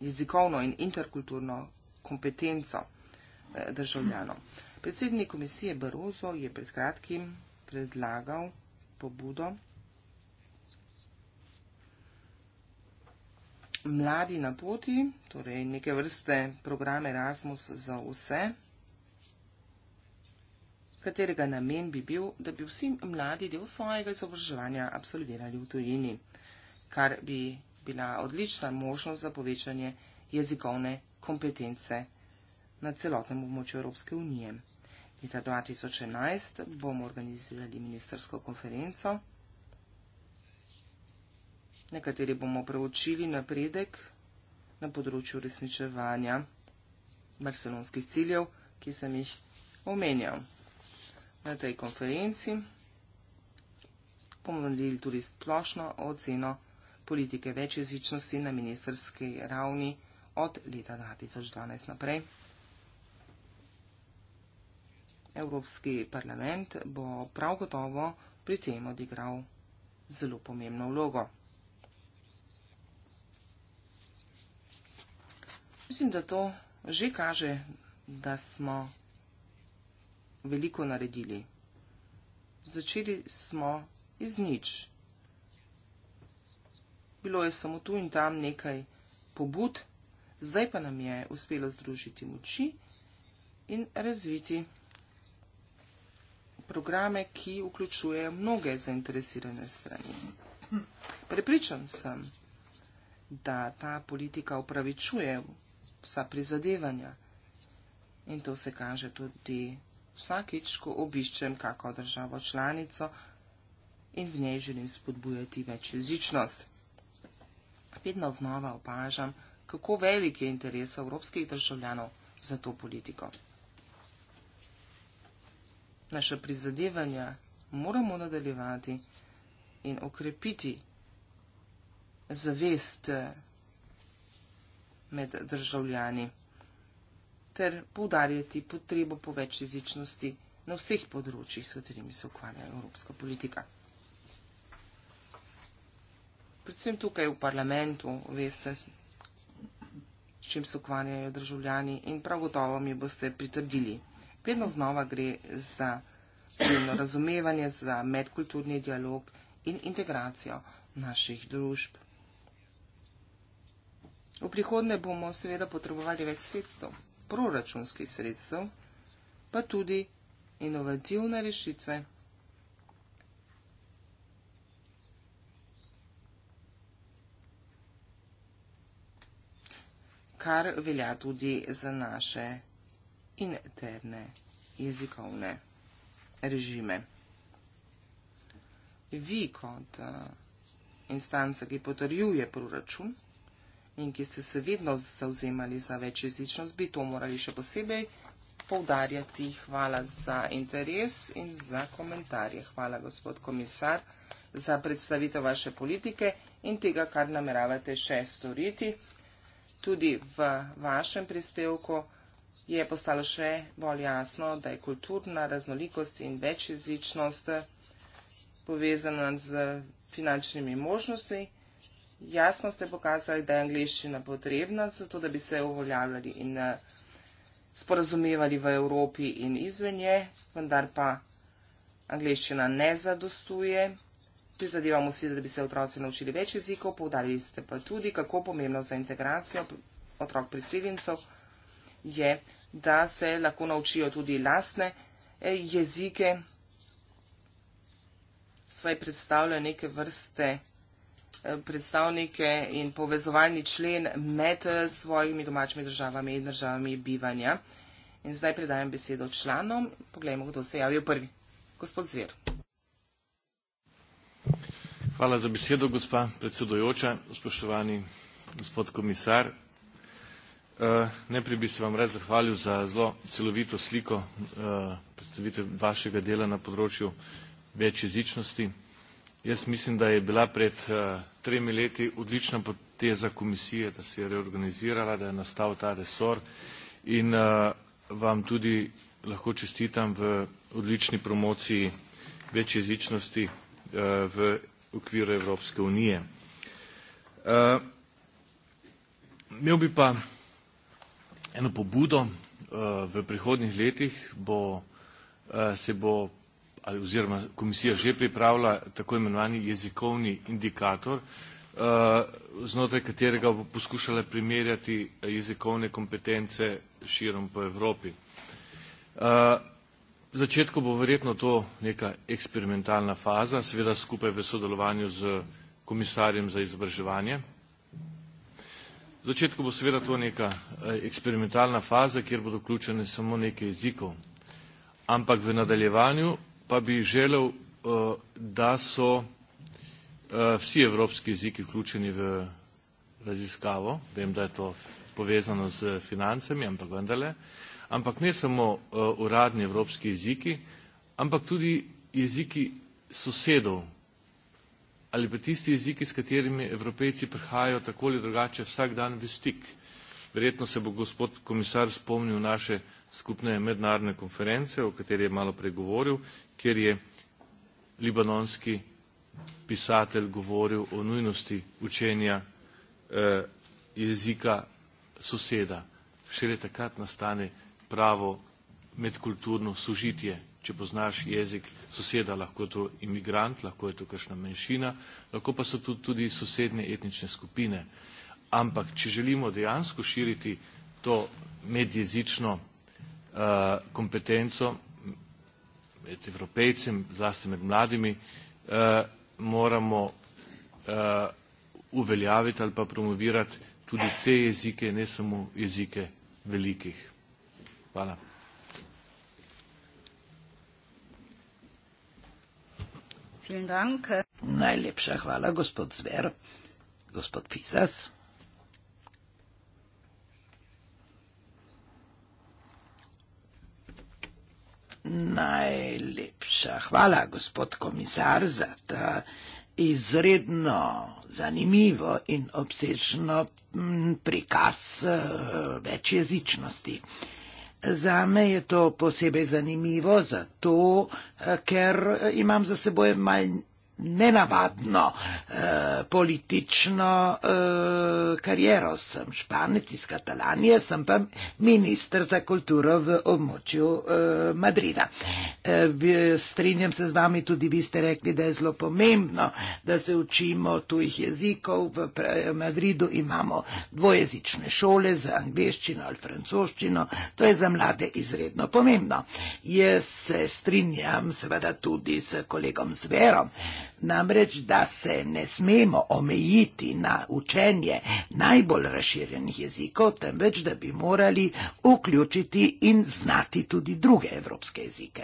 jezikovno in interkulturno kompetenco eh, državljanov. Predsednik komisije Barozo je pred kratkim predlagal pobudo, Mladi na poti, torej neke vrste program Erasmus za vse, katerega namen bi bil, da bi vsi mladi del svojega izobraževanja absolvirali v tujini, kar bi bila odlična možnost za povečanje jezikovne kompetence na celotnem območju Evropske unije. Leta 2011 bomo organizirali ministersko konferenco na kateri bomo preučili napredek na področju resničevanja barcelonskih ciljev, ki sem jih omenjal. Na tej konferenci bomo naredili tudi splošno oceno politike večjezičnosti na ministerski ravni od leta 2012 naprej. Evropski parlament bo prav gotovo pri tem odigral zelo pomembno vlogo. Mislim, da to že kaže, da smo veliko naredili. Začeli smo iz nič. Bilo je samo tu in tam nekaj pobud, zdaj pa nam je uspelo združiti moči in razviti programe, ki vključujejo mnoge zainteresirane strani. Prepričan sem, da ta politika upravičuje vsa prizadevanja. In to se kaže tudi vsakič, ko obiščem kako državo članico in v njej želim spodbujati večjezičnost. Vedno znova opažam, kako velik je interes evropskih državljanov za to politiko. Naše prizadevanja moramo nadaljevati in okrepiti zavest med državljani ter poudarjati potrebo po več jezičnosti na vseh področjih, s katerimi se ukvarja evropska politika. Predvsem tukaj v parlamentu, veste, s čim se ukvarjajo državljani in prav gotovo mi boste pritrdili. Vedno znova gre za silno razumevanje, za medkulturni dialog in integracijo naših družb. V prihodnje bomo seveda potrebovali več sredstev, proračunskih sredstev, pa tudi inovativne rešitve. kar velja tudi za naše interne jezikovne režime. Vi kot eh, instanca, ki potrjuje proračun, in ki ste se vedno zauzemali za večjezičnost, bi to morali še posebej povdarjati. Hvala za interes in za komentarje. Hvala, gospod komisar, za predstavitev vaše politike in tega, kar nameravate še storiti. Tudi v vašem prispevku je postalo še bolj jasno, da je kulturna raznolikost in večjezičnost povezana z finančnimi možnostmi jasno ste pokazali, da je angliščina potrebna, zato da bi se uvoljavljali in eh, sporazumevali v Evropi in izven je, vendar pa angliščina ne zadostuje. Prizadevamo si, da bi se otroci naučili več jezikov, povdarili ste pa tudi, kako pomembno za integracijo otrok priseljencev je, da se lahko naučijo tudi lastne eh, jezike, svoj predstavlja neke vrste predstavnike in povezovalni člen med eh, svojimi domačimi državami in državami bivanja. In zdaj predajam besedo članom. Poglejmo, kdo se javijo prvi. Gospod Zver. Hvala za besedo, gospa predsedojoča, spoštovani gospod komisar. Eh, najprej bi se vam rad zahvalil za zelo celovito sliko eh, predstavitev vašega dela na področju večjezičnosti. jezičnosti. Jaz mislim, da je bila pred uh, tremi leti odlična poteza komisije, da se je reorganizirala, da je nastal ta resor in uh, vam tudi lahko čestitam v odlični promociji večjezičnosti uh, v okviru Evropske unije. Uh, imel bi pa eno pobudo uh, v prihodnih letih, bo, uh, se bo ali oziroma komisija že pripravila tako imenovani jezikovni indikator, eh, znotraj katerega bo poskušala primerjati jezikovne kompetence širom po Evropi. Eh, v začetku bo verjetno to neka eksperimentalna faza, seveda skupaj v sodelovanju z komisarjem za izobraževanje. V začetku bo seveda to neka eh, eksperimentalna faza, kjer bodo vključene samo nekaj jezikov. Ampak v nadaljevanju pa bi želel, eh, da so eh, vsi evropski jeziki vključeni v raziskavo. Vem, da je to povezano z financami, ampak vendarle. Ampak ne samo eh, uradni evropski jeziki, ampak tudi jeziki sosedov ali pa tisti jeziki, s katerimi evropejci prihajajo tako ali drugače vsak dan v stik. Verjetno se bo gospod komisar spomnil naše skupne mednarodne konference, o kateri je malo pregovoril, kjer je libanonski pisatelj govoril o nujnosti učenja eh, jezika soseda. Šele takrat nastane pravo medkulturno sožitje. Če poznaš jezik soseda, lahko je to imigrant, lahko je to kakšna manjšina, lahko pa so tu tudi sosednje etnične skupine. Ampak, če želimo dejansko širiti to medjezično uh, kompetenco, med evropejcem, zlasti med mladimi, eh, moramo eh, uveljaviti ali pa promovirati tudi te jezike, ne samo jezike velikih. Hvala. Najlepša hvala, gospod Zver, gospod Fizas. Najlepša hvala, gospod komisar, za ta izredno zanimivo in obsežno prikaz eh, večjezičnosti. Za me je to posebej zanimivo, zato eh, ker eh, imam za seboj malj nenavadno eh, politično eh, kariero. Sem španec iz Katalanije, sem pa ministr za kulturo v območju eh, Madrida. Eh, strinjam se z vami, tudi vi ste rekli, da je zelo pomembno, da se učimo tujih jezikov. V Madridu imamo dvojezične šole za angliščino ali francoščino. To je za mlade izredno pomembno. Jaz se strinjam seveda tudi s kolegom Zverom namreč da se ne smemo omejiti na učenje najbolj razširjenih jezikov, temveč da bi morali vključiti in znati tudi druge evropske jezike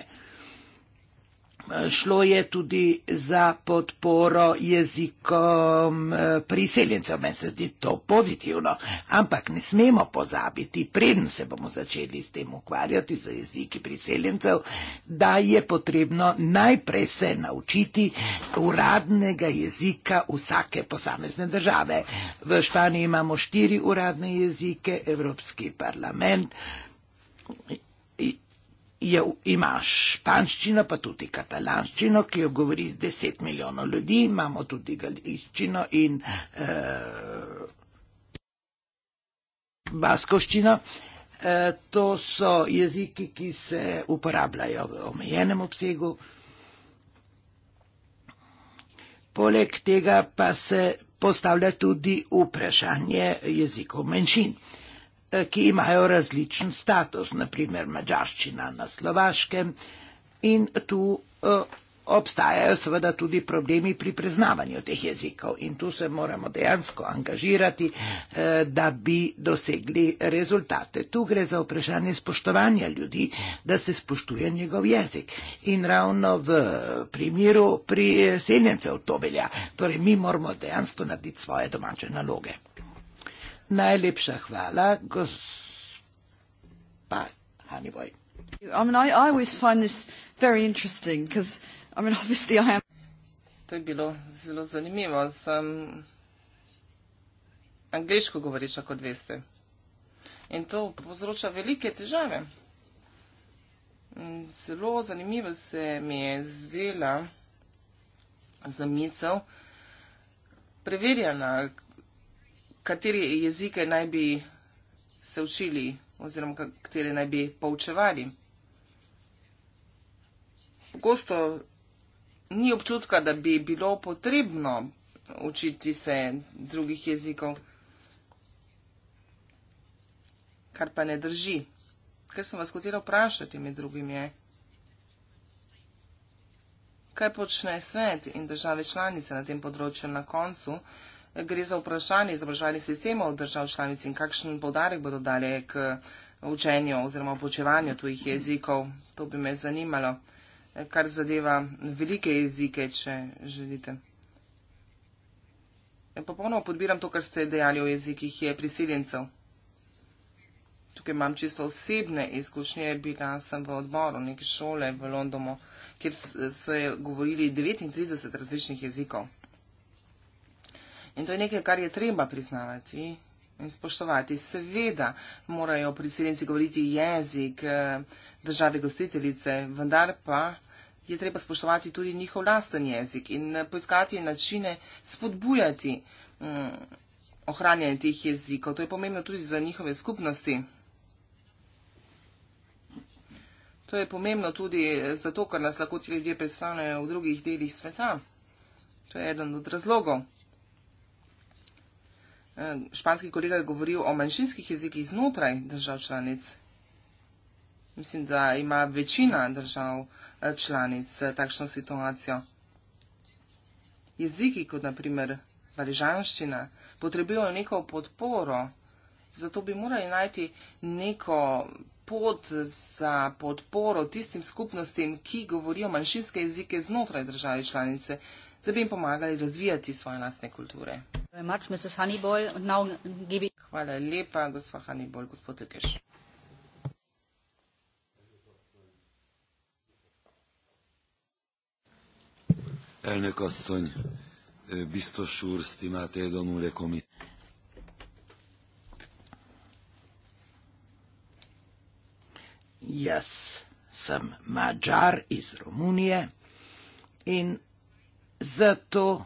šlo je tudi za podporo jezikom eh, priseljencev. Meni se zdi to pozitivno, ampak ne smemo pozabiti, preden se bomo začeli s tem ukvarjati z jeziki priseljencev, da je potrebno najprej se naučiti uradnega jezika vsake posamezne države. V Španiji imamo štiri uradne jezike, Evropski parlament je, ima španščino, pa tudi katalanščino, ki jo govori 10 milijonov ljudi, imamo tudi gališčino in uh, eh, baskoščino. Uh, eh, to so jeziki, ki se uporabljajo v omejenem obsegu. Poleg tega pa se postavlja tudi vprašanje jezikov menšin. Uh, Eh, ki imajo različen status, naprimer mađarščina na slovaškem in tu eh, obstajajo seveda tudi problemi pri preznavanju teh jezikov in tu se moramo dejansko angažirati, eh, da bi dosegli rezultate. Tu gre za vprašanje spoštovanja ljudi, da se spoštuje njegov jezik in ravno v primeru priseljencev to velja. Torej, mi moramo dejansko narediti svoje domače naloge. Najlepša hvala, gospa Hanivoj. I mean, I, I I mean, *laughs* to je bilo zelo zanimivo. Sem angliško govoriš, kot veste. In to povzroča velike težave. Zelo zanimivo se mi je zdela zamisel preverjena, kateri jezike naj bi se učili oziroma kateri naj bi poučevali. Pogosto ni občutka, da bi bilo potrebno učiti se drugih jezikov, kar pa ne drži. Kaj sem vas hotela vprašati med drugim je, kaj počne svet in države članice na tem področju na koncu, gre za vprašanje izobraževalnih sistemov držav članic in kakšen povdarek bodo dali k učenju oziroma počevanju tujih jezikov. To bi me zanimalo, kar zadeva velike jezike, če želite. Popolnoma podbiram to, kar ste dejali o jezikih je priseljencev. Tukaj imam čisto osebne izkušnje. Bila sem v odboru neke šole v Londonu, kjer so govorili 39 različnih jezikov. In to je nekaj, kar je treba priznavati in spoštovati. Seveda morajo priseljenci govoriti jezik eh, države gostiteljice, vendar pa je treba spoštovati tudi njihov lasten jezik in eh, poiskati načine spodbujati um, ohranjanje teh jezikov. To je pomembno tudi za njihove skupnosti. To je pomembno tudi zato, ker nas lahko ti ljudje predstavljajo v drugih delih sveta. To je eden od razlogov. Eh, španski kolega je govoril o manjšinskih jezikih znotraj držav članic. Mislim, da ima večina držav eh, članic eh, takšno situacijo. Jeziki, kot naprimer valižanščina, potrebujejo neko podporo, zato bi morali najti neko pot za podporo tistim skupnostim, ki govorijo manjšinske jezike znotraj države članice da bi jim pomagali razvijati svoje lastne kulture. Much, Honeyball. Now, give it... Hvala lepa, gospod Hannibal, gospod Tekeš. Elnök asszony, biztos úr, stimát Edomule komit. Yes, sem magyar iz Románia, én Zato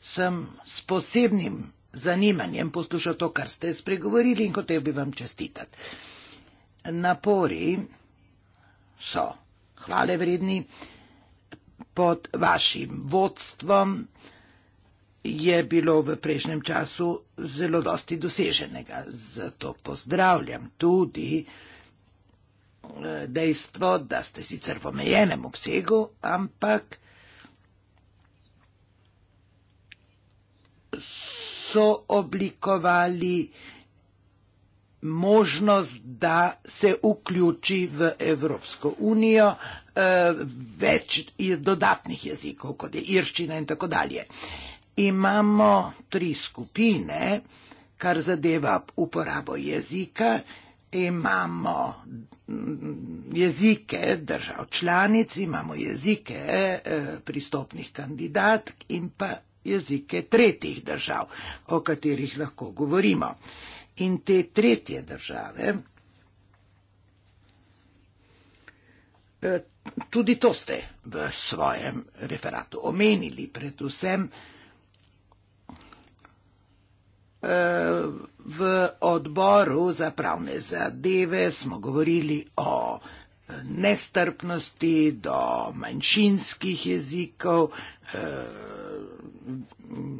sem s posebnim zanimanjem poslušal to, kar ste spregovorili in hotel bi vam čestitati. Napori so hvale vredni. Pod vašim vodstvom je bilo v prejšnjem času zelo dosti doseženega. Zato pozdravljam tudi eh, dejstvo, da ste sicer v omejenem obsegu, ampak so oblikovali možnost, da se vključi v Evropsko unijo eh, več dodatnih jezikov, kot je irščina in tako dalje. Imamo tri skupine, kar zadeva uporabo jezika. Imamo mm, jezike držav članic, imamo jezike eh, pristopnih kandidatk in pa jezike tretjih držav, o katerih lahko govorimo. In te tretje države, eh, tudi to ste v svojem referatu omenili, predvsem eh, v odboru za pravne zadeve smo govorili o nestrpnosti do manjšinskih jezikov, eh,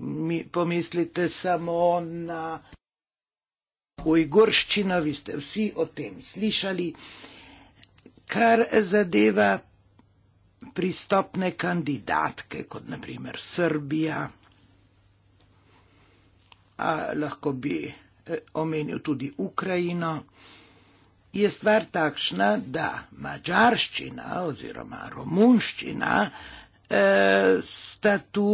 mi, pomislite samo na ujgurščino, vi ste vsi o tem slišali, kar zadeva pristopne kandidatke, kot naprimer Srbija. A lahko bi eh, omenil tudi Ukrajino. Je stvar takšna, da mačarščina oziroma romunščina eh, sta tu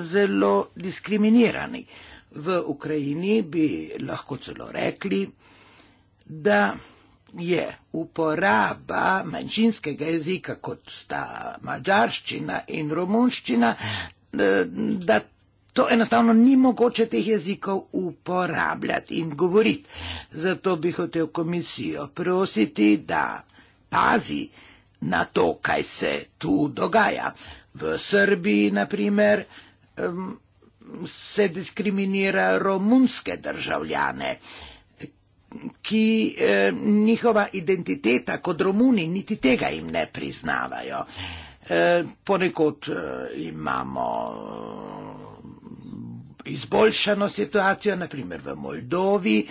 zelo diskriminirani. V Ukrajini bi lahko celo rekli, da je uporaba manjšinskega jezika, kot sta mađarščina in romunščina, eh, da to enostavno ni mogoče teh jezikov uporabljati in govoriti. Zato bi hotel komisijo prositi, da pazi na to, kaj se tu dogaja. V Srbiji, na primer, um, se diskriminira romunske državljane, ki um, njihova identiteta kot romuni niti tega jim ne priznavajo. E, ponekod e, imamo izboljšano situacijo, naprimer v Moldovi.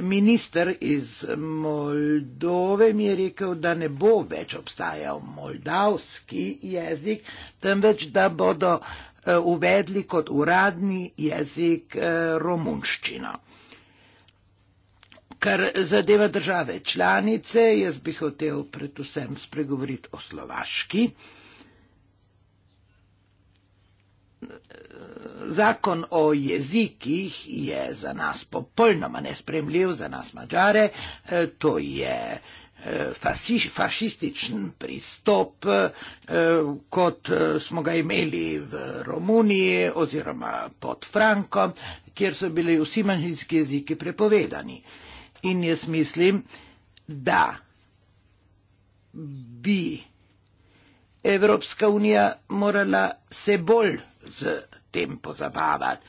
Minister iz Moldove mi je rekel, da ne bo več obstajal moldavski jezik, temveč da bodo Eh, uvedli kot uradni jezik eh, romunščino. Kar zadeva države članice, jaz bi hotel predvsem spregovoriti o slovaški. Zakon o jezikih je za nas popolnoma nespremljiv, za nas mačare, eh, to je eh, Eh, fašističen pristop, eh, kot eh, smo ga imeli v Romuniji oziroma pod Franko, kjer so bili vsi manjšinski jeziki prepovedani. In jaz mislim, da bi Evropska unija morala se bolj z tem pozabavati.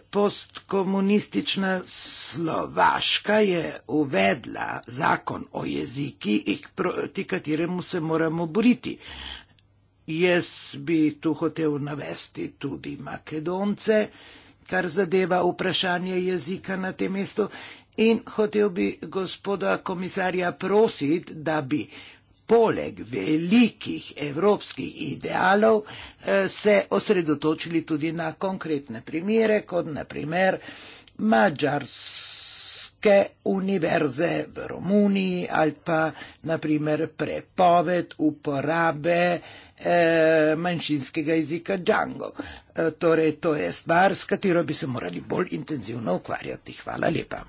Postkomunistična Slovaška je uvedla zakon o jeziki, proti kateremu se moramo boriti. Jaz bi tu hotel navesti tudi Makedonce, kar zadeva vprašanje jezika na tem mestu, in hotel bi gospoda komisarja prositi, da bi poleg velikih evropskih idealov eh, se osredotočili tudi na konkretne primere, kot naprimer mađarske univerze v Romuniji ali pa naprimer prepoved uporabe eh, manjšinskega jezika Django. Eh, torej, to je stvar, s katero bi se morali bolj intenzivno ukvarjati. Hvala lepa.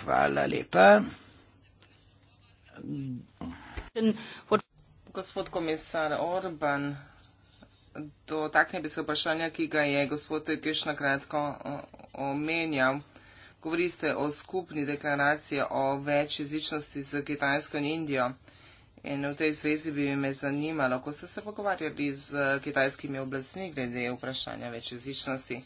Hvala lepa. Gospod komisar Orban, dotaknem bi se vprašanja, ki ga je gospod Tekeš na kratko omenjal. Govorite o skupni deklaraciji o večjezičnosti z Kitajsko in Indijo. In v tej zvezi bi me zanimalo, ko ste se pogovarjali z kitajskimi oblastmi glede vprašanja večjezičnosti.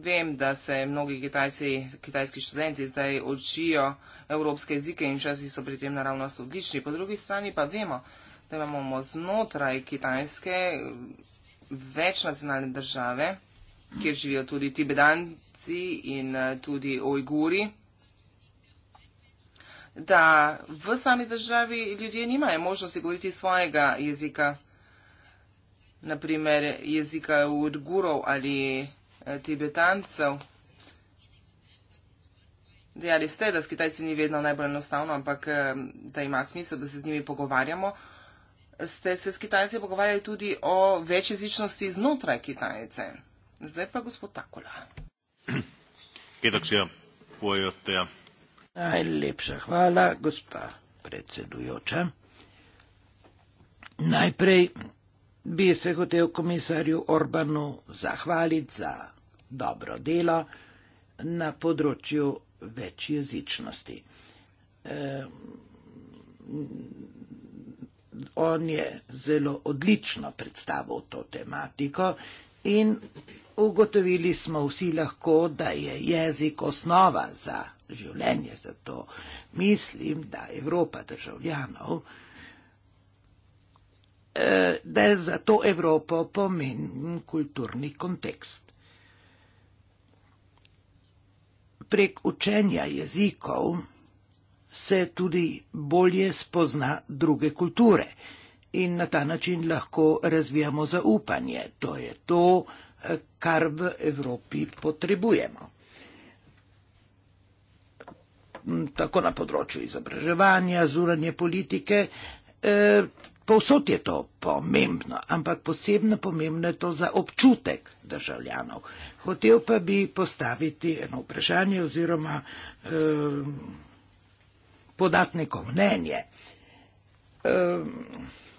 Vem, da se mnogi kitajci, kitajski študenti zdaj učijo evropske jezike in včasih so pri tem naravno odlični. Po drugi strani pa vemo, da imamo znotraj kitajske večnacionalne države, kjer živijo tudi tibetanci in eh, tudi ojguri, da v sami državi ljudje nimajo možnosti govoriti svojega jezika, naprimer jezika ojgurov ali jezika Tibetancev. Dejali ste, da s Kitajci ni vedno najbolj enostavno, ampak da ima smisel, da se z njimi pogovarjamo. Ste se s Kitajci pogovarjali tudi o večjezičnosti znotraj Kitajce. Zdaj pa gospod Takola. Kitoksija, pojoteja. Najlepša hvala, gospa predsedujoča. Najprej bi se hotel komisarju Orbanu zahvaliti za dobro delo na področju večjezičnosti. Eh, on je zelo odlično predstavil to tematiko in ugotovili smo vsi lahko, da je jezik osnova za življenje. Zato mislim, da Evropa državljanov, eh, da je za to Evropo pomemben kulturni kontekst. prek učenja jezikov se tudi bolje spozna druge kulture in na ta način lahko razvijamo zaupanje. To je to, kar v Evropi potrebujemo. Tako na področju izobraževanja, zunanje politike, eh, Povsod je to pomembno, ampak posebno pomembno je to za občutek državljanov. Hotev pa bi postaviti eno vprašanje oziroma eh, podati neko mnenje. Eh,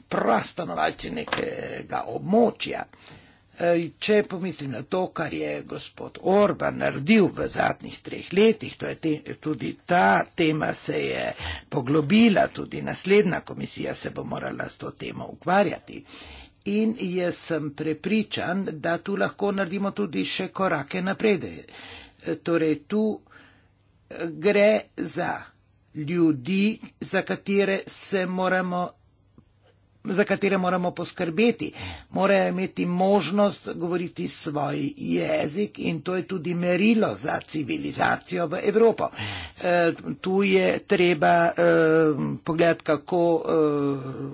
Prostanovalci nekega območja eh, Eh, če pomislim na to, kar je gospod Orban naredil v zadnjih treh letih, te, tudi ta tema se je poglobila, tudi naslednja komisija se bo morala s to temo ukvarjati. In jaz sem prepričan, da tu lahko naredimo tudi še korake naprej. Eh, torej, tu eh, gre za ljudi, za katere se moramo za katere moramo poskrbeti. Morajo imeti možnost govoriti svoj jezik in to je tudi merilo za civilizacijo v Evropo. E, tu je treba e, pogled, kako e,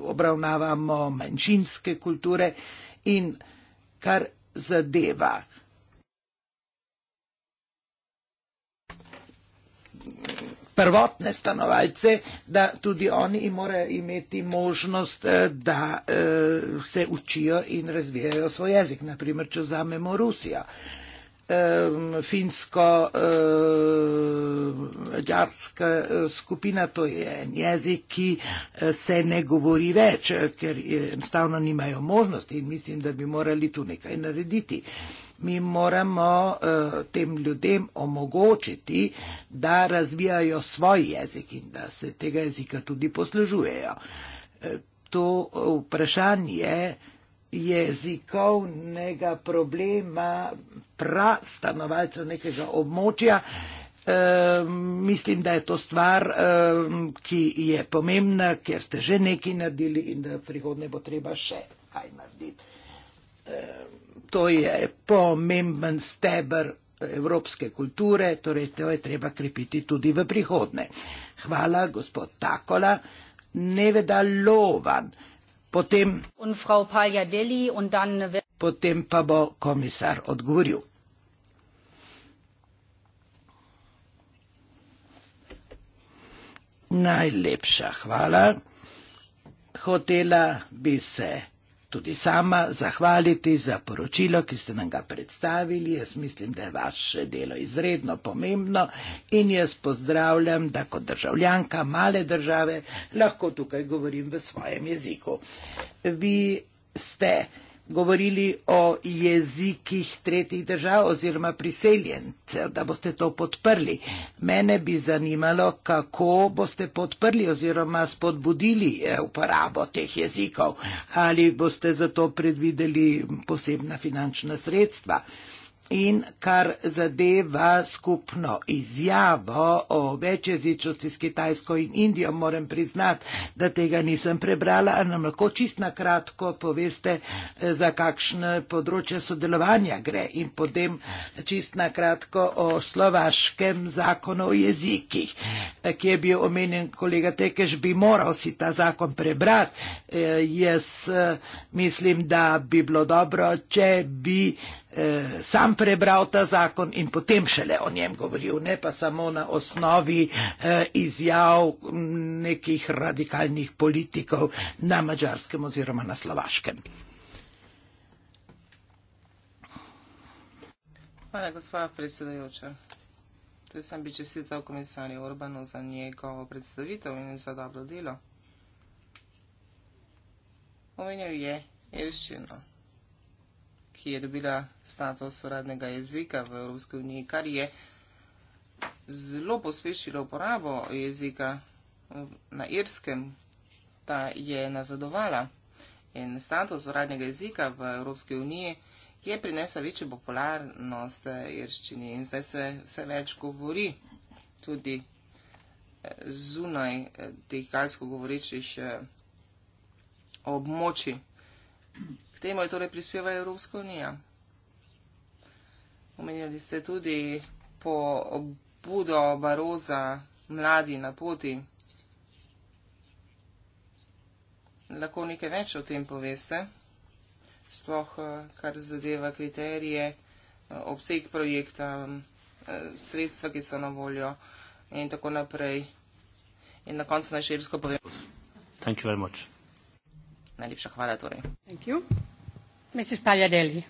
obravnavamo manjšinske kulture in kar zadeva prvotne stanovalce, da tudi oni morajo imeti možnost, eh, da eh, se učijo in razvijajo svoj jezik. Naprimer, če vzamemo Rusijo, finsko, džarska eh, skupina, to je en jezik, ki se ne govori več, ker enostavno nimajo možnosti in mislim, da bi morali tu nekaj narediti. Mi moramo uh, tem ljudem omogočiti, da razvijajo svoj jezik in da se tega jezika tudi poslužujejo. Uh, to vprašanje jezikovnega problema pra stanovalcev nekega območja. E, mislim, da je to stvar, e, ki je pomembna, ker ste že nekaj naredili in da prihodne bo treba še kaj narediti. E, to je pomemben steber evropske kulture, torej to je treba krepiti tudi v prihodne. Hvala, gospod Takola, neveda lovan. Potem, potem pa bo komisar odgovoril. Najlepša hvala. Hotela bi se tudi sama zahvaliti za poročilo, ki ste nam ga predstavili. Jaz mislim, da je vaše delo izredno pomembno in jaz pozdravljam, da kot državljanka male države lahko tukaj govorim v svojem jeziku. Vi ste govorili o jezikih tretjih držav oziroma priseljenc, da boste to podprli. Mene bi zanimalo, kako boste podprli oziroma spodbudili eh, uporabo teh jezikov. Ali boste za to predvideli posebna finančna sredstva? In kar zadeva skupno izjavo o večjezičnosti s Kitajsko in Indijo, moram priznati, da tega nisem prebrala, a nam lahko čist na kratko poveste, eh, za kakšne področje sodelovanja gre in potem čist na kratko o slovaškem zakonu o jezikih, eh, ki je bil omenjen kolega Tekeš, bi moral si ta zakon prebrati. E, jaz mislim, da bi bilo dobro, če bi eh, sam prebral ta zakon in potem šele o njem govoril, ne pa samo na osnovi eh, izjav nekih radikalnih politikov na mačarskem oziroma na slovaškem. Hvala, gospod predsedujoča. Tudi sem bi čestital komisarju Orbanu za njegovo predstavitev in za dobro delo. Omenil je irščino ki je dobila status uradnega jezika v Evropski uniji, kar je zelo pospešilo uporabo jezika na irskem, ta je nazadovala. In status uradnega jezika v Evropski uniji je prinesel večjo popularnost irščini in zdaj se vse več govori tudi eh, zunaj eh, teh galsko govorečih eh, območij. K temu je torej prispeva Evropska unija. Omenjali ste tudi po obudo Baroza mladi na poti. Lahko nekaj več o tem poveste, sploh eh, kar zadeva kriterije, eh, obseg projekta, eh, sredstva, ki so na voljo in tako naprej. In na koncu naj širsko povem. Thank you very much. Najlepša hvala torej. Thank you. Mrs. Pagliadelli.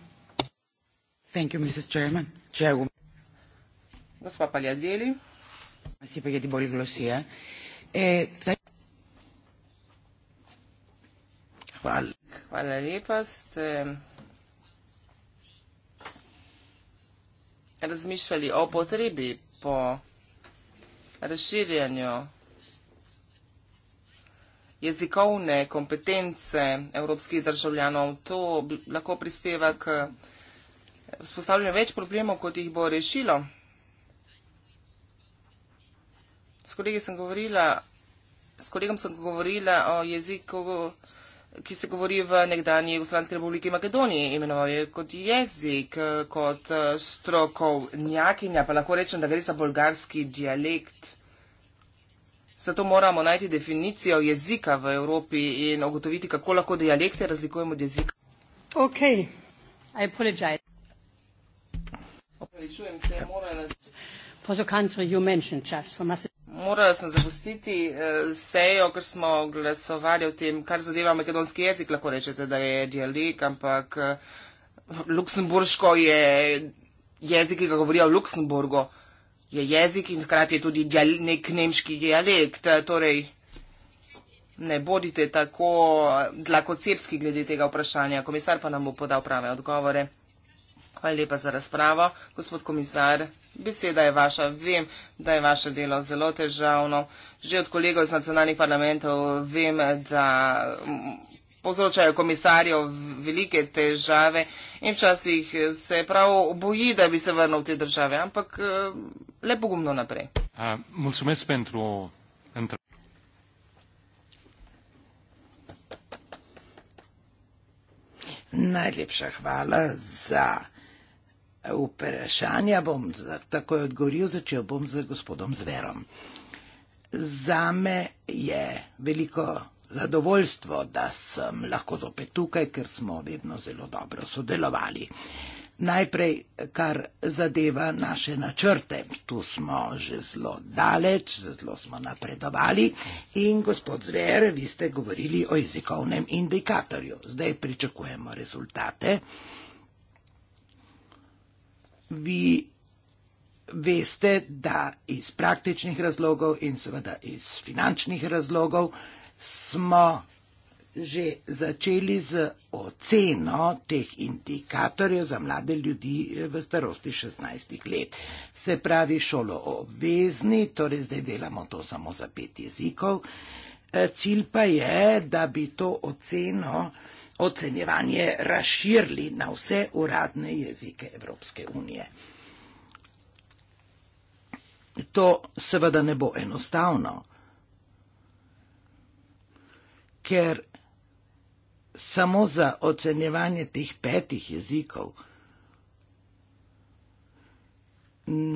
Thank you, Mrs. Chairman. Gospa Pagliadelli. Merci, Pagliadelli, bolj glosija. Eh, hvala. E hvala lepa. Ste razmišljali o potrebi po razširjanju jezikovne kompetence evropskih državljanov. To lahko prispeva k vzpostavljanju več problemov, kot jih bo rešilo. S, sem govorila, s kolegom sem govorila o jeziku, ki se govori v nekdani Jugoslavijski republiki Makedoniji. Imenoval je kot jezik, kot strokovnjakinja, pa lahko rečem, da gre za bolgarski dialekt. Zato moramo najti definicijo jezika v Evropi in ugotoviti, kako lahko dialekte razlikujemo od jezika. Ok, I apologize. Opravičujem se, morala sem. For the country you mentioned just for myself. Morala sem zapustiti eh, sejo, ker smo glasovali o tem, kar zadeva makedonski jezik, lahko rečete, da je dialek, ampak eh, luksemburško je jezik, ki ga govorijo v Luksemburgu je jezik in hkrati je tudi dial, nek nemški dialekt. Torej, ne bodite tako dlakocepski glede tega vprašanja. Komisar pa nam bo podal prave odgovore. Hvala lepa za razpravo. Gospod komisar, beseda je vaša. Vem, da je vaše delo zelo težavno. Že od kolegov iz nacionalnih parlamentov vem, da povzročajo komisarjo velike težave in včasih se prav boji, da bi se vrnil v te države, ampak eh, le pogumno naprej. Najlepša hvala za vprašanja. Bom takoj odgovoril, začel bom z gospodom Zverom. Zame je veliko zadovoljstvo, da sem lahko zopet tukaj, ker smo vedno zelo dobro sodelovali. Najprej, kar zadeva naše načrte. Tu smo že zelo daleč, zelo smo napredovali in gospod Zver, vi ste govorili o jezikovnem indikatorju. Zdaj pričakujemo rezultate. Vi veste, da iz praktičnih razlogov in seveda iz finančnih razlogov smo že začeli z oceno teh indikatorjev za mlade ljudi v starosti 16 let. Se pravi šolo obvezni, torej zdaj delamo to samo za pet jezikov. E, cilj pa je, da bi to oceno, ocenjevanje razširili na vse uradne jezike Evropske unije. To seveda ne bo enostavno ker samo za ocenjevanje teh petih jezikov,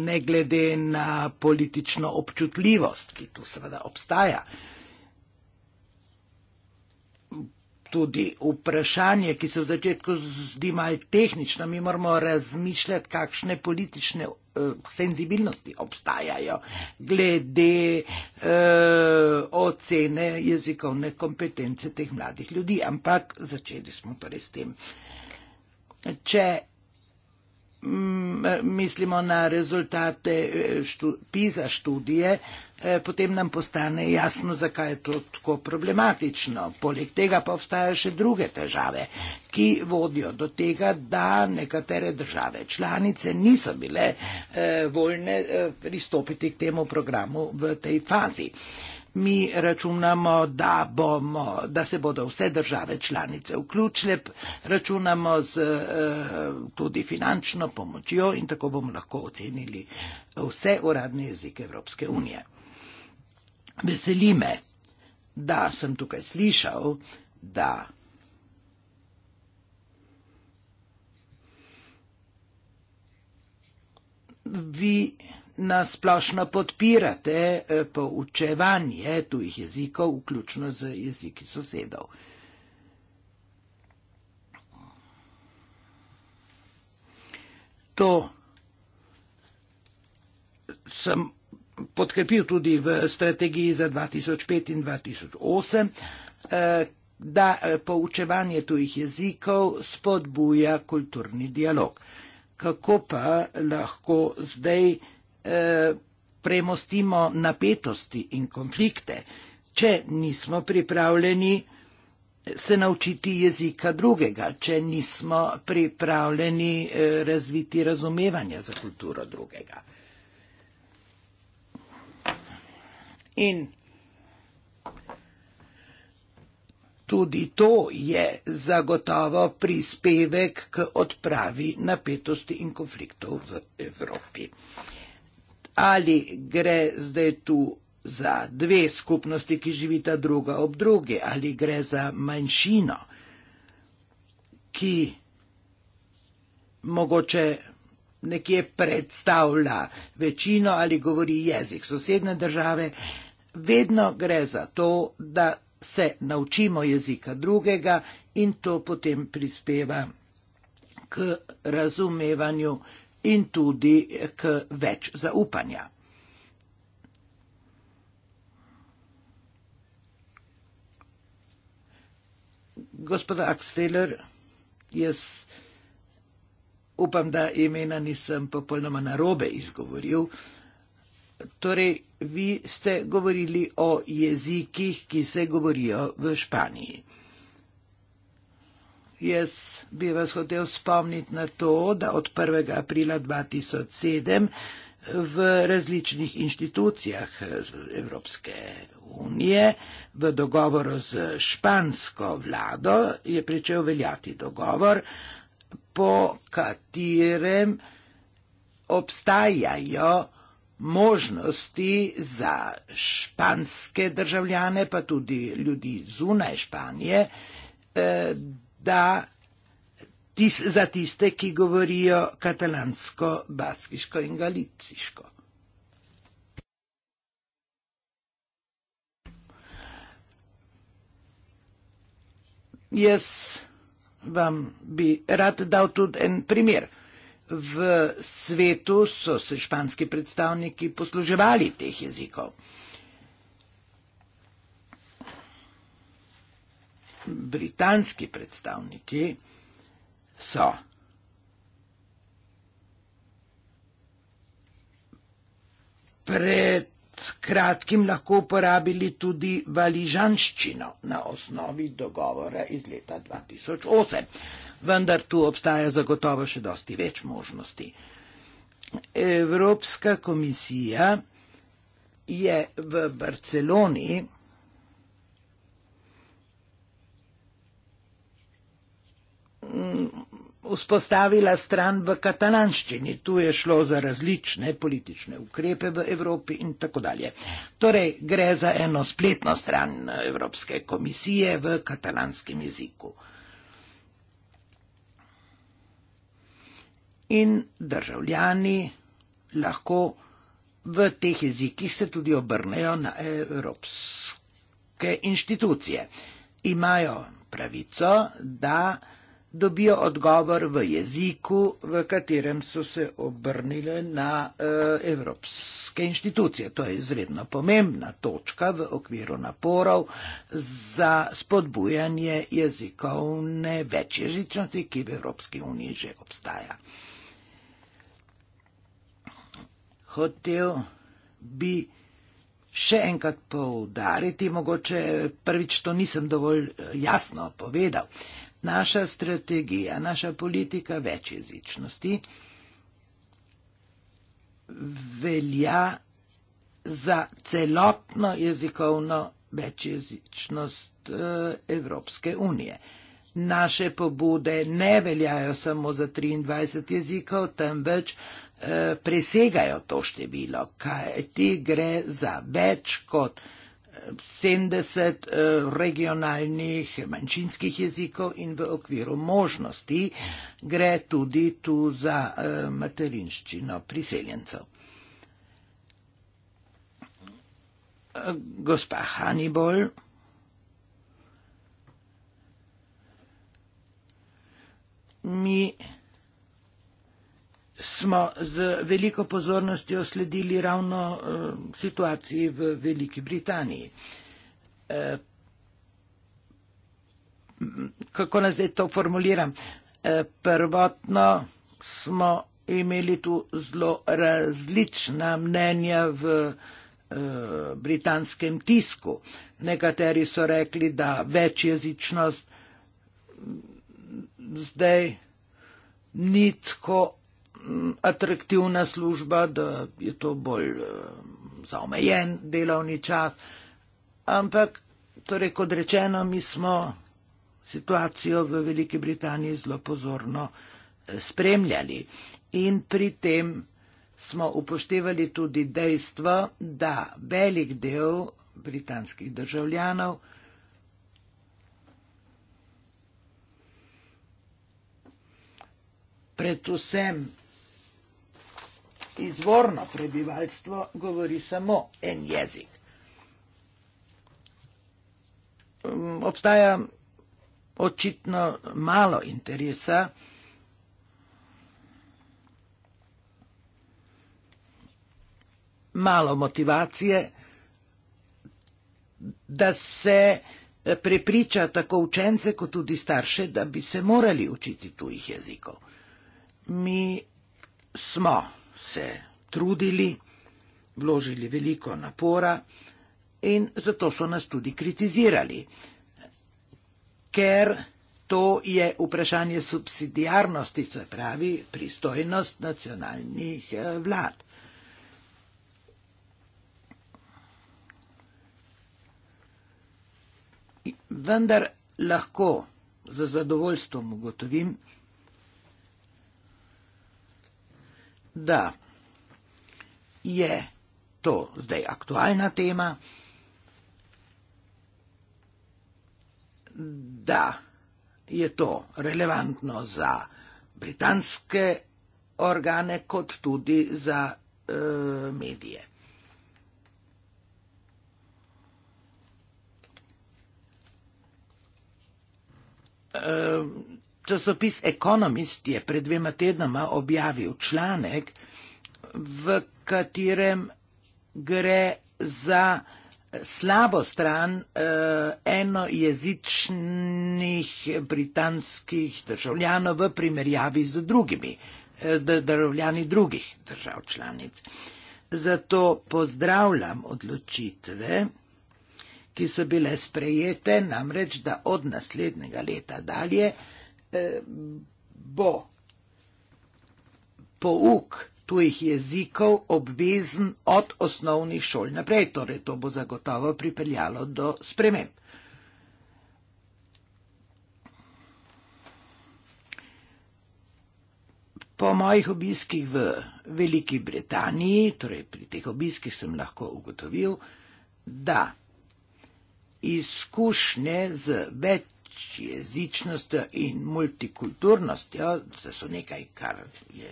ne glede na politično občutljivost, ki tu seveda obstaja, tudi vprašanje, ki se v začetku zdi malo tehnično, mi moramo razmišljati, kakšne politične Eh, senzibilnosti obstajajo, glede uh, ocene jezikovne kompetence teh mladih ljudi. Ampak začeli smo torej s tem. Če mm, mislimo na rezultate eh, štu, PISA študije, uh, Eh, potem nam postane jasno, zakaj je to tako problematično. Poleg tega pa obstajajo še druge težave, ki vodijo do tega, da nekatere države članice niso bile eh, voljne eh, pristopiti k temu programu v tej fazi. Mi računamo, da, bomo, da se bodo vse države članice vključile, računamo z, tudi finančno pomočjo in tako bomo lahko ocenili vse uradne jezike Evropske unije. Veseli me, da sem tukaj slišal, da. Vi nasplošno podpirate eh, poučevanje tujih jezikov, vključno z jeziki sosedov. To sem podkrepil tudi v strategiji za 2005 in 2008 eh, da eh, poučevanje tujih jezikov spodbuja kulturni dialog. Kako pa lahko zdaj eh, premostimo napetosti in konflikte, če nismo pripravljeni eh, se naučiti jezika drugega, če nismo pripravljeni eh, razviti razumevanja za kulturo drugega? In tudi to je zagotovo prispevek k odpravi napetosti in konfliktov v Evropi. Ali gre zdaj tu za dve skupnosti, ki živita druga ob druge, ali gre za manjšino, ki mogoče nekje predstavlja večino ali govori jezik sosedne države, vedno gre za to, da se naučimo jezika drugega in to potem prispeva k razumevanju in tudi k več zaupanja. Gospod Axfeller, jaz upam, da imena nisem popolnoma narobe izgovoril. Torej, vi ste govorili o jezikih, ki se govorijo v Španiji. Jaz bi vas hotel spomniti na to, da od 1. aprila 2007 v različnih inštitucijah Evropske unije v dogovoru z špansko vlado je pričel veljati dogovor, po katerem obstajajo možnosti za španske državljane, pa tudi ljudi zunaj Španije, eh, da tis, za tiste, ki govorijo katalansko, baskiško in galiciško. Jaz vam bi rad dal tudi en primer v svetu so se španski predstavniki posluževali teh jezikov. Britanski predstavniki so pred kratkim lahko uporabili tudi valižanščino na osnovi dogovora iz leta 2008 vendar tu obstaja zagotovo še dosti več možnosti. Evropska komisija je v Barceloni Vzpostavila stran v katalanščini, tu je šlo za različne politične ukrepe v Evropi in tako dalje. Torej, gre za eno spletno stran Evropske komisije v katalanskem jeziku. in državljani lahko v teh jezikih se tudi obrnejo na evropske inštitucije. Imajo pravico, da dobijo odgovor v jeziku, v katerem so se obrnili na eh, evropske inštitucije. To je izredno pomembna točka v okviru naporov za spodbujanje jezikovne večjezičnosti, ki v Evropski uniji že obstaja hotel bi še enkrat poudariti, mogoče prvič to nisem dovolj eh, jasno povedal. Naša strategija, naša politika večjezičnosti velja za celotno jezikovno večjezičnost eh, Evropske unije naše pobude ne veljajo samo za 23 jezikov, temveč eh, presegajo to število, kaj ti gre za več kot 70 eh, eh, regionalnih manjšinskih jezikov in v okviru možnosti gre tudi tu za eh, materinščino priseljencev. Eh, gospa Hannibal. mi smo z veliko pozornostjo sledili ravno uh, situaciji v Veliki Britaniji. Uh, kako naj zdaj to formuliram? Uh, prvotno smo imeli tu zelo različna mnenja v uh, britanskem tisku. Nekateri so rekli, da večjezičnost zdaj ni tako mm, atraktivna služba, da je to bolj eh, zaomejen delovni čas. Ampak, torej, kot rečeno, mi smo situacijo v Veliki Britaniji zelo pozorno eh, spremljali in pri tem smo upoštevali tudi dejstvo, da velik del britanskih državljanov predvsem izvorno prebivalstvo govori samo en jezik. Mm, obstaja očitno malo interesa. Malo motivacije, da se prepriča tako učence, kot tudi starše, da bi se morali učiti tujih jezikov mi smo se trudili, vložili veliko napora in zato so nas tudi kritizirali, ker to je vprašanje subsidijarnosti, se pravi pristojnost nacionalnih eh, vlad. Vendar lahko za zadovoljstvom ugotovim, da je to zdaj aktualna tema, da je to relevantno za britanske organe, kot tudi za e, medije. E, Časopis Economist je pred dvema tednoma objavil članek, v katerem gre za slabo stran eh, enojezičnih britanskih državljanov v primerjavi z drugimi eh, državljani drugih držav članic. Zato pozdravljam odločitve, ki so bile sprejete, namreč da od naslednjega leta dalje eh, Eh, bo pouk tujih jezikov obvezen od osnovnih šol naprej, torej to bo zagotovo pripeljalo do sprememb. Po mojih obiskih v Veliki Britaniji, torej pri teh obiskih sem lahko ugotovil, da izkušnje z več večjezičnostjo in multikulturnostjo, da so nekaj, kar je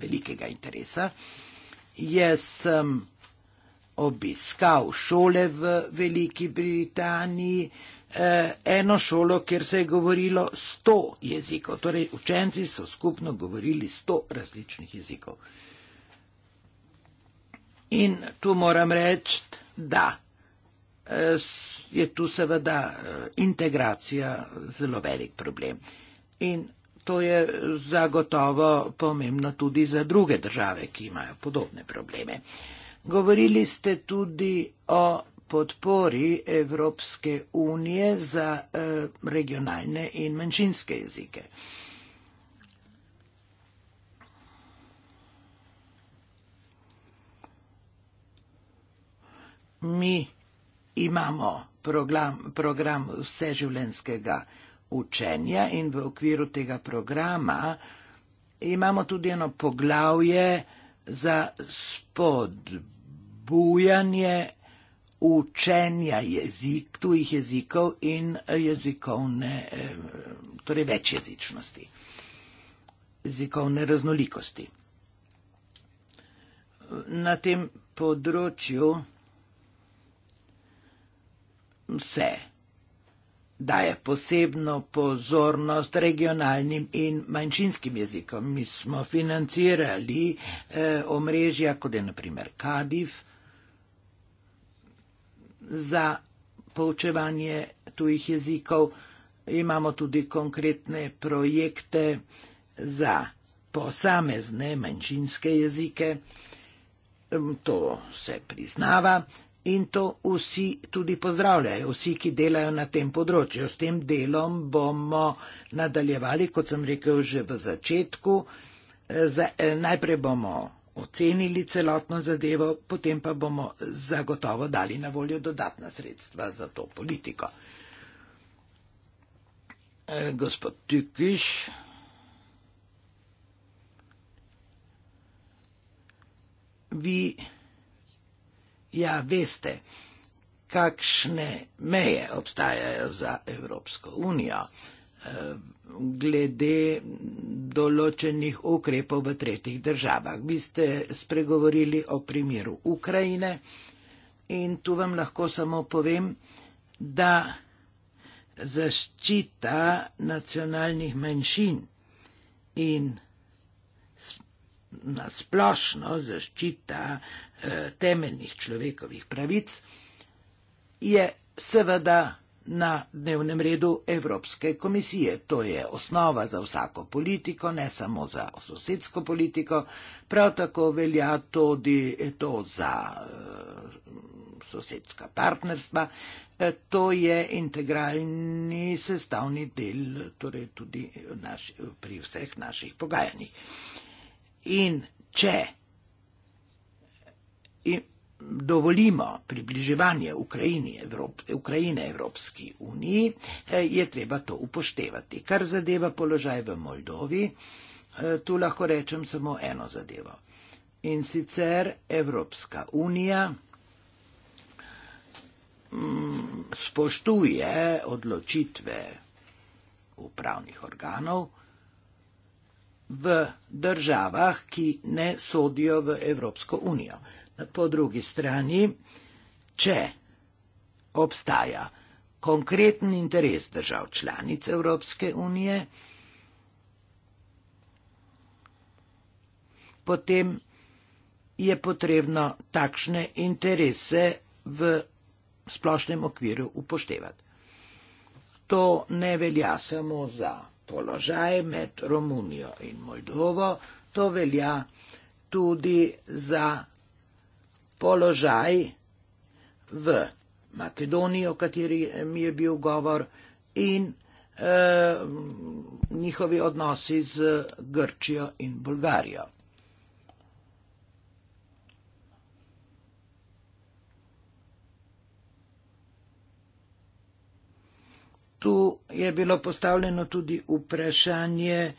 velikega interesa. Jaz sem obiskal šole v Veliki Britaniji, eh, eno šolo, kjer se je govorilo sto jezikov, torej učenci so skupno govorili sto različnih jezikov. In tu moram reči, da eh, je tu seveda eh, integracija zelo velik problem. In to je zagotovo pomembno tudi za druge države, ki imajo podobne probleme. Govorili ste tudi o podpori Evropske unije za eh, regionalne in manjšinske jezike. Mi imamo program, program vseživljenskega učenja in v okviru tega programa imamo tudi eno poglavje za spodbujanje učenja jezik, tujih jezikov in jezikovne, eh, torej večjezičnosti, jezikovne raznolikosti. Na tem področju vse, daje posebno pozornost regionalnim in manjšinskim jezikom. Mi smo financirali eh, omrežja, kot je naprimer Kadif, za poučevanje tujih jezikov. Imamo tudi konkretne projekte za posamezne manjšinske jezike. To se priznava in to vsi tudi pozdravljajo, vsi, ki delajo na tem področju. S tem delom bomo nadaljevali, kot sem rekel že v začetku. Eh, za, eh, najprej bomo ocenili celotno zadevo, potem pa bomo zagotovo dali na voljo dodatna sredstva za to politiko. Eh, gospod Tukiš. Vi ja veste, kakšne meje obstajajo za Evropsko unijo eh, glede določenih ukrepov v tretjih državah. Vi ste spregovorili o primeru Ukrajine in tu vam lahko samo povem, da zaščita nacionalnih manjšin in nasplošno zaščita eh, temeljnih človekovih pravic, je seveda na dnevnem redu Evropske komisije. To je osnova za vsako politiko, ne samo za sosedsko politiko, prav tako velja tudi to za eh, sosedska partnerstva. Eh, to je integralni sestavni del torej tudi naš, pri vseh naših pogajanjih in če dovolimo približevanje Ukrajini, Evrop, Ukrajine Evropski uniji, eh, je treba to upoštevati. Kar zadeva položaj v Moldovi, eh, tu lahko rečem samo eno zadevo. In sicer Evropska unija mm, spoštuje odločitve upravnih organov, v državah, ki ne sodijo v Evropsko unijo. Po drugi strani, če obstaja konkreten interes držav članic Evropske unije, potem je potrebno takšne interese v splošnem okviru upoštevati. To ne velja samo za položaj med Romunijo in Moldovo, to velja tudi za položaj v Makedoniji, o kateri eh, mi je bil govor, in eh, njihovi odnosi z Grčijo in Bolgarijo. tu je bilo postavljeno tudi vprašanje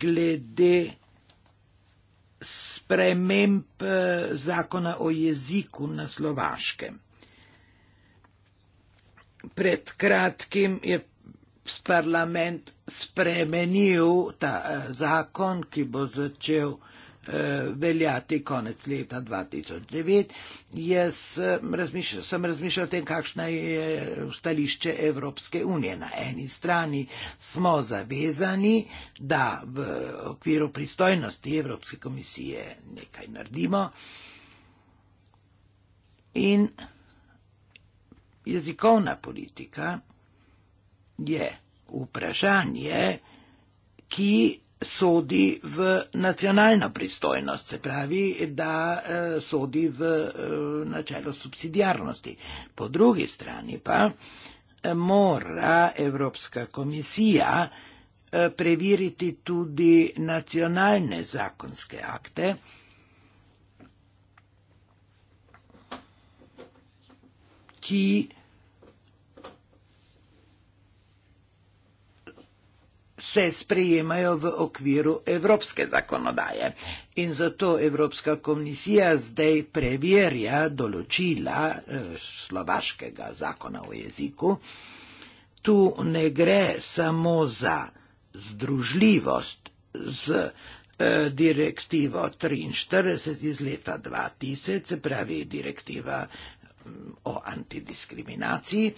glede sprememb eh, zakona o jeziku na slovaškem. Pred kratkim je parlament spremenil ta eh, zakon, ki bo začel veljati konec leta 2009. Jaz eh, razmišlj, sem razmišljal o tem, kakšno je stališče Evropske unije. Na eni strani smo zavezani, da v okviru pristojnosti Evropske komisije nekaj naredimo. In jezikovna politika je vprašanje, ki sodi v nacionalna pristojnost, se pravi, da eh, sodi v eh, načelo subsidijarnosti. Po drugi strani pa eh, mora Evropska komisija preveriti tudi nacionalne zakonske akte, ki se sprejemajo v okviru evropske zakonodaje. In zato Evropska komisija zdaj preverja določila eh, slovaškega zakona o jeziku. Tu ne gre samo za združljivost z eh, direktivo 43 iz leta 2000, se pravi direktiva mm, o antidiskriminaciji.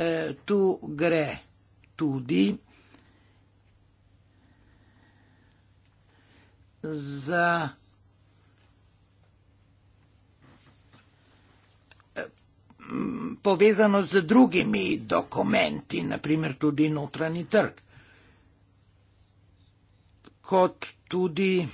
Eh, tu gre tudi za eh, povezano z drugimi dokumenti, naprimer tudi notranji trg, kot tudi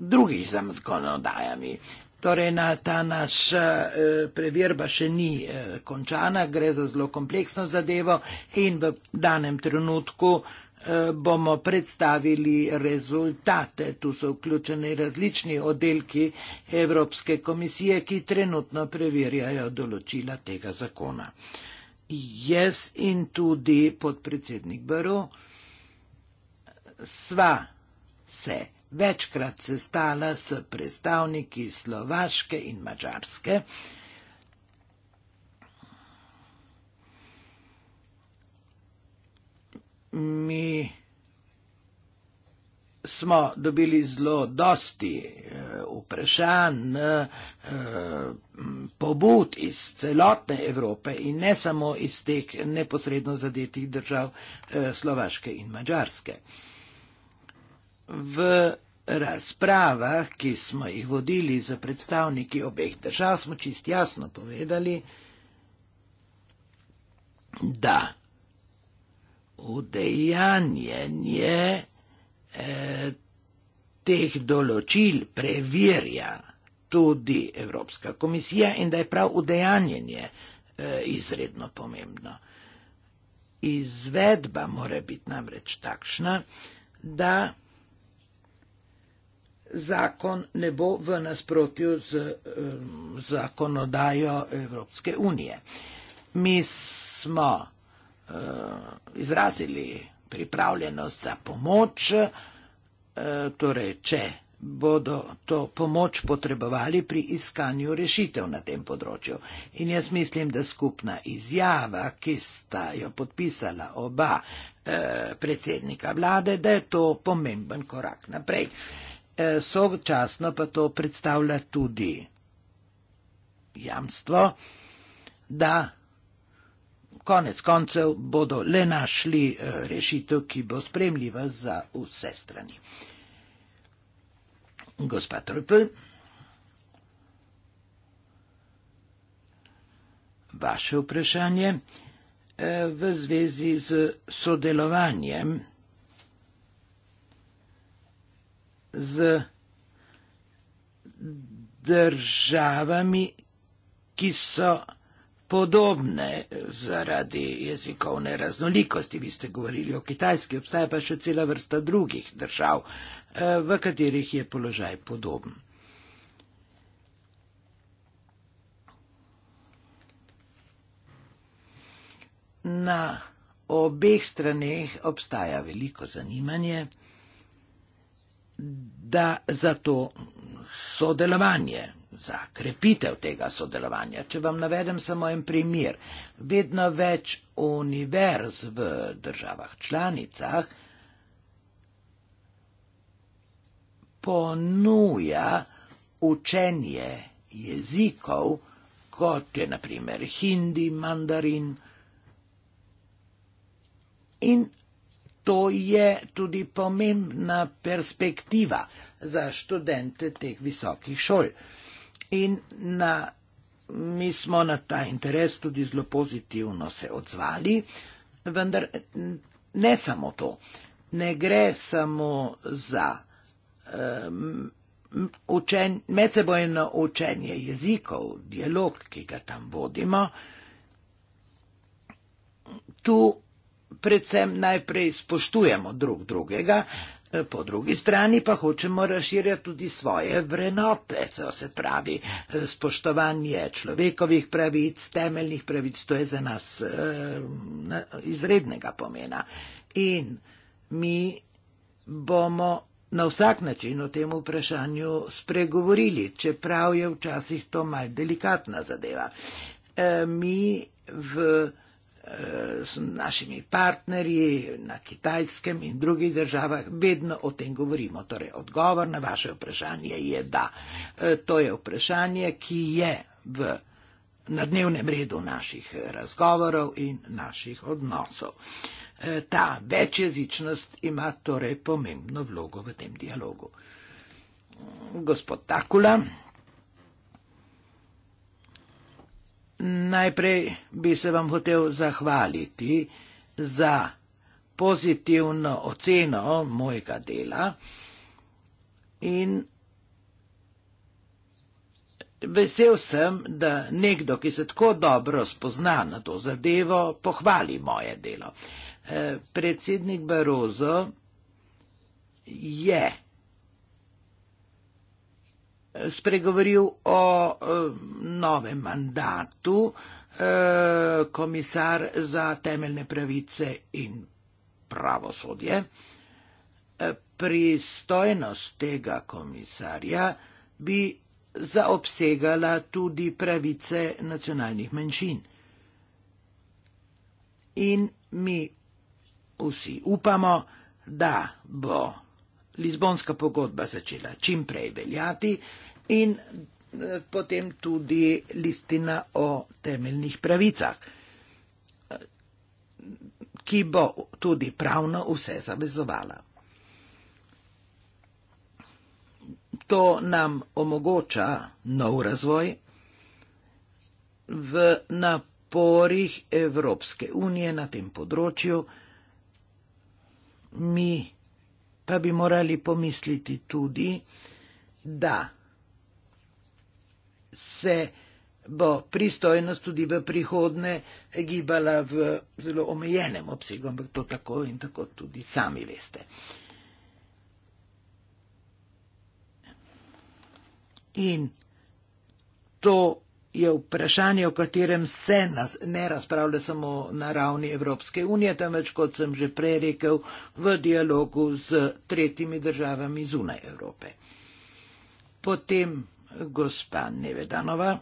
drugih zakonodajami. Torej, na ta naš eh, preverba še ni eh, končana, gre za zelo kompleksno zadevo in v danem trenutku eh, bomo predstavili rezultate. Tu so vključeni različni oddelki Evropske komisije, ki trenutno preverjajo določila tega zakona. Jaz in tudi podpredsednik Baru sva se večkrat sestala s predstavniki Slovaške in Mačarske. Mi smo dobili zelo dosti eh, vprašanj, eh, pobud iz celotne Evrope in ne samo iz teh neposredno zadetih držav eh, Slovaške in Mačarske. V razpravah, ki smo jih vodili za predstavniki obeh držav, smo čist jasno povedali, da udejanjenje eh, teh določil preverja tudi Evropska komisija in da je prav udejanjenje eh, izredno pomembno. Izvedba mora biti namreč takšna, da zakon ne bo v nasprotju z zakonodajo Evropske unije. Mi smo eh, izrazili pripravljenost za pomoč, eh, torej če bodo to pomoč potrebovali pri iskanju rešitev na tem področju. In jaz mislim, da skupna izjava, ki sta jo podpisala oba eh, predsednika vlade, da je to pomemben korak naprej. Eh, sočasno pa to predstavlja tudi jamstvo, da konec koncev bodo le našli eh, rešitev, ki bo spremljiva za vse strani. Gospa Trpel, vaše vprašanje eh, v zvezi z sodelovanjem z državami, ki so podobne zaradi jezikovne raznolikosti. Vi ste govorili o Kitajski, obstaja pa še cela vrsta drugih držav, eh, v katerih je položaj podoben. Na obeh straneh obstaja veliko zanimanje da za to sodelovanje, za krepitev tega sodelovanja. Če vam navedem samo en primer, vedno več univerz v državah članicah ponuja učenje jezikov, kot je naprimer hindi, mandarin. In To je tudi pomembna perspektiva za študente teh visokih šol. In na, mi smo na ta interes tudi zelo pozitivno se odzvali, vendar ne samo to. Ne gre samo za um, učen, medsebojno učenje jezikov, dialog, ki ga tam vodimo. Tu predvsem najprej spoštujemo drug drugega, eh, po drugi strani pa hočemo razširjati tudi svoje vrednote, to se pravi eh, spoštovanje človekovih pravic, temeljnih pravic, to je za nas eh, izrednega pomena. In mi bomo na vsak način o tem vprašanju spregovorili, čeprav je včasih to mal delikatna zadeva. Eh, mi v Eh, z našimi partnerji na kitajskem in drugih državah vedno o tem govorimo. Torej, odgovor na vaše vprašanje je da. Eh, to je vprašanje, ki je v, na dnevnem redu naših razgovorov in naših odnosov. Eh, ta večjezičnost ima torej pomembno vlogo v tem dialogu. Gospod Takula. Najprej bi se vam hotel zahvaliti za pozitivno oceno mojega dela in vesel sem, da nekdo, ki se tako dobro spozna na to zadevo, pohvali moje delo. Eh, predsednik Barozo je spregovoril o uh, novem mandatu, uh, komisar za temeljne pravice in pravosodje. Uh, pristojnost tega komisarja bi zaobsegala tudi pravice nacionalnih manjšin. In mi vsi upamo, da bo Lizbonska pogodba začela čim prej veljati in eh, potem tudi listina o temeljnih pravicah, eh, ki bo tudi pravno vse zavezovala. To nam omogoča nov razvoj v naporih Evropske unije na tem področju. Mi pa bi morali pomisliti tudi, da se bo pristojnost tudi v prihodne gibala v zelo omejenem obsegu, ampak to tako in tako tudi sami veste. In to je vprašanje, o katerem se nas ne razpravlja samo na ravni Evropske unije, temveč, kot sem že prej rekel, v dialogu z tretjimi državami zunaj Evrope. Potem gospa Nevedanova.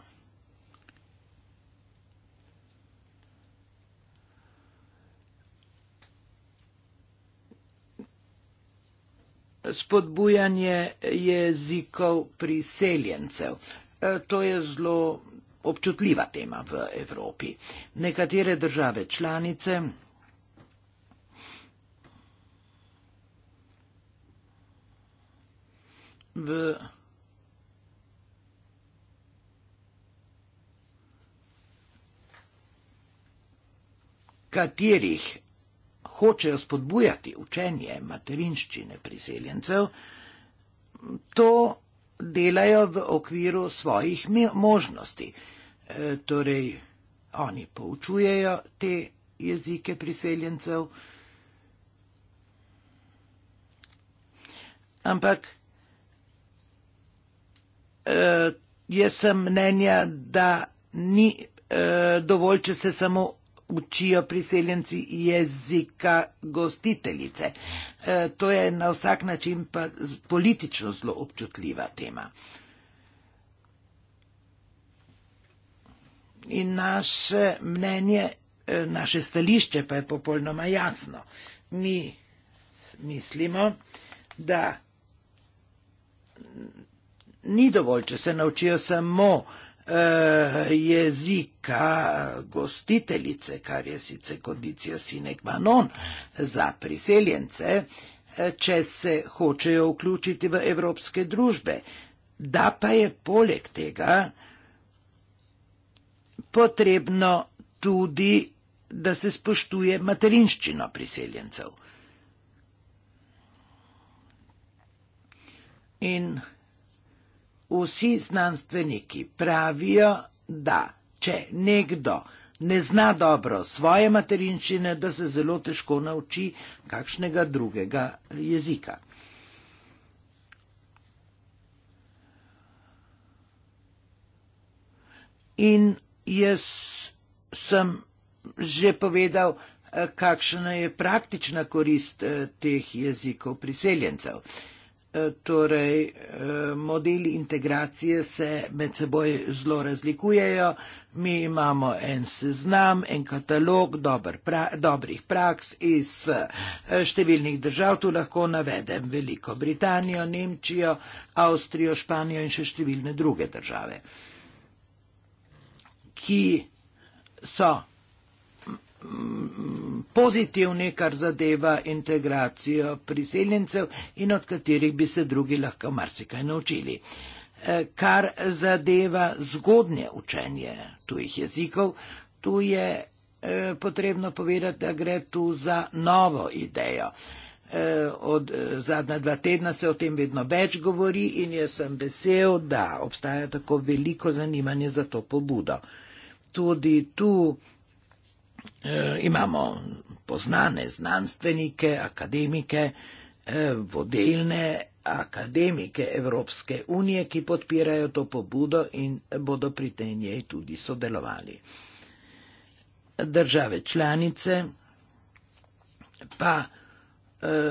Spodbujanje jezikov priseljencev. E, to je zelo občutljiva tema v Evropi. Nekatere države članice v katerih hočejo spodbujati učenje materinščine priseljencev, to delajo v okviru svojih možnosti. E, torej, oni poučujejo te jezike priseljencev. Ampak e, jaz sem mnenja, da ni e, dovolj, če se samo učijo priseljenci jezika gostiteljice. E, to je na vsak način pa politično zelo občutljiva tema. In naše mnenje, e, naše stališče pa je popolnoma jasno. Mi mislimo, da ni dovolj, če se naučijo samo Uh, jezika gostiteljice, kar je sicer kondicija sine qua non za priseljence, eh, če se hočejo vključiti v evropske družbe. Da pa je poleg tega potrebno tudi, da se spoštuje materinščino priseljencev. In Vsi znanstveniki pravijo, da če nekdo ne zna dobro svoje materinščine, da se zelo težko nauči kakšnega drugega jezika. In jaz sem že povedal, eh, kakšna je praktična korist eh, teh jezikov priseljencev. Eh, torej eh, modeli integracije se med seboj zelo razlikujejo. Mi imamo en seznam, en katalog dobr, pra, dobrih praks iz eh, številnih držav, tu lahko navedem Veliko Britanijo, Nemčijo, Avstrijo, Španijo in še številne druge države, ki so Mm, pozitivni, kar zadeva integracijo priseljencev in od katerih bi se drugi lahko marsikaj naučili. E, kar zadeva zgodnje učenje tujih jezikov, tu je e, potrebno povedati, da gre tu za novo idejo. E, od zadnja dva tedna se o tem vedno več govori in jaz sem vesel, da obstaja tako veliko zanimanje za to pobudo. Tudi tu E, imamo poznane znanstvenike, akademike, e, vodilne akademike Evropske unije, ki podpirajo to pobudo in bodo pri tej njej tudi sodelovali. Države članice pa e,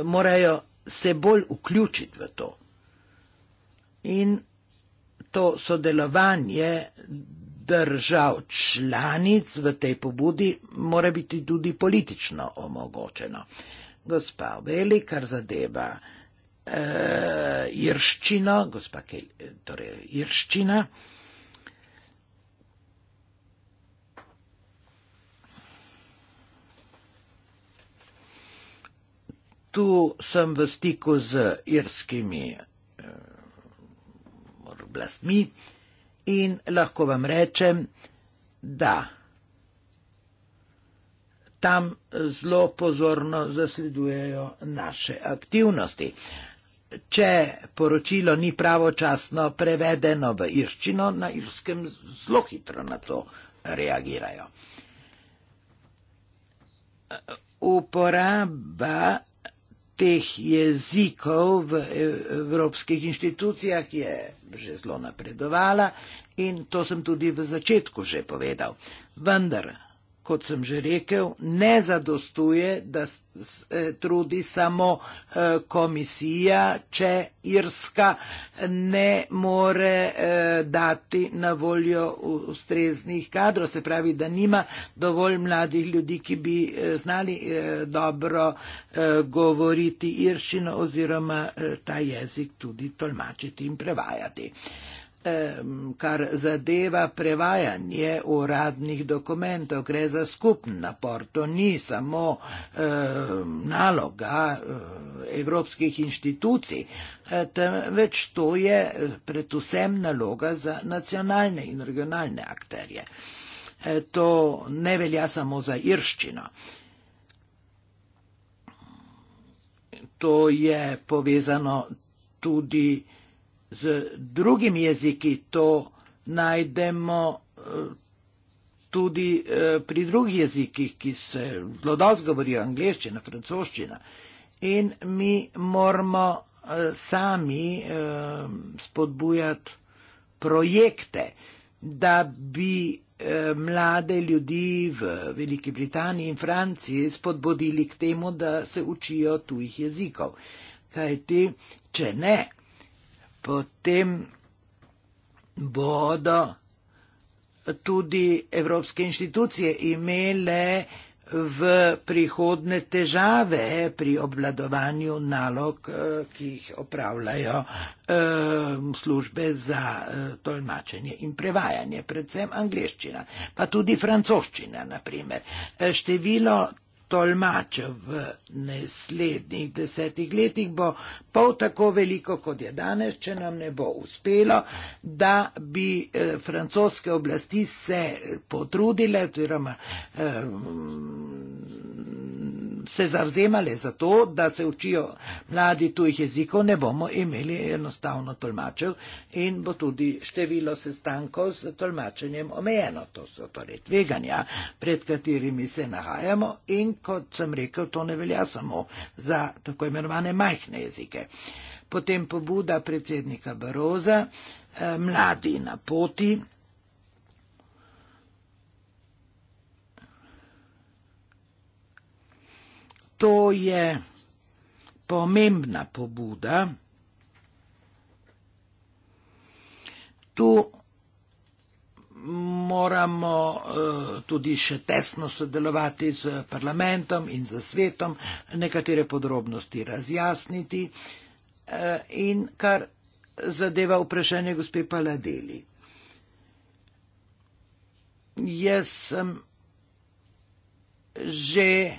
morajo se bolj vključiti v to. In to sodelovanje držav članic v tej pobudi mora biti tudi politično omogočeno. Gospa Veli, kar zadeva jirščino, eh, uh, gospa Kel, eh, torej jirščina. Tu sem v stiku z irskimi uh, oblastmi. Uh, in lahko vam rečem, da tam zelo pozorno zasledujejo naše aktivnosti. Če poročilo ni pravočasno prevedeno v irščino, na irskem zelo hitro na to reagirajo. Uporaba teh jezikov v evropskih inštitucijah je že zelo napredovala in to sem tudi v začetku že povedal. Vendar, kot sem že rekel, ne zadostuje, da eh, trudi samo eh, komisija, če Irska ne more eh, dati na voljo ustreznih kadrov, se pravi, da nima dovolj mladih ljudi, ki bi znali dobro govoriti irščino oziroma ta jezik tudi tolmačiti in prevajati kar zadeva prevajanje uradnih dokumentov, gre za skupen napor, to ni samo e, naloga eh, evropskih inštitucij, eh, temveč to je eh, predvsem naloga za nacionalne in regionalne akterje. E, to ne velja samo za irščino. To je povezano tudi z drugim jeziki to najdemo eh, tudi eh, pri drugih jezikih, ki se zelo dosti govorijo angliščina, francoščina. In mi moramo eh, sami spodbujati projekte, da bi mlade ljudi v Veliki Britaniji in Franciji spodbudili k temu, da se učijo tujih jezikov. Kajti, če ne, potem bodo tudi evropske inštitucije imele v prihodne težave pri obladovanju nalog, eh, ki jih opravljajo eh, službe za eh, tolmačenje in prevajanje, predvsem angliščina, pa tudi francoščina, naprimer. Število tolmačev v naslednjih desetih letih bo pol tako veliko, kot je danes, če nam ne bo uspelo, da bi eh, francoske oblasti se potrudile, oziroma eh, se zavzemale za to, da se učijo mladi tujih jezikov, ne bomo imeli enostavno tolmačev in bo tudi število sestankov z tolmačenjem omejeno. To so torej tveganja, pred katerimi se nahajamo in kot sem rekel, to ne velja samo za tako imenovane majhne jezike. Potem pobuda predsednika Baroza, eh, mladi na poti. To je pomembna pobuda. Tu moramo eh, tudi še tesno sodelovati z parlamentom in z svetom, nekatere podrobnosti razjasniti eh, in kar zadeva vprašanje gospe Paladeli. Jaz sem že eh,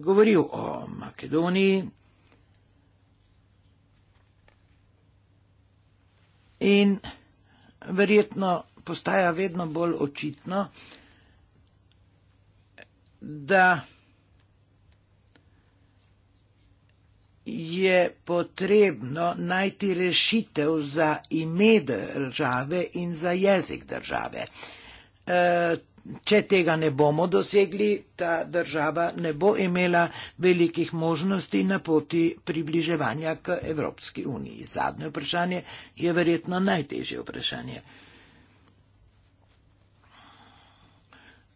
govoril o Makedoniji in verjetno postaja vedno bolj očitno, da je potrebno najti rešitev za ime države in za jezik države. E, če tega ne bomo dosegli, ta država ne bo imela velikih možnosti na poti približevanja k Evropski uniji. Zadnje vprašanje je verjetno najtežje vprašanje.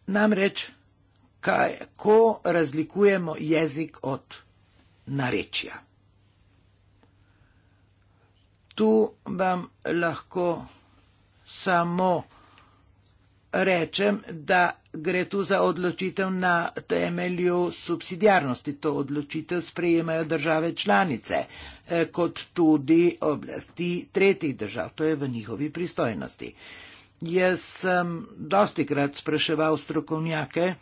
Namreč, kako razlikujemo jezik od narečja? Tu vam lahko samo rečem, da gre tu za odločitev na temelju subsidijarnosti. To odločitev sprejemajo države članice, eh, kot tudi oblasti tretjih držav. To je v njihovi pristojnosti. Jaz sem dosti krat spraševal strokovnjake,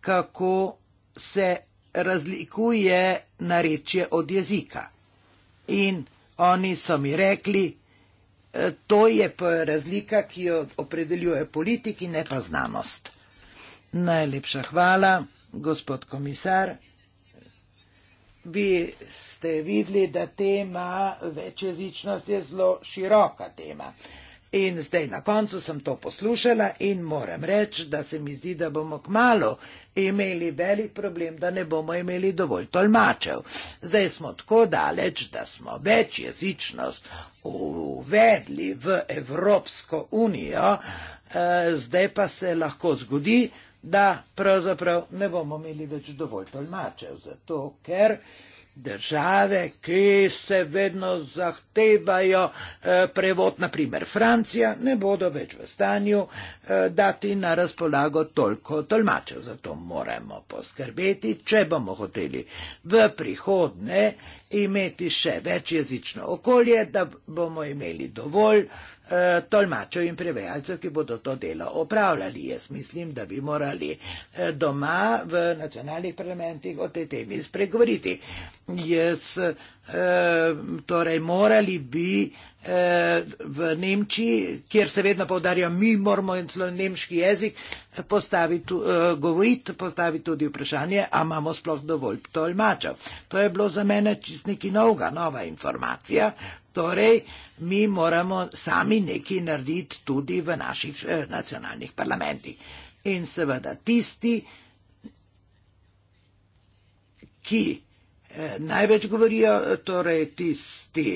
kako se razlikuje narečje od jezika. In oni so mi rekli, e, to je razlika, ki jo opredeljuje politik in ne pa znanost. Najlepša hvala, gospod komisar. Vi ste videli, da tema večjezičnost je zelo široka tema. In zdaj na koncu sem to poslušala in moram reči, da se mi zdi, da bomo k malu imeli velik problem, da ne bomo imeli dovolj tolmačev. Zdaj smo tako daleč, da smo večjezičnost uvedli v Evropsko unijo, eh, zdaj pa se lahko zgodi, da pravzaprav ne bomo imeli več dovolj tolmačev. Zato, ker uh, države, ki se vedno zahtevajo eh, prevod, naprimer Francija, ne bodo več v stanju eh, dati na razpolago toliko tolmačev. Zato moramo poskrbeti, če bomo hoteli v prihodne imeti še večjezično okolje, da bomo imeli dovolj Eh, tolmačev in prevajalcev, ki bodo to delo opravljali. Jaz mislim, da bi morali eh, doma v nacionalnih parlamentih o tej temi spregovoriti. Jaz, eh, torej, morali bi v Nemčiji, kjer se vedno povdarja, mi moramo in celo nemški jezik postaviti, govoriti, postaviti tudi vprašanje, a imamo sploh dovolj tolmačev. To je bilo za mene čist neki novega, nova informacija, Torej, mi moramo sami nekaj narediti tudi v naših eh, nacionalnih parlamentih. In seveda tisti, ki eh, največ govorijo, torej tisti,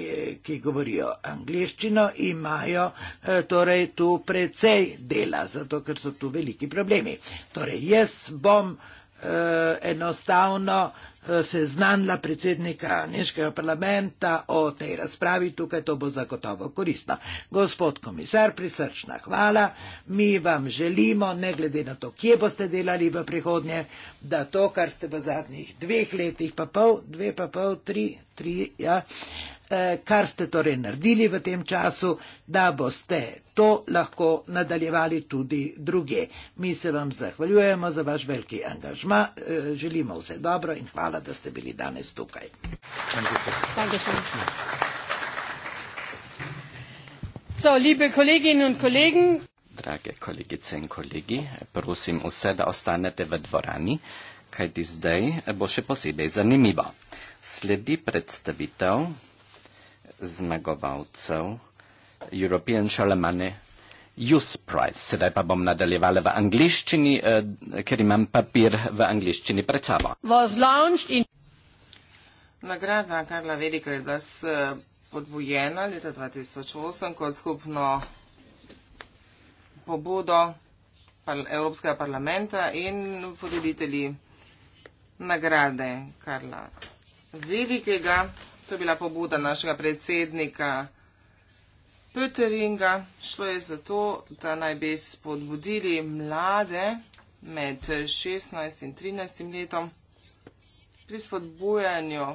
ki govorijo angliščino, imajo eh, torej tu precej dela, zato ker so tu veliki problemi. Torej, jaz bom eh, enostavno eh, Eh, seznanila predsednika Nemškega parlamenta o tej razpravi tukaj, to bo zagotovo koristno. Gospod komisar, prisrčna hvala. Mi vam želimo, ne glede na to, kje boste delali v prihodnje, da to, kar ste v zadnjih dveh letih, pa pol, dve pa pol, tri, tri, ja, eh, kar ste torej naredili v tem času, da boste to lahko nadaljevali tudi druge. Mi se vam zahvaljujemo za vaš veliki angažma, eh, želimo vse dobro in hvala, da ste bili danes tukaj. So, liebe Kolleginnen und Kollegen. Drage kolegice in kolegi, prosim vse, da ostanete v dvorani, kajti zdaj bo še posebej zanimivo sledi predstavitev zmagovalcev European Charlemagne Youth Prize. Sedaj pa bom nadaljevala v angliščini, eh, ker imam papir v angliščini pred sabo. Nagrada Karla Vedika je bila eh, podvojena leta 2008 kot skupno pobudo par Evropskega parlamenta in podeliteli nagrade Karla velikega, to je bila pobuda našega predsednika Pöteringa. Šlo je za to, da naj bi spodbudili mlade med 16 in 13 letom pri spodbujanju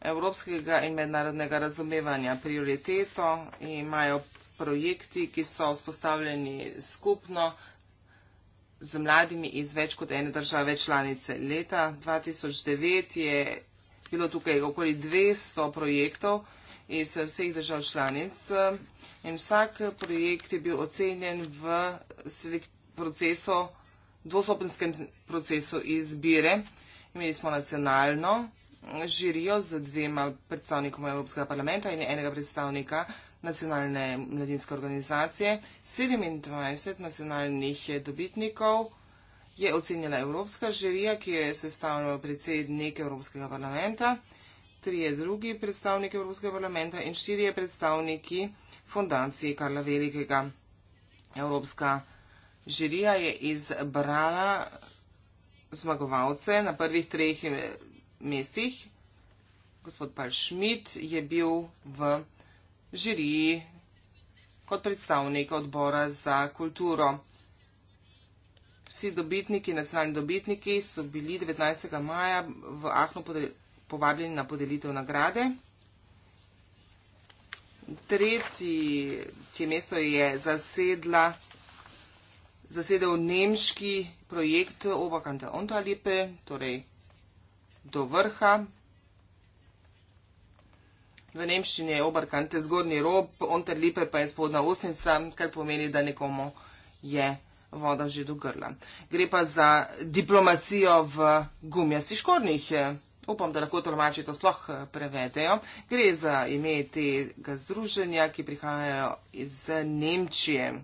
evropskega in mednarodnega razumevanja prioriteto in imajo projekti, ki so vzpostavljeni skupno z mladimi iz več kot ene države članice. Leta 2009 je bilo tukaj okoli 200 projektov iz vseh držav članic eh, in vsak projekt je bil ocenjen v procesu, dvostopenskem procesu izbire. Imeli smo nacionalno žirijo z dvema predstavnikoma Evropskega parlamenta in enega predstavnika nacionalne mladinske organizacije, 27 nacionalnih dobitnikov je ocenila Evropska žirija, ki jo je sestavljala predsednik Evropskega parlamenta, tri je drugi predstavniki Evropskega parlamenta in štiri je predstavniki fondacije Karla Velikega. Evropska žirija je izbrala zmagovalce na prvih treh mestih. Gospod Pal Šmit je bil v žiriji kot predstavnik odbora za kulturo vsi dobitniki, nacionalni dobitniki so bili 19. maja v Ahnu povabljeni na podelitev nagrade. Tretje mesto je zasedla, zasedel nemški projekt Obakante Ontalipe, torej do vrha. V Nemščini je Obakante zgornji rob, Ontalipe pa je spodna osnica, kar pomeni, da nekomu je voda že do grla. Gre pa za diplomacijo v gumijasti škornjih. Upam, da lahko tolmači to sploh eh, prevedejo. Gre za ime tega združenja, ki prihajajo iz Nemčije.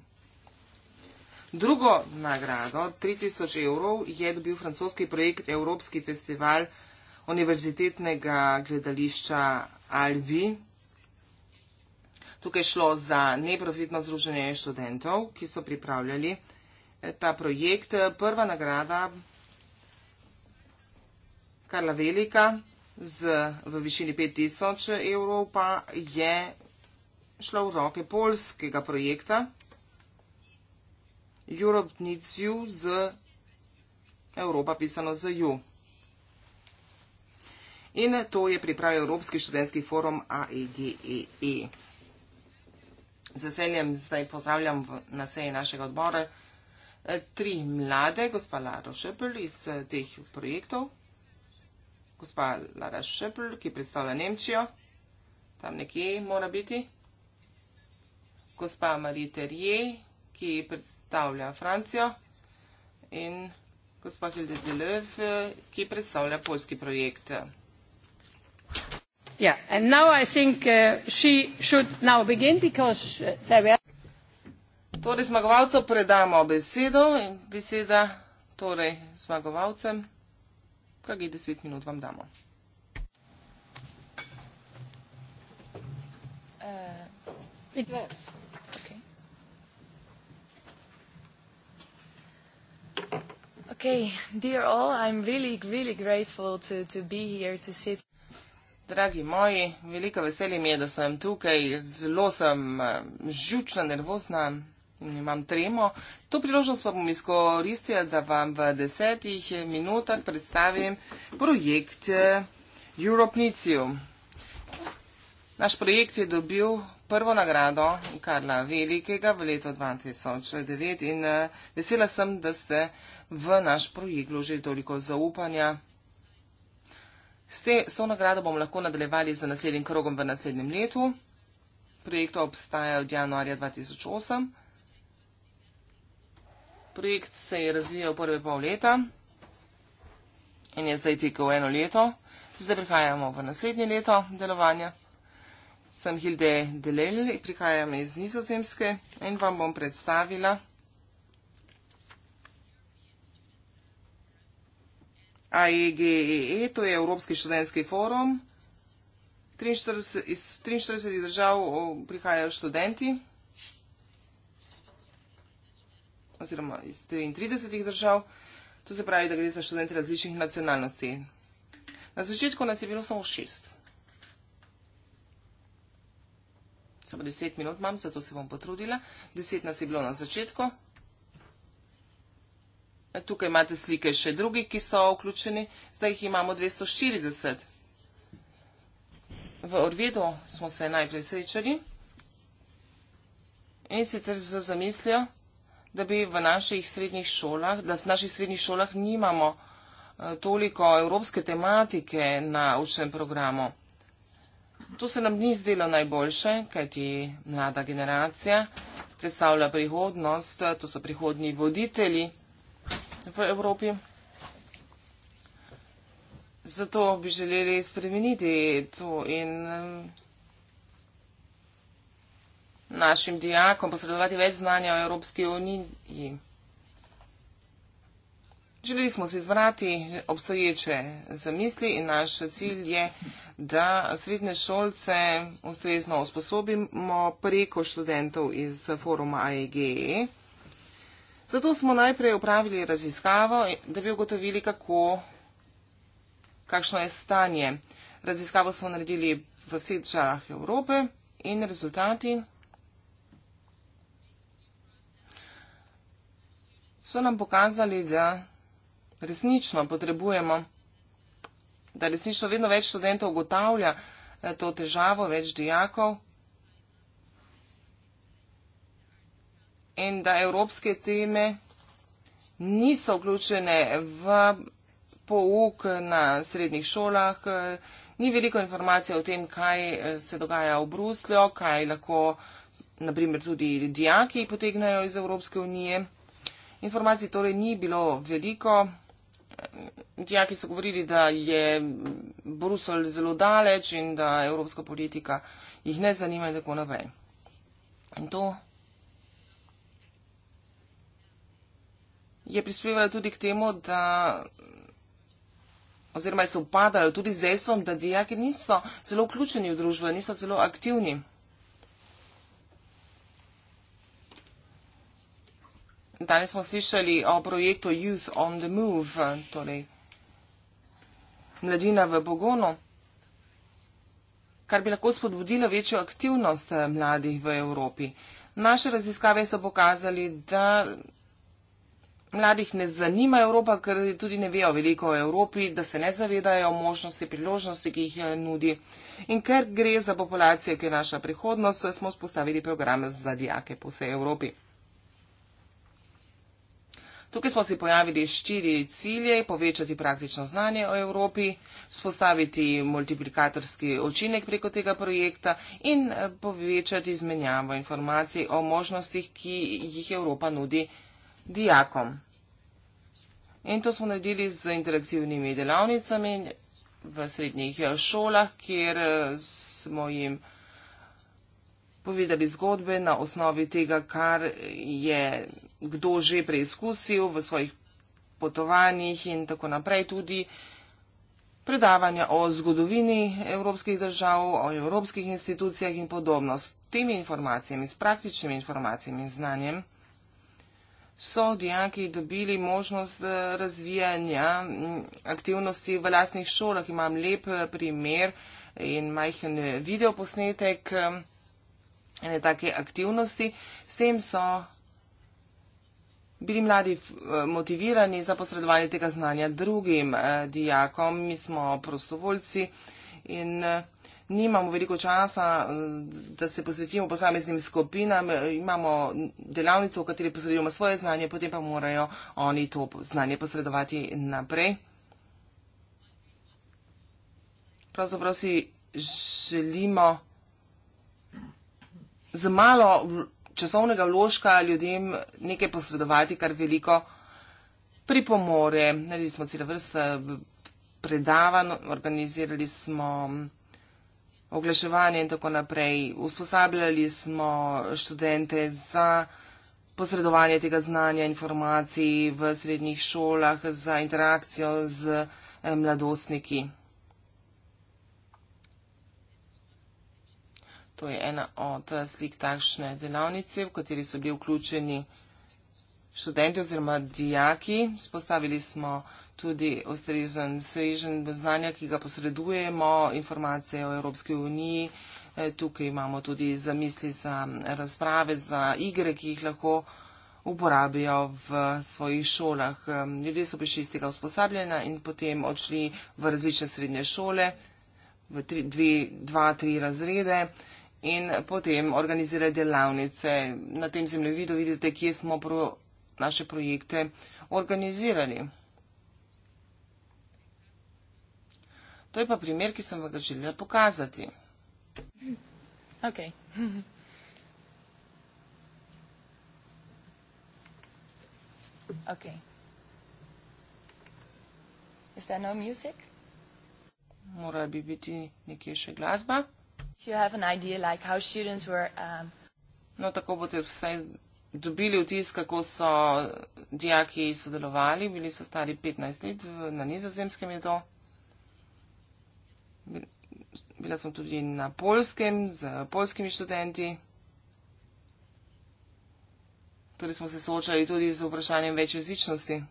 Drugo nagrado, 3000 evrov, je dobil francoski projekt Evropski festival univerzitetnega gledališča Albi. Tukaj šlo za neprofitno združenje študentov, ki so pripravljali ta projekt. Prva nagrada, Karla Velika, z, v višini 5000 evrov, pa je šla v roke polskega projekta Europe Needs You z Evropa pisano z EU. In to je pripravil Evropski študentski forum AEGEE. E e. Z veseljem zdaj pozdravljam v, na seji našega odbora tri mlade, gospa Lara Šepl iz eh, teh projektov. Gospa Lara Šepl, ki predstavlja Nemčijo, tam nekje mora biti. Gospa Marie Terje, ki predstavlja Francijo. In gospa Hilde Delev, eh, ki predstavlja polski projekt. Yeah, ja, and now I think uh, she should now begin because uh, there were... Torej, zmagovalcu predamo besedo in beseda torej, zmagovalcem. Kaj je 10 minut vam damo? Uh, Okay, dear all, I'm really, really grateful to, to be here to sit. Dragi moji, veliko veselje mi je, da sem tukaj. Zelo sem uh, eh, žučna, nervozna in imam tremo. To priložnost pa bom izkoristila, da vam v desetih minutah predstavim projekt eh, Europnicijo. Naš projekt je dobil prvo nagrado Karla Velikega v letu 2009 in eh, vesela sem, da ste v naš projekt vložili toliko zaupanja. S te so nagrado bomo lahko nadaljevali z naslednjim krogom v naslednjem letu. Projekt obstaja od januarja 2008. Projekt se je razvijal prve pol leta in je zdaj tekel eno leto. Zdaj prihajamo v naslednje leto delovanja. Sem Hilde Delel, prihajam iz Nizozemske in vam bom predstavila AEGEE, e e, to je Evropski študentski forum. 43, iz 43 držav prihajajo študenti. oziroma iz 33 držav, to se pravi, da gre za študente različnih nacionalnosti. Na začetku nas je bilo samo šest. Samo deset minut imam, zato se bom potrudila. Deset nas je bilo na začetku. E, tukaj imate slike še drugih, ki so vključeni. Zdaj jih imamo 240. V Orvedu smo se najprej srečali. In sicer z zamislijo, da bi v naših srednjih šolah, da v naših srednjih šolah nimamo eh, toliko evropske tematike na učnem programu. To se nam ni zdelo najboljše, kajti mlada generacija predstavlja prihodnost, to so prihodni voditelji v Evropi. Zato bi želeli spremeniti to in eh, našim dijakom posredovati več znanja o Evropski uniji. Želeli smo se izvrati obstoječe zamisli in naš cilj je, da srednje šolce ustrezno usposobimo preko študentov iz foruma AEG. E. Zato smo najprej upravili raziskavo, da bi ugotovili, kako, kakšno je stanje. Raziskavo smo naredili v vseh državah Evrope in rezultati so nam pokazali, da resnično potrebujemo, da resnično vedno več študentov ugotavlja eh, to težavo, več dijakov in da evropske teme niso vključene v pouk na srednjih šolah, ni veliko informacije o tem, kaj eh, se dogaja v Bruslju, kaj lahko, naprimer, tudi dijaki potegnajo iz Evropske unije. Informacij torej ni bilo veliko. Dijaki so govorili, da je Brusel zelo daleč in da evropska politika jih ne zanima in tako naprej. In to je prispevalo tudi k temu, da oziroma je se upadalo tudi z dejstvom, da dijaki niso zelo vključeni v družbo, niso zelo aktivni. Danes smo slišali o projektu Youth on the Move, torej mladina v Bogonu, kar bi lahko spodbudilo večjo aktivnost eh, mladih v Evropi. Naše raziskave so pokazali, da mladih ne zanima Evropa, ker tudi ne vejo veliko o Evropi, da se ne zavedajo možnosti, priložnosti, ki jih eh, nudi. In ker gre za populacijo, ki je naša prihodnost, smo spostavili program za dijake po vsej Evropi. Tukaj smo si pojavili štiri cilje: povečati praktično znanje o Evropi, spostaviti multiplikatorski učinek preko tega projekta in eh, povečati izmenjavo informacij o možnostih, ki jih Evropa nudi dijakom. In to smo naredili z interaktivnimi delavnicami v srednjih eh, šolah, kjer eh, smo jim povedali zgodbe na osnovi tega, kar je kdo že preizkusil v svojih potovanjih in tako naprej, tudi predavanja o zgodovini evropskih držav, o evropskih institucijah in podobno. S temi informacijami, s praktičnimi informacijami in znanjem so dijaki dobili možnost eh, razvijanja mm, aktivnosti v lastnih šolah. Imam lep eh, primer in majhen eh, videoposnetek ene take aktivnosti. S tem so bili mladi eh, motivirani za posredovanje tega znanja drugim eh, dijakom. Mi smo prostovoljci in eh, nimamo veliko časa, da se posvetimo posameznim skupinam. Imamo delavnico, v kateri posredujemo svoje znanje, potem pa morajo oni to znanje posredovati naprej. Pravzaprav si želimo z malo časovnega vložka ljudem nekaj posredovati, kar veliko pripomore. Naredili smo cele vrste predavanj, organizirali smo oglaševanje in tako naprej. Usposabljali smo študente za posredovanje tega znanja, informacij v srednjih šolah, za interakcijo z eh, mladostniki. To je ena od slik takšne delavnice, v kateri so bili vključeni študenti oziroma dijaki. Spostavili smo tudi ustrezen sežen znanja, ki ga posredujemo, informacije o Evropski uniji. E, tukaj imamo tudi za misli, za razprave, za igre, ki jih lahko uporabijo v svojih šolah. E, ljudje so prišli iz tega usposabljena in potem odšli v različne srednje šole, v tri, dve, dva, tri razrede in potem organizirajo delavnice. Na tem zemljevidu vidite, kje smo pro naše projekte organizirali. To je pa primer, ki sem vam ga želela pokazati. Okay. *laughs* okay. Is there no music? Mora bi biti nekje še glasba. Um, no, tako boste vsaj dobili vtis, kako so dijaki sodelovali. Bili so stari 15 let, na nizozemskem je to. Bila sem tudi na polskem z polskimi študenti. Torej smo se soočali tudi z vprašanjem večjezičnosti.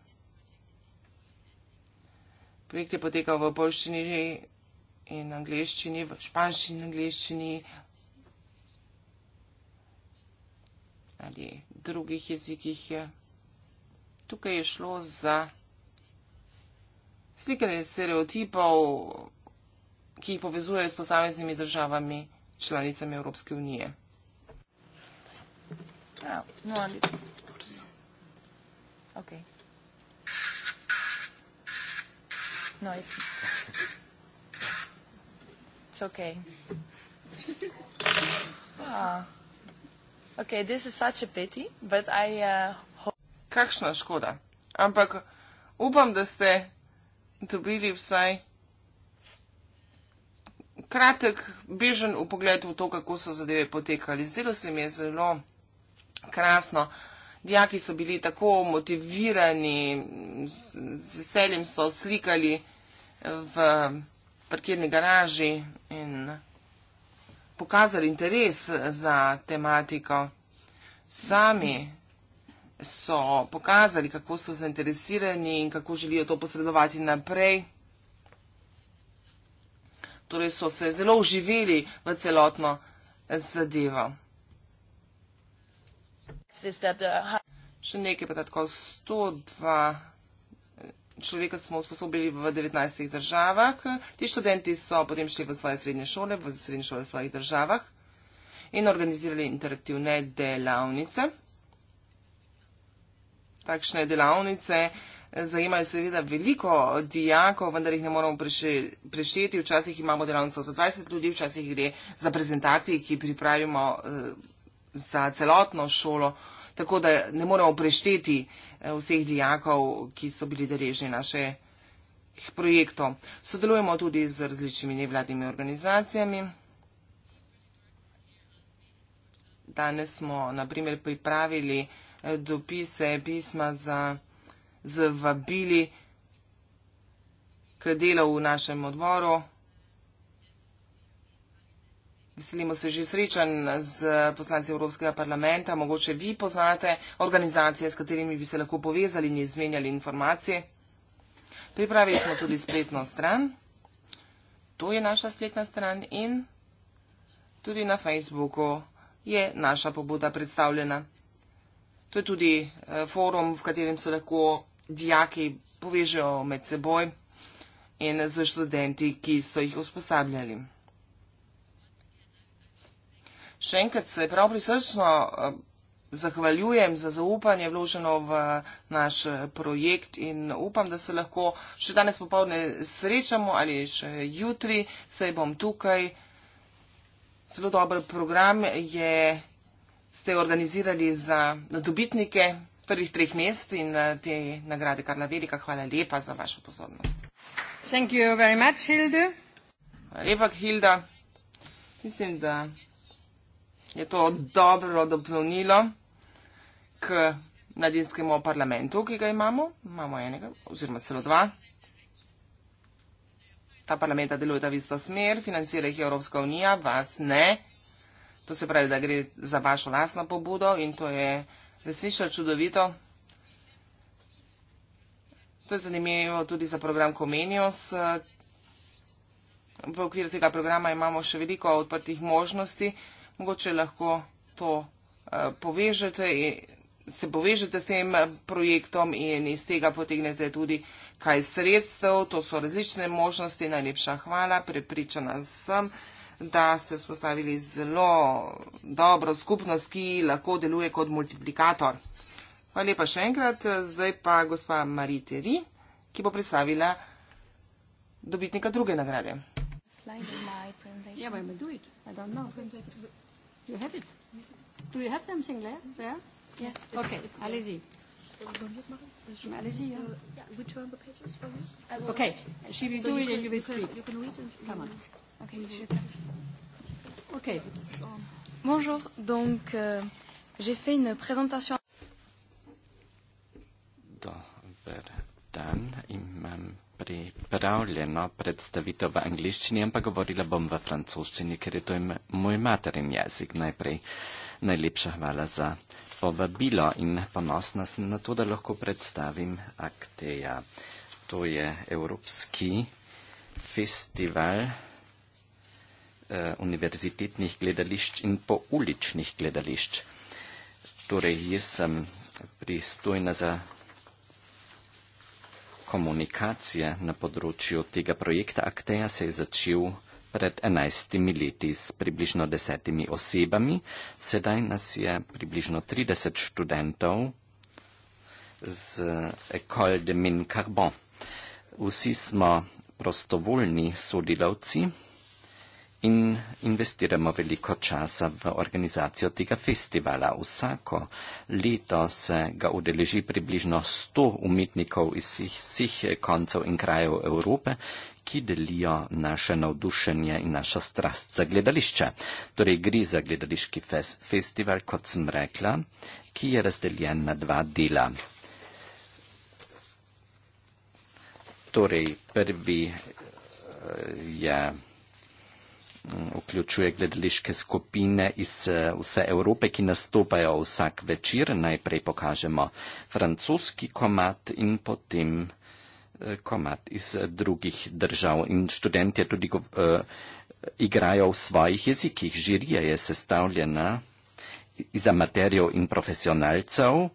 Projekt je potekal v polščini že in angliščini, v španščini in angliščini ali drugih jezikih. Tukaj je šlo za slikanje stereotipov, ki jih povezujejo s posameznimi državami, članicami Evropske unije. Oh, no, Okay. Nice. No, It's okay. Ah. Okay, this is such a pity, but I uh, hope... Kakšna škoda. Ampak upam, da ste dobili vsaj kratek, bežen v pogled v to, kako so zadeve potekali. Zdelo se mi je zelo krasno. Dijaki so bili tako motivirani, z veseljem so slikali v parkirni garaži in pokazali interes za tematiko. Sami so pokazali, kako so zainteresirani in kako želijo to posredovati naprej. Torej so se zelo uživili v celotno zadevo. Še nekaj pa tako 102 človeka smo usposobili v 19 državah. Ti študenti so potem šli v svoje srednje šole, v srednje šole v svojih državah in organizirali interaktivne delavnice. Takšne delavnice zajemajo seveda veliko dijakov, vendar jih ne moramo prešteti. Včasih imamo delavnico za 20 ljudi, včasih gre za prezentacije, ki pripravimo eh, za celotno šolo tako da ne moremo prešteti eh, vseh dijakov, ki so bili deležni naše projektov. Sodelujemo tudi z različnimi nevladnimi organizacijami. Danes smo, na primer, pripravili eh, dopise, pisma za, z vabili k delu v našem odboru. Veselimo se že srečanj z poslanci Evropskega parlamenta. Mogoče vi poznate organizacije, s katerimi bi se lahko povezali in izmenjali informacije. Pripravili smo tudi spletno stran. To je naša spletna stran in tudi na Facebooku je naša pobuda predstavljena. To je tudi eh, forum, v katerem se lahko dijaki povežejo med seboj in z študenti, ki so jih usposabljali. Še enkrat se prav prisrčno eh, zahvaljujem za zaupanje vloženo v naš eh, projekt in upam, da se lahko še danes popovdne srečamo ali še jutri, saj bom tukaj. Zelo dober program je, ste organizirali za dobitnike prvih treh mest in eh, te nagrade Karla Velika. Hvala lepa za vašo pozornost. Thank you very much, Hilde. Hvala lepa, Hilda. Mislim, da je to dobro dopolnilo k mladinskemu parlamentu, ki ga imamo. Imamo enega, oziroma celo dva. Ta parlamenta delujeta v isto smer, financira jih Evropska unija, vas ne. To se pravi, da gre za vašo lasno pobudo in to je resnično čudovito. To je zanimivo tudi za program Comenius. V okviru tega programa imamo še veliko odprtih možnosti. Uh, mogoče lahko to eh, povežete, se povežete s tem eh, projektom in iz tega potegnete tudi kaj sredstev. To so različne možnosti. Najlepša hvala. Prepričana sem, da ste spostavili zelo dobro skupnost, ki lahko deluje kot multiplikator. Hvala lepa še enkrat. Zdaj pa gospa Mariteri, ki bo predstavila dobitnika druge nagrade. Yeah, but I'm gonna do it. I don't know. You have it. Do you have something there? There? Yes. Okay. Allez-y. Sollen wir es machen? Allez-y. Okay. She will do it and you will speak. You can read Come on. Okay. Okay. Bonjour. Donc, euh, j'ai fait une présentation. Dobre dan, imam pripravljeno predstavitev v angliščini, ampak govorila bom v francoščini, ker je to im, moj materin jezik najprej. Najlepša hvala za povabilo in ponosna sem na to, da lahko predstavim Akteja. To je Evropski festival eh, univerzitetnih gledališč in pouličnih gledališč. Torej, jaz sem pristojna za komunikacije na področju tega projekta Akteja se je začel pred 11 leti s približno desetimi osebami. Sedaj nas je približno 30 študentov z Ecole de Mine Carbon. Vsi smo prostovoljni sodelavci. In investiramo veliko časa v organizacijo tega festivala. Vsako leto se ga udeleži približno 100 umetnikov iz vseh, vseh koncev in krajev Evrope, ki delijo naše navdušenje in našo strast za gledališče. Torej gre za gledališki fes, festival, kot sem rekla, ki je razdeljen na dva dela. Torej, prvi eh, je vključuje gledališke skupine iz eh, vse Evrope, ki nastopajo vsak večer. Najprej pokažemo francoski komat in potem eh, komat iz eh, drugih držav. In študentje tudi uh, igrajo v svojih jezikih. Žirija je sestavljena iz amaterjev in profesionalcev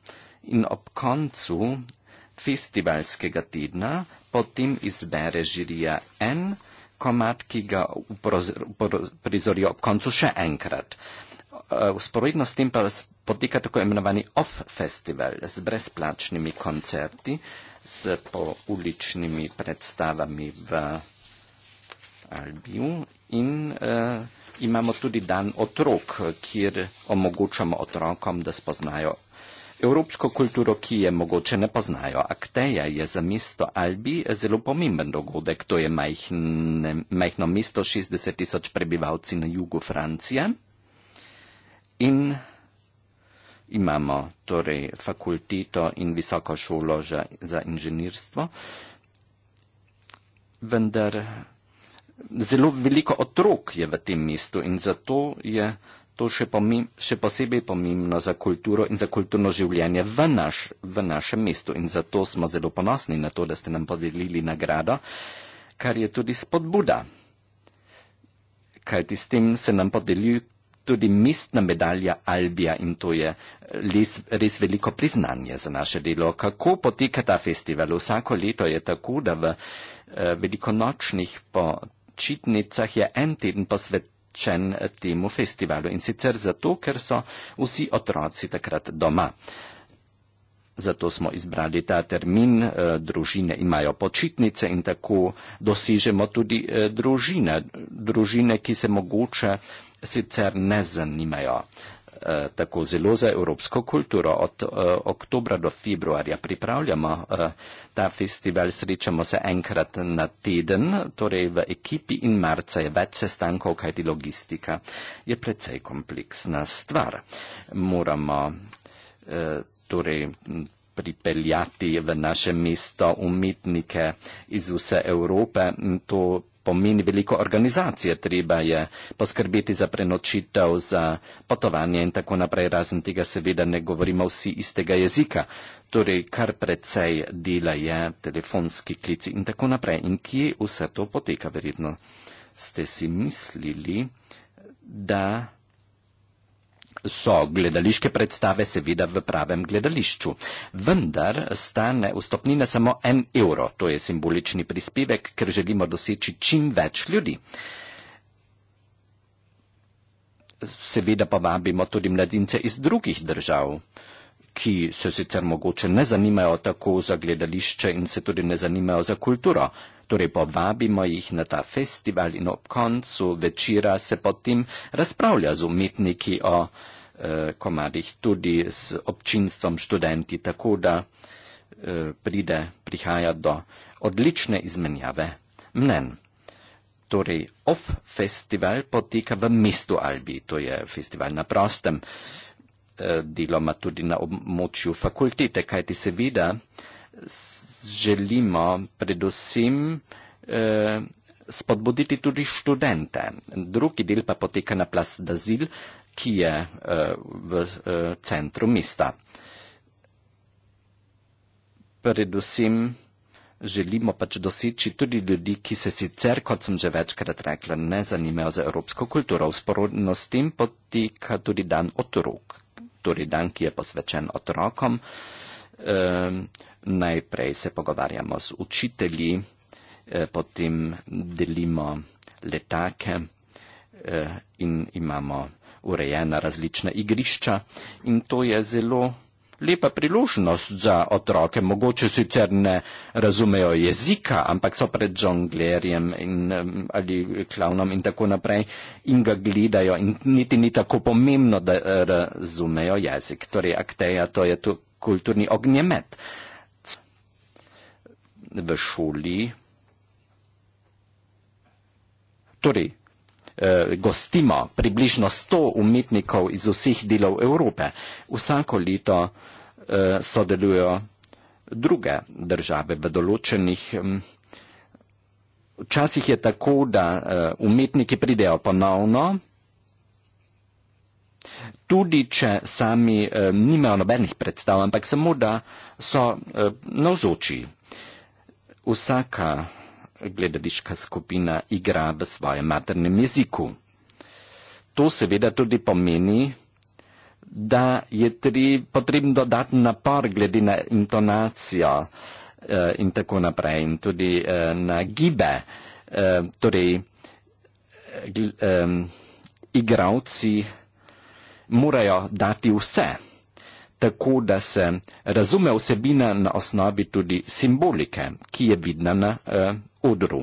in ob koncu festivalskega tedna potem izbere žirija en, komad, ki ga uprizorijo ob koncu še enkrat. Usporedno eh, s tem pa poteka tako imenovani OFF festival z brezplačnimi koncerti, s pouličnimi predstavami v Albiju in uh, imamo tudi dan otrok, kjer omogočamo otrokom, da spoznajo evropsko kulturo, ki je mogoče ne poznajo. Akteja je za mesto Albi zelo pomemben dogodek. To je majhne, majhno mesto, 60 tisoč prebivalci na jugu Francije. In imamo torej fakulteto in visoko šolo za, za inženirstvo. Vendar zelo veliko otrok je v tem mestu in zato je to še, pomem, še posebej pomembno za kulturo in za kulturno življenje v, naš, v našem mestu. In zato smo zelo ponosni na to, da ste nam podelili nagrado, kar je tudi spodbuda. Kajti s tem se nam podeli tudi mestna medalja Albija in to je res, res veliko priznanje za naše delo. Kako poteka ta festival? Vsako leto je tako, da v eh, velikonočnih počitnicah je en teden posvet posvečen temu festivalu in sicer zato, ker so vsi otroci takrat doma. Zato smo izbrali ta termin, eh, družine imajo počitnice in tako dosežemo tudi eh, družine, družine, ki se mogoče sicer ne zanimajo eh, tako zelo za evropsko kulturo. Od eh, oktobra do februarja pripravljamo eh, ta festival, srečamo se enkrat na teden, torej v ekipi in marca je več sestankov, kajti logistika je precej kompleksna stvar. Moramo eh, torej pripeljati v naše mesto umetnike iz vse Evrope in to pomeni veliko organizacije, treba je poskrbeti za prenočitev, za potovanje in tako naprej, razen tega seveda ne govorimo vsi istega jezika. Torej, kar precej dela je telefonski klici in tako naprej. In kje vse to poteka, verjetno ste si mislili, da so gledališke predstave seveda v pravem gledališču. Vendar stane vstopnina samo en evro, to je simbolični prispevek, ker želimo doseči čim več ljudi. Seveda pa vabimo tudi mladince iz drugih držav, ki se sicer mogoče ne zanimajo tako za gledališče in se tudi ne zanimajo za kulturo. Torej, povabimo jih na ta festival in ob koncu večera se potem razpravlja z umetniki o eh, komadih, tudi s občinstvom, študenti, tako da eh, pride, prihaja do odlične izmenjave mnen. Torej, OF festival poteka v mestu Albi, to je festival na prostem, eh, deloma tudi na območju fakultete, kajti seveda želimo predvsem eh, spodbuditi tudi študente. Drugi del pa poteka na plas Dazil, ki je eh, v eh, centru mesta. Predvsem želimo pač doseči tudi ljudi, ki se sicer, kot sem že večkrat rekla, ne zanimajo za evropsko kulturo. Sporodno s tem poteka tudi dan otrok, torej dan, ki je posvečen otrokom. Eh, najprej se pogovarjamo z učitelji, eh, potem delimo letake eh, in imamo urejena različna igrišča in to je zelo lepa priložnost za otroke. Mogoče sicer ne razumejo jezika, ampak so pred žonglerjem in, ali klavnom in tako naprej in ga gledajo in niti ni tako pomembno, da eh, razumejo jezik. Torej, akteja, to je tu kulturni ognjemet v šoli, torej eh, gostimo približno 100 umetnikov iz vseh delov Evrope. Vsako leto eh, sodelujo druge države v določenih. Včasih mm, je tako, da eh, umetniki pridejo ponovno, tudi če sami nimajo nobenih predstav, ampak samo, da so navzoči vsaka gledališka skupina igra v svojem maternem jeziku. To seveda tudi pomeni, da je tri, potrebno dodati napor glede na intonacijo eh, in tako naprej in tudi eh, na gibe. Eh, torej, gl, eh, igravci morajo dati vse tako, da se razume vsebina na osnovi tudi simbolike, ki je vidna na uh, odru.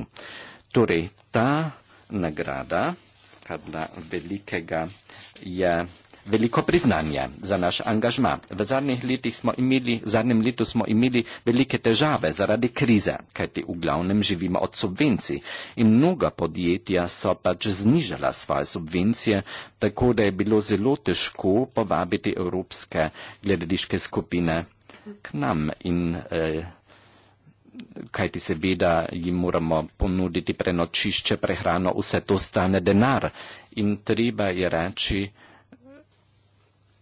Torej, ta nagrada, kadla velikega, je. Yeah veliko priznanje za naš angažma. V zadnjih letih smo imeli, v zadnjem letu smo imeli velike težave zaradi krize, kajti v glavnem živimo od subvencij in mnoga podjetja so pač znižala svoje subvencije, tako da je bilo zelo težko povabiti evropske gledališke skupine k nam in eh, kajti seveda jim moramo ponuditi prenočišče, prehrano, vse to stane denar in treba je reči,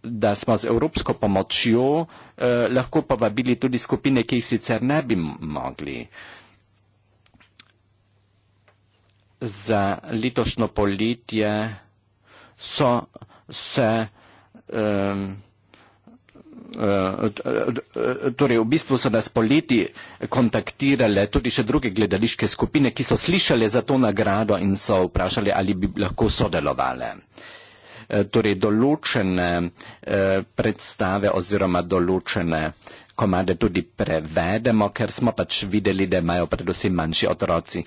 da smo z evropsko pomočjo eh, lahko povabili tudi skupine, ki jih sicer ne bi mogli. Za letošnjo poletje so se um, Torej, v bistvu so nas poleti kontaktirale tudi še druge gledališke skupine, ki so slišali za to nagrado in so vprašali, ali bi lahko sodelovali. Eh, torej določene eh, predstave oziroma določene komade tudi prevedemo, ker smo pač videli, da imajo predvsem manjši otroci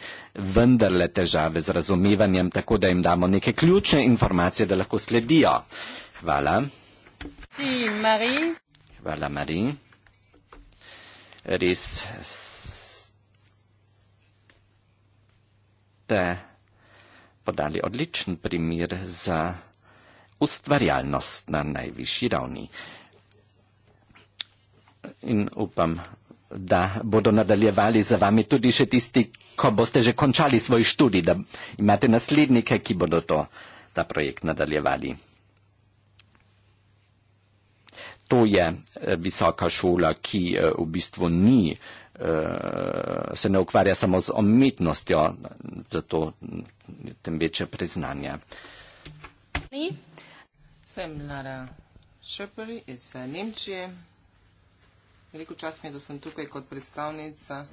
vendarle težave z razumevanjem, tako da jim damo neke ključne informacije, da lahko sledijo. Hvala. Si, Marie. Hvala, Marie. Res ste podali odličen primer za ustvarjalnost na najvišji ravni. In upam, da bodo nadaljevali za vami tudi še tisti, ko boste že končali svoj študij, da imate naslednike, ki bodo to, ta projekt nadaljevali. To je eh, visoka šola, ki eh, v bistvu ni, eh, se ne ukvarja samo z umetnostjo, zato mm, tem večje priznanje. Ni? Sem Lara Šepr iz eh, Nemčije. Veliko čas mi je, da sem tukaj kot predstavnica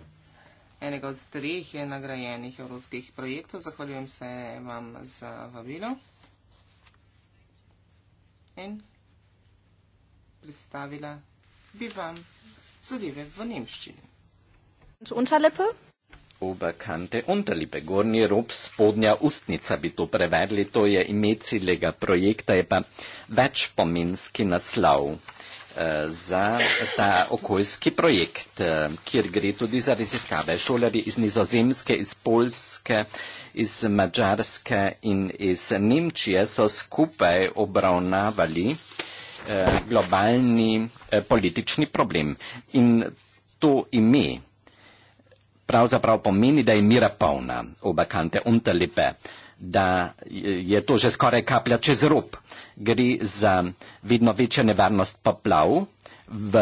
enega od treh je nagrajenih evropskih projektov. Zahvaljujem se vam za vabilo. In predstavila bi vam zadeve v nemščini. Unterlippe. Oberkante, Unterlippe, Gorni, Rob, Spodnja, Ustnica bi to prevedli, to je ime ciljega projekta, je pa večpominski naslov eh, za ta okoljski projekt, eh, kjer gre tudi za raziskave. Šolari iz Nizozemske, iz Poljske, iz Mačarske in iz Nemčije so skupaj obravnavali eh, globalni politični problem. In to ime pravzaprav pomeni, da je mira polna, obakante untalipe, da je to že skoraj kaplja čez rob. Gre za vedno večjo nevarnost poplav v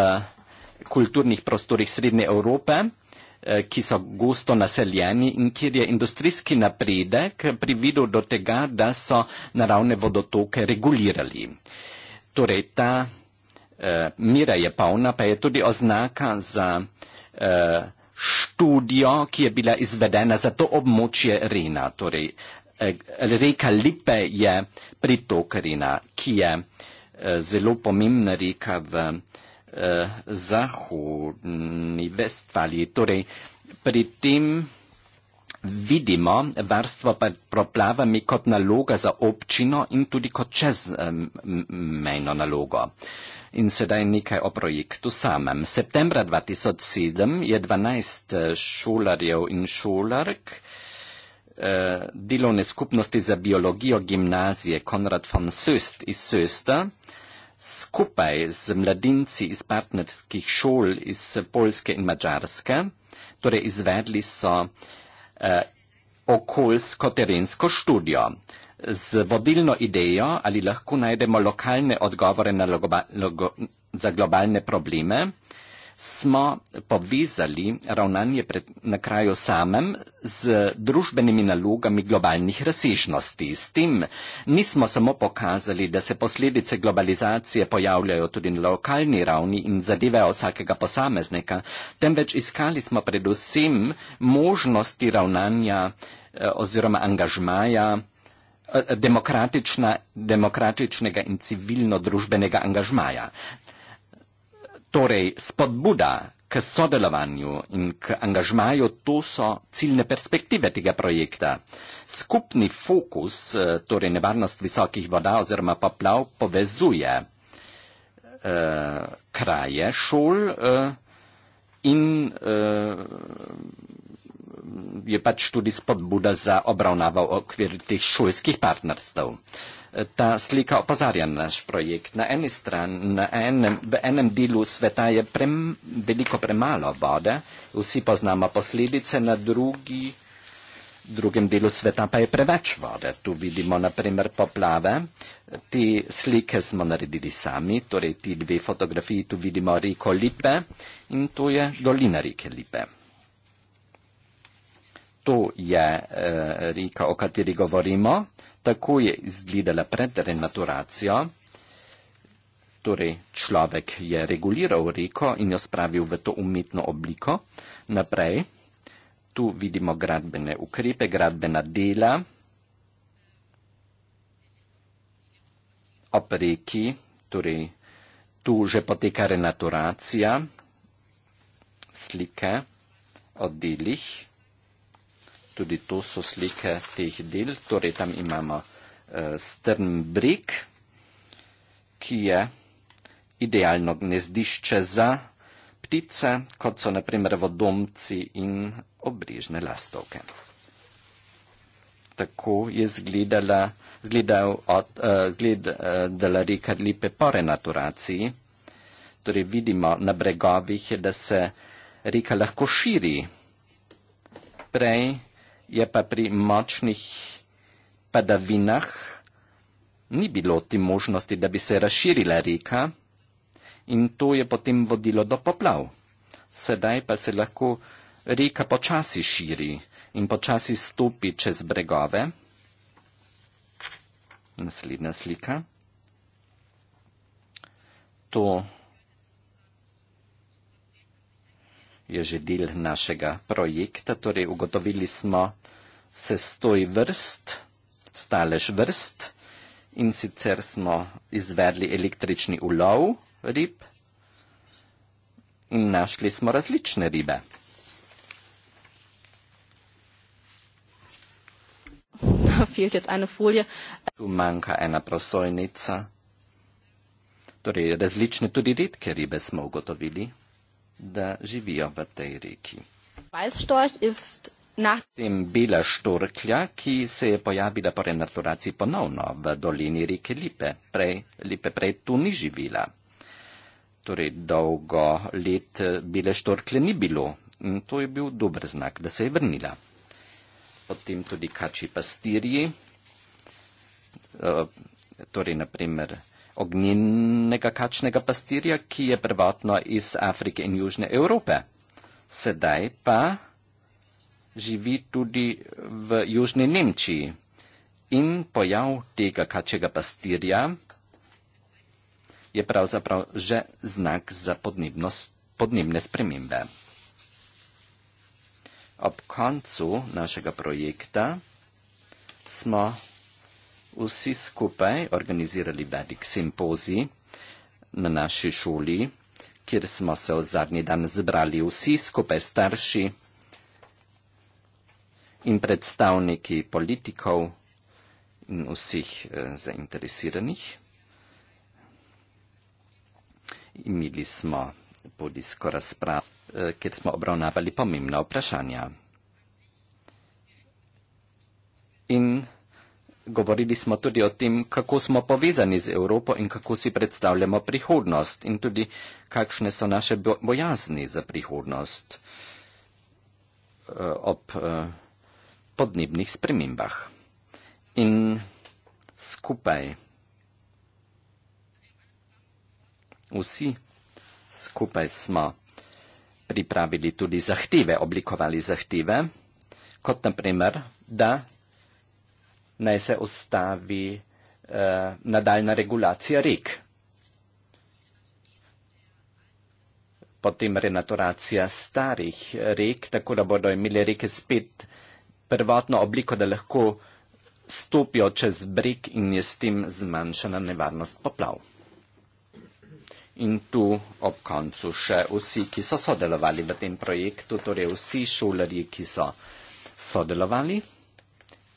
kulturnih prostorih Srednje Evrope, eh, ki so gosto naseljeni in kjer je industrijski napredek privido do tega, da so naravne vodotoke regulirali. Torej, ta eh, mira je polna, pa je tudi oznaka za eh, študijo, ki je bila izvedena za to območje Rina. Torej, eh, reka Lipe je pritok Rina, ki je eh, zelo pomembna reka v eh, zahodni Vestfaliji. Torej, pri tem vidimo varstvo pred proplavami kot naloga za občino in tudi kot čezmejno nalogo. In sedaj nekaj o projektu samem. Septembra 2007 je 12 eh, šolarjev in šolark eh, delovne skupnosti za biologijo gimnazije Konrad von Söst iz Sösta skupaj z mladinci iz partnerskih šol iz Polske in Mačarske, torej izvedli so Eh, okoljsko-terensko študijo. Z vodilno idejo ali lahko najdemo lokalne odgovore na logo, logo, za globalne probleme, smo povezali ravnanje pred, na kraju samem z družbenimi nalogami globalnih razsežnosti. S tem nismo samo pokazali, da se posledice globalizacije pojavljajo tudi na lokalni ravni in zadevajo vsakega posameznika, temveč iskali smo predvsem možnosti ravnanja eh, oziroma angažmaja eh, demokratičnega in civilno-družbenega angažmaja. Torej, spodbuda k sodelovanju in k angažmaju, to so ciljne perspektive tega projekta. Skupni fokus, eh, torej nevarnost visokih voda oziroma poplav, povezuje eh, kraje šol eh, in eh, je pač tudi spodbuda za obravnavo okvir teh šolskih partnerstv. Eh, ta slika opozarja na naš projekt. Na eni strani, na enem, v enem delu sveta je pre, veliko premalo vode, vsi poznamo posledice, na drugi, drugem delu sveta pa je preveč vode. Tu vidimo naprimer poplave, te slike smo naredili sami, torej ti dve fotografiji, tu vidimo reko Lipe in tu je dolina reke Lipe. To je uh, reka, o kateri govorimo tako je izgledala pred renaturacijo. Torej, človek je reguliral reko in jo spravil v to umetno obliko. Naprej, tu vidimo gradbene ukrepe, gradbena dela. Ob reki, torej, tu že poteka renaturacija, slike o delih tudi to so slike teh del. Torej, tam imamo uh, eh, Strnbrik, ki je idealno gnezdišče za ptice, kot so naprimer vodomci in obrežne lastovke. Tako je zgledala, zgledal od, uh, zgledala reka Lipe po renaturaciji. Torej, vidimo na bregovih, da se reka lahko širi. Prej je pa pri močnih padavinah ni bilo te možnosti, da bi se razširila reka in to je potem vodilo do poplav. Sedaj pa se lahko reka počasi širi in počasi stopi čez bregove. Naslednja slika. To je že del našega projekta, torej ugotovili smo sestoj vrst, stalež vrst in sicer smo izverli električni ulov rib in našli smo različne ribe. Tu manjka ena prosojnica, torej različne tudi redke ribe smo ugotovili da živijo v tej reki. Tem bela štorklja, ki se je pojavila po renaturaciji ponovno v dolini reke Lipe. Prej, Lipe prej tu ni živila. Torej dolgo let bele štorklje ni bilo. To je bil dober znak, da se je vrnila. Potem tudi kači pastirji, eh, torej naprimer ognjenega kačnega pastirja, ki je prvotno iz Afrike in Južne Evrope. Sedaj pa živi tudi v Južni Nemčiji. In pojav tega kačjega pastirja je pravzaprav že znak za podnebne spremembe. Ob koncu našega projekta smo vsi skupaj organizirali velik simpozij na naši šoli, kjer smo se v zadnji dan zbrali vsi skupaj starši in predstavniki politikov in vseh eh, zainteresiranih. Imeli smo podisko razprav, eh, kjer smo obravnavali pomembna vprašanja. In govorili smo tudi o tem, kako smo povezani z Evropo in kako si predstavljamo prihodnost in tudi kakšne so naše bojazni za prihodnost eh, ob eh, podnebnih spremembah. In skupaj, vsi skupaj smo pripravili tudi zahteve, oblikovali zahteve, kot naprimer, da naj se ostavi eh, nadaljna regulacija rek. Potem renaturacija starih rek, tako da bodo imeli reke spet prvotno obliko, da lahko stopijo čez breg in je s tem zmanjšana nevarnost poplav. In tu ob koncu še vsi, ki so sodelovali v tem projektu, torej vsi šolarji, ki so sodelovali.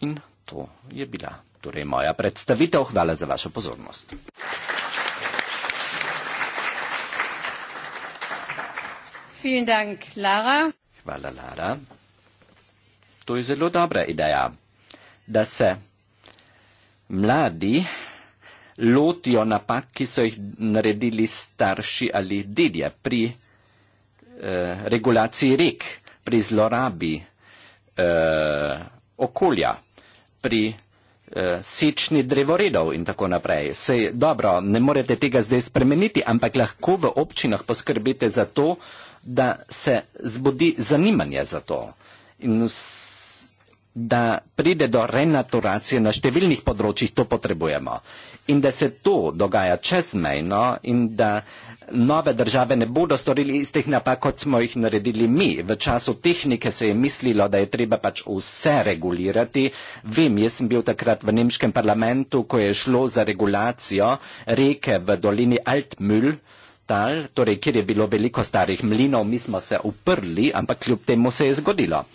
In To je bila torej moja predstavitev. Hvala za vašo pozornost. Hvala, Lara. To je zelo dobra ideja, da se mladi lotijo napak, ki so jih naredili starši ali dedje pri eh, regulaciji rek, pri zlorabi eh, okolja pri eh, sečni drevoredov in tako naprej. Sej dobro, ne morete tega zdaj spremeniti, ampak lahko v občinah poskrbite za to, da se zbudi zanimanje za to. In vse da pride do renaturacije na številnih področjih, to potrebujemo. In da se to dogaja čezmejno in da nove države ne bodo storili istih napak, kot smo jih naredili mi. V času tehnike se je mislilo, da je treba pač vse regulirati. Vem, jaz sem bil takrat v nemškem parlamentu, ko je šlo za regulacijo reke v dolini Altmüll. Tal, torej, kjer je bilo veliko starih mlinov, mi smo se uprli, ampak kljub temu se je zgodilo.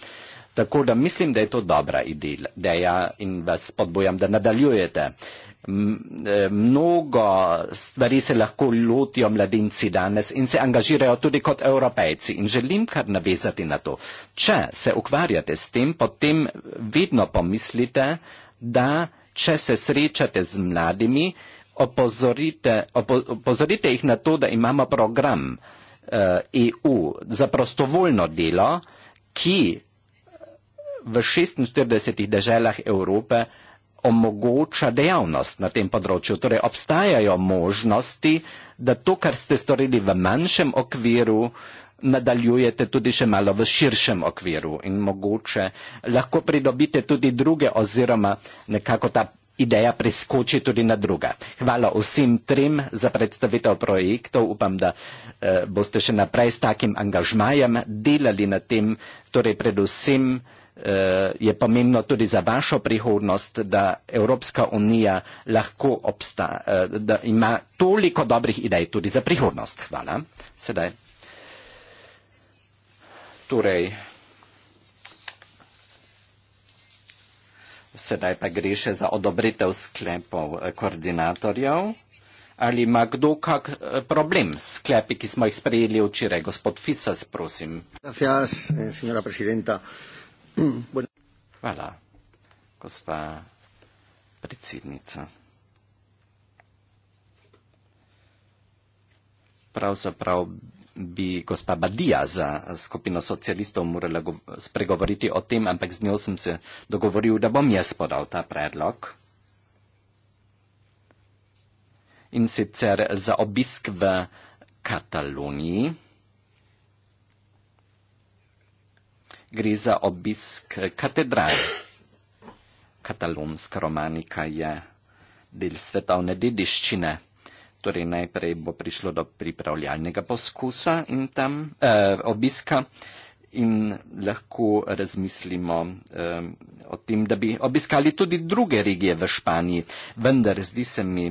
Tako da mislim, da je to dobra ideja in vas spodbujam, da nadaljujete. E, mnogo stvari se lahko lotijo mladinci danes in se angažirajo tudi kot evropejci. In želim kar navezati na to. Če se ukvarjate s tem, potem vedno pomislite, da če se srečate z mladimi, opozorite, opo, opozorite jih na to, da imamo program uh, e, EU za prostovoljno delo, ki v 46 deželah Evrope omogoča dejavnost na tem področju. Torej obstajajo možnosti, da to, kar ste storili v manjšem okviru, nadaljujete tudi še malo v širšem okviru in mogoče lahko pridobite tudi druge oziroma nekako ta ideja preskoči tudi na druga. Hvala vsem trim za predstavitev projektov. Upam, da eh, boste še naprej s takim angažmajem delali na tem, torej predvsem Eh, je pomembno tudi za vašo prihodnost, da Evropska unija lahko obsta, eh, da ima toliko dobrih idej tudi za prihodnost. Hvala. Sedaj. Torej. Sedaj pa gre še za odobritev sklepov eh, koordinatorjev. Ali ima kdo kak problem s sklepi, ki smo jih sprejeli včeraj? Gospod Fisas, prosim. Gracias, señora presidenta. Hvala, gospa predsednica. Pravzaprav bi gospa Badija za skupino socialistov morala spregovoriti o tem, ampak z njo sem se dogovoril, da bom jaz podal ta predlog. In sicer za obisk v Kataloniji. gre za obisk eh, katedrale. Katalonska romanika je del svetovne dediščine, torej najprej bo prišlo do pripravljalnega poskusa in tam eh, obiska in lahko razmislimo eh, o tem, da bi obiskali tudi druge regije v Španiji, vendar zdi se mi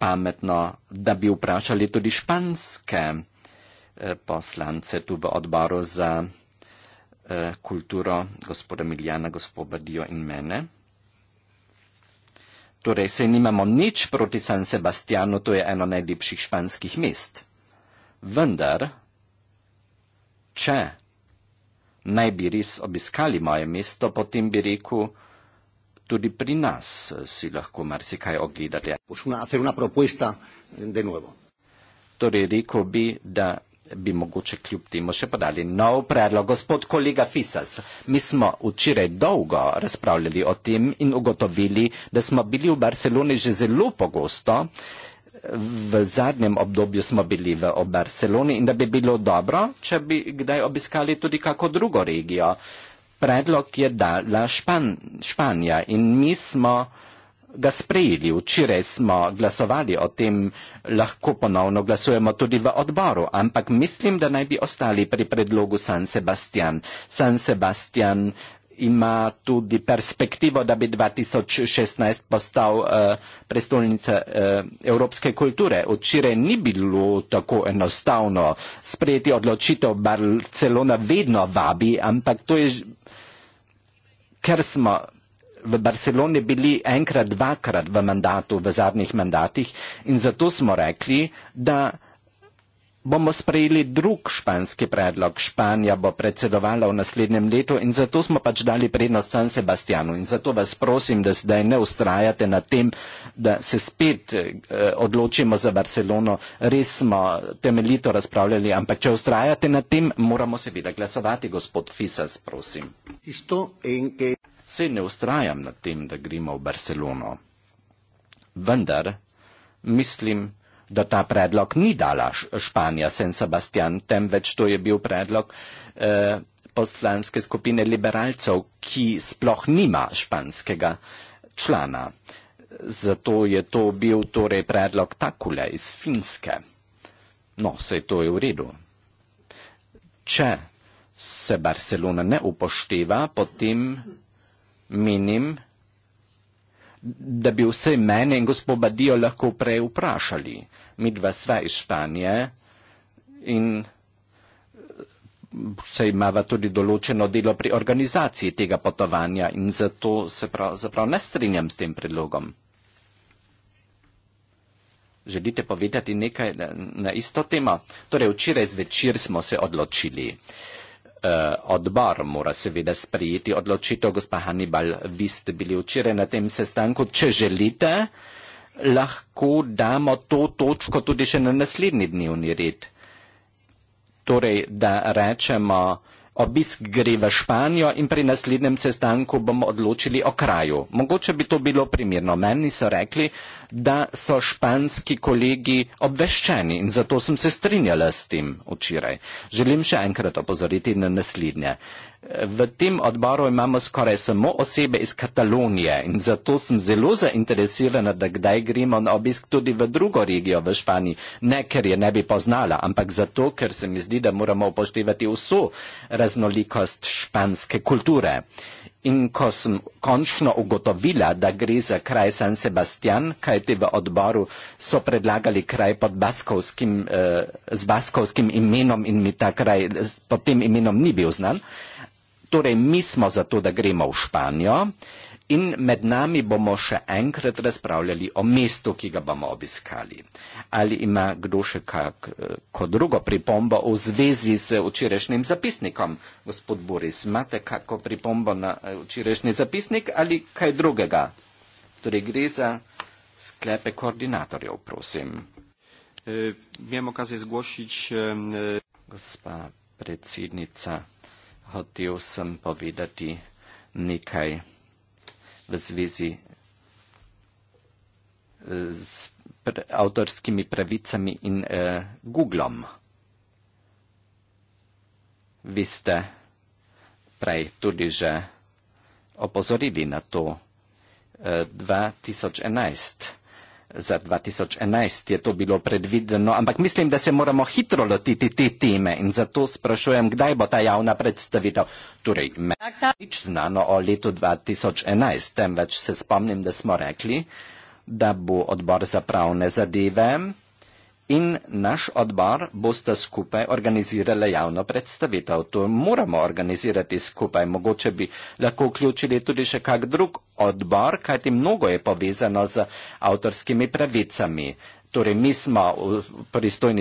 pametno, da bi vprašali tudi španske eh, poslance tu v odboru za Eh, kulturo gospoda Miljana, gospoda Dio in mene. Torej, se nimamo nič proti San Sebastianu, to je eno najlepših španskih mest. Vendar, če naj bi res obiskali moje mesto, potem bi rekel, tudi pri nas eh, si lahko marsikaj ogledate. Torej, rekel bi, da bi mogoče kljub temu še podali nov predlog. Gospod kolega Fisas, mi smo včeraj dolgo razpravljali o tem in ugotovili, da smo bili v Barceloni že zelo pogosto. V zadnjem obdobju smo bili v Barceloni in da bi bilo dobro, če bi kdaj obiskali tudi kako drugo regijo. Predlog je dala Špan, Španija in mi smo ga sprejeli. Včeraj smo glasovali o tem, lahko ponovno glasujemo tudi v odboru, ampak mislim, da naj bi ostali pri predlogu San Sebastian. San Sebastian ima tudi perspektivo, da bi 2016 postal uh, prestolnica uh, evropske kulture. Včeraj ni bilo tako enostavno sprejeti odločitev, Barcelona vedno vabi, ampak to je, ker smo v Barceloni bili enkrat, dvakrat v mandatu, v zadnjih mandatih in zato smo rekli, da bomo sprejeli drug španski predlog. Španija bo predsedovala v naslednjem letu in zato smo pač dali prednost San Sebastianu. In zato vas prosim, da zdaj ne ustrajate na tem, da se spet eh, odločimo za Barcelono. Res smo temeljito razpravljali, ampak če ustrajate na tem, moramo seveda glasovati, gospod Fisas, prosim se ne ustrajam na tem, da gremo v Barcelono. Vendar mislim, da ta predlog ni dala Španija San Sebastian, temveč to je bil predlog eh, poslanske skupine liberalcev, ki sploh nima španskega člana. Zato je to bil torej predlog takole iz Finske. No, vse to je v redu. Če se Barcelona ne upošteva, potem menim, da bi vse mene in gospoda Dio lahko prej vprašali. Mi dva sva iz Španije in eh, se imava tudi določeno delo pri organizaciji tega potovanja in zato se pravzaprav ne strinjam s tem predlogom. Želite povedati nekaj na, na isto temo? Torej, včeraj zvečer smo se odločili. Uh, eh, odbor mora seveda sprijeti odločitev, gospa Hannibal, vi ste bili včeraj na tem sestanku, če želite, lahko damo to točko tudi še na naslednji dnevni red. Torej, da rečemo, obisk gre v Španijo in pri naslednjem sestanku bomo odločili o kraju. Mogoče bi to bilo primirno. Meni so rekli, da so španski kolegi obveščeni in zato sem se strinjala s tem včeraj. Želim še enkrat opozoriti na naslednje. V tem odboru imamo skoraj samo osebe iz Katalonije in zato sem zelo zainteresirana, da kdaj gremo na obisk tudi v drugo regijo v Španiji. Ne, ker je ne bi poznala, ampak zato, ker se mi zdi, da moramo upoštevati vso raznolikost španske kulture. In ko sem končno ugotovila, da gre za kraj San Sebastian, kajti v odboru so predlagali kraj pod baskovskim, eh, z baskovskim imenom in mi ta kraj eh, pod tem imenom ni bil znan, eh, Torej, mi smo zato, da gremo v Španijo in med nami bomo še enkrat razpravljali o mestu, ki ga bomo obiskali. Ali ima kdo še kakšno eh, drugo pripombo v zvezi z včerajšnjim zapisnikom? Gospod Boris, imate kakšno pripombo na eh, včerajšnji zapisnik ali kaj drugega? Torej, gre za sklepe koordinatorjev, prosim. E, Mijemo kazi zgošič. E, e... Gospa predsednica hotel sem povedati nekaj v zvezi z eh, avtorskimi pravicami in eh, Googlom. Vi ste prej tudi že opozorili na to. Eh, 2011 za 2011 je to bilo predvideno, ampak mislim, da se moramo hitro lotiti te teme in zato sprašujem, kdaj bo ta javna predstavitev. Torej, me nič znano o letu 2011, temveč se spomnim, da smo rekli, da bo odbor za pravne zadeve in naš odbor boste skupaj organizirali javno predstavitev. To moramo organizirati skupaj. Mogoče bi lahko vključili tudi še kak drug odbor, kajti mnogo je povezano z avtorskimi pravicami. Torej, mi smo pristojni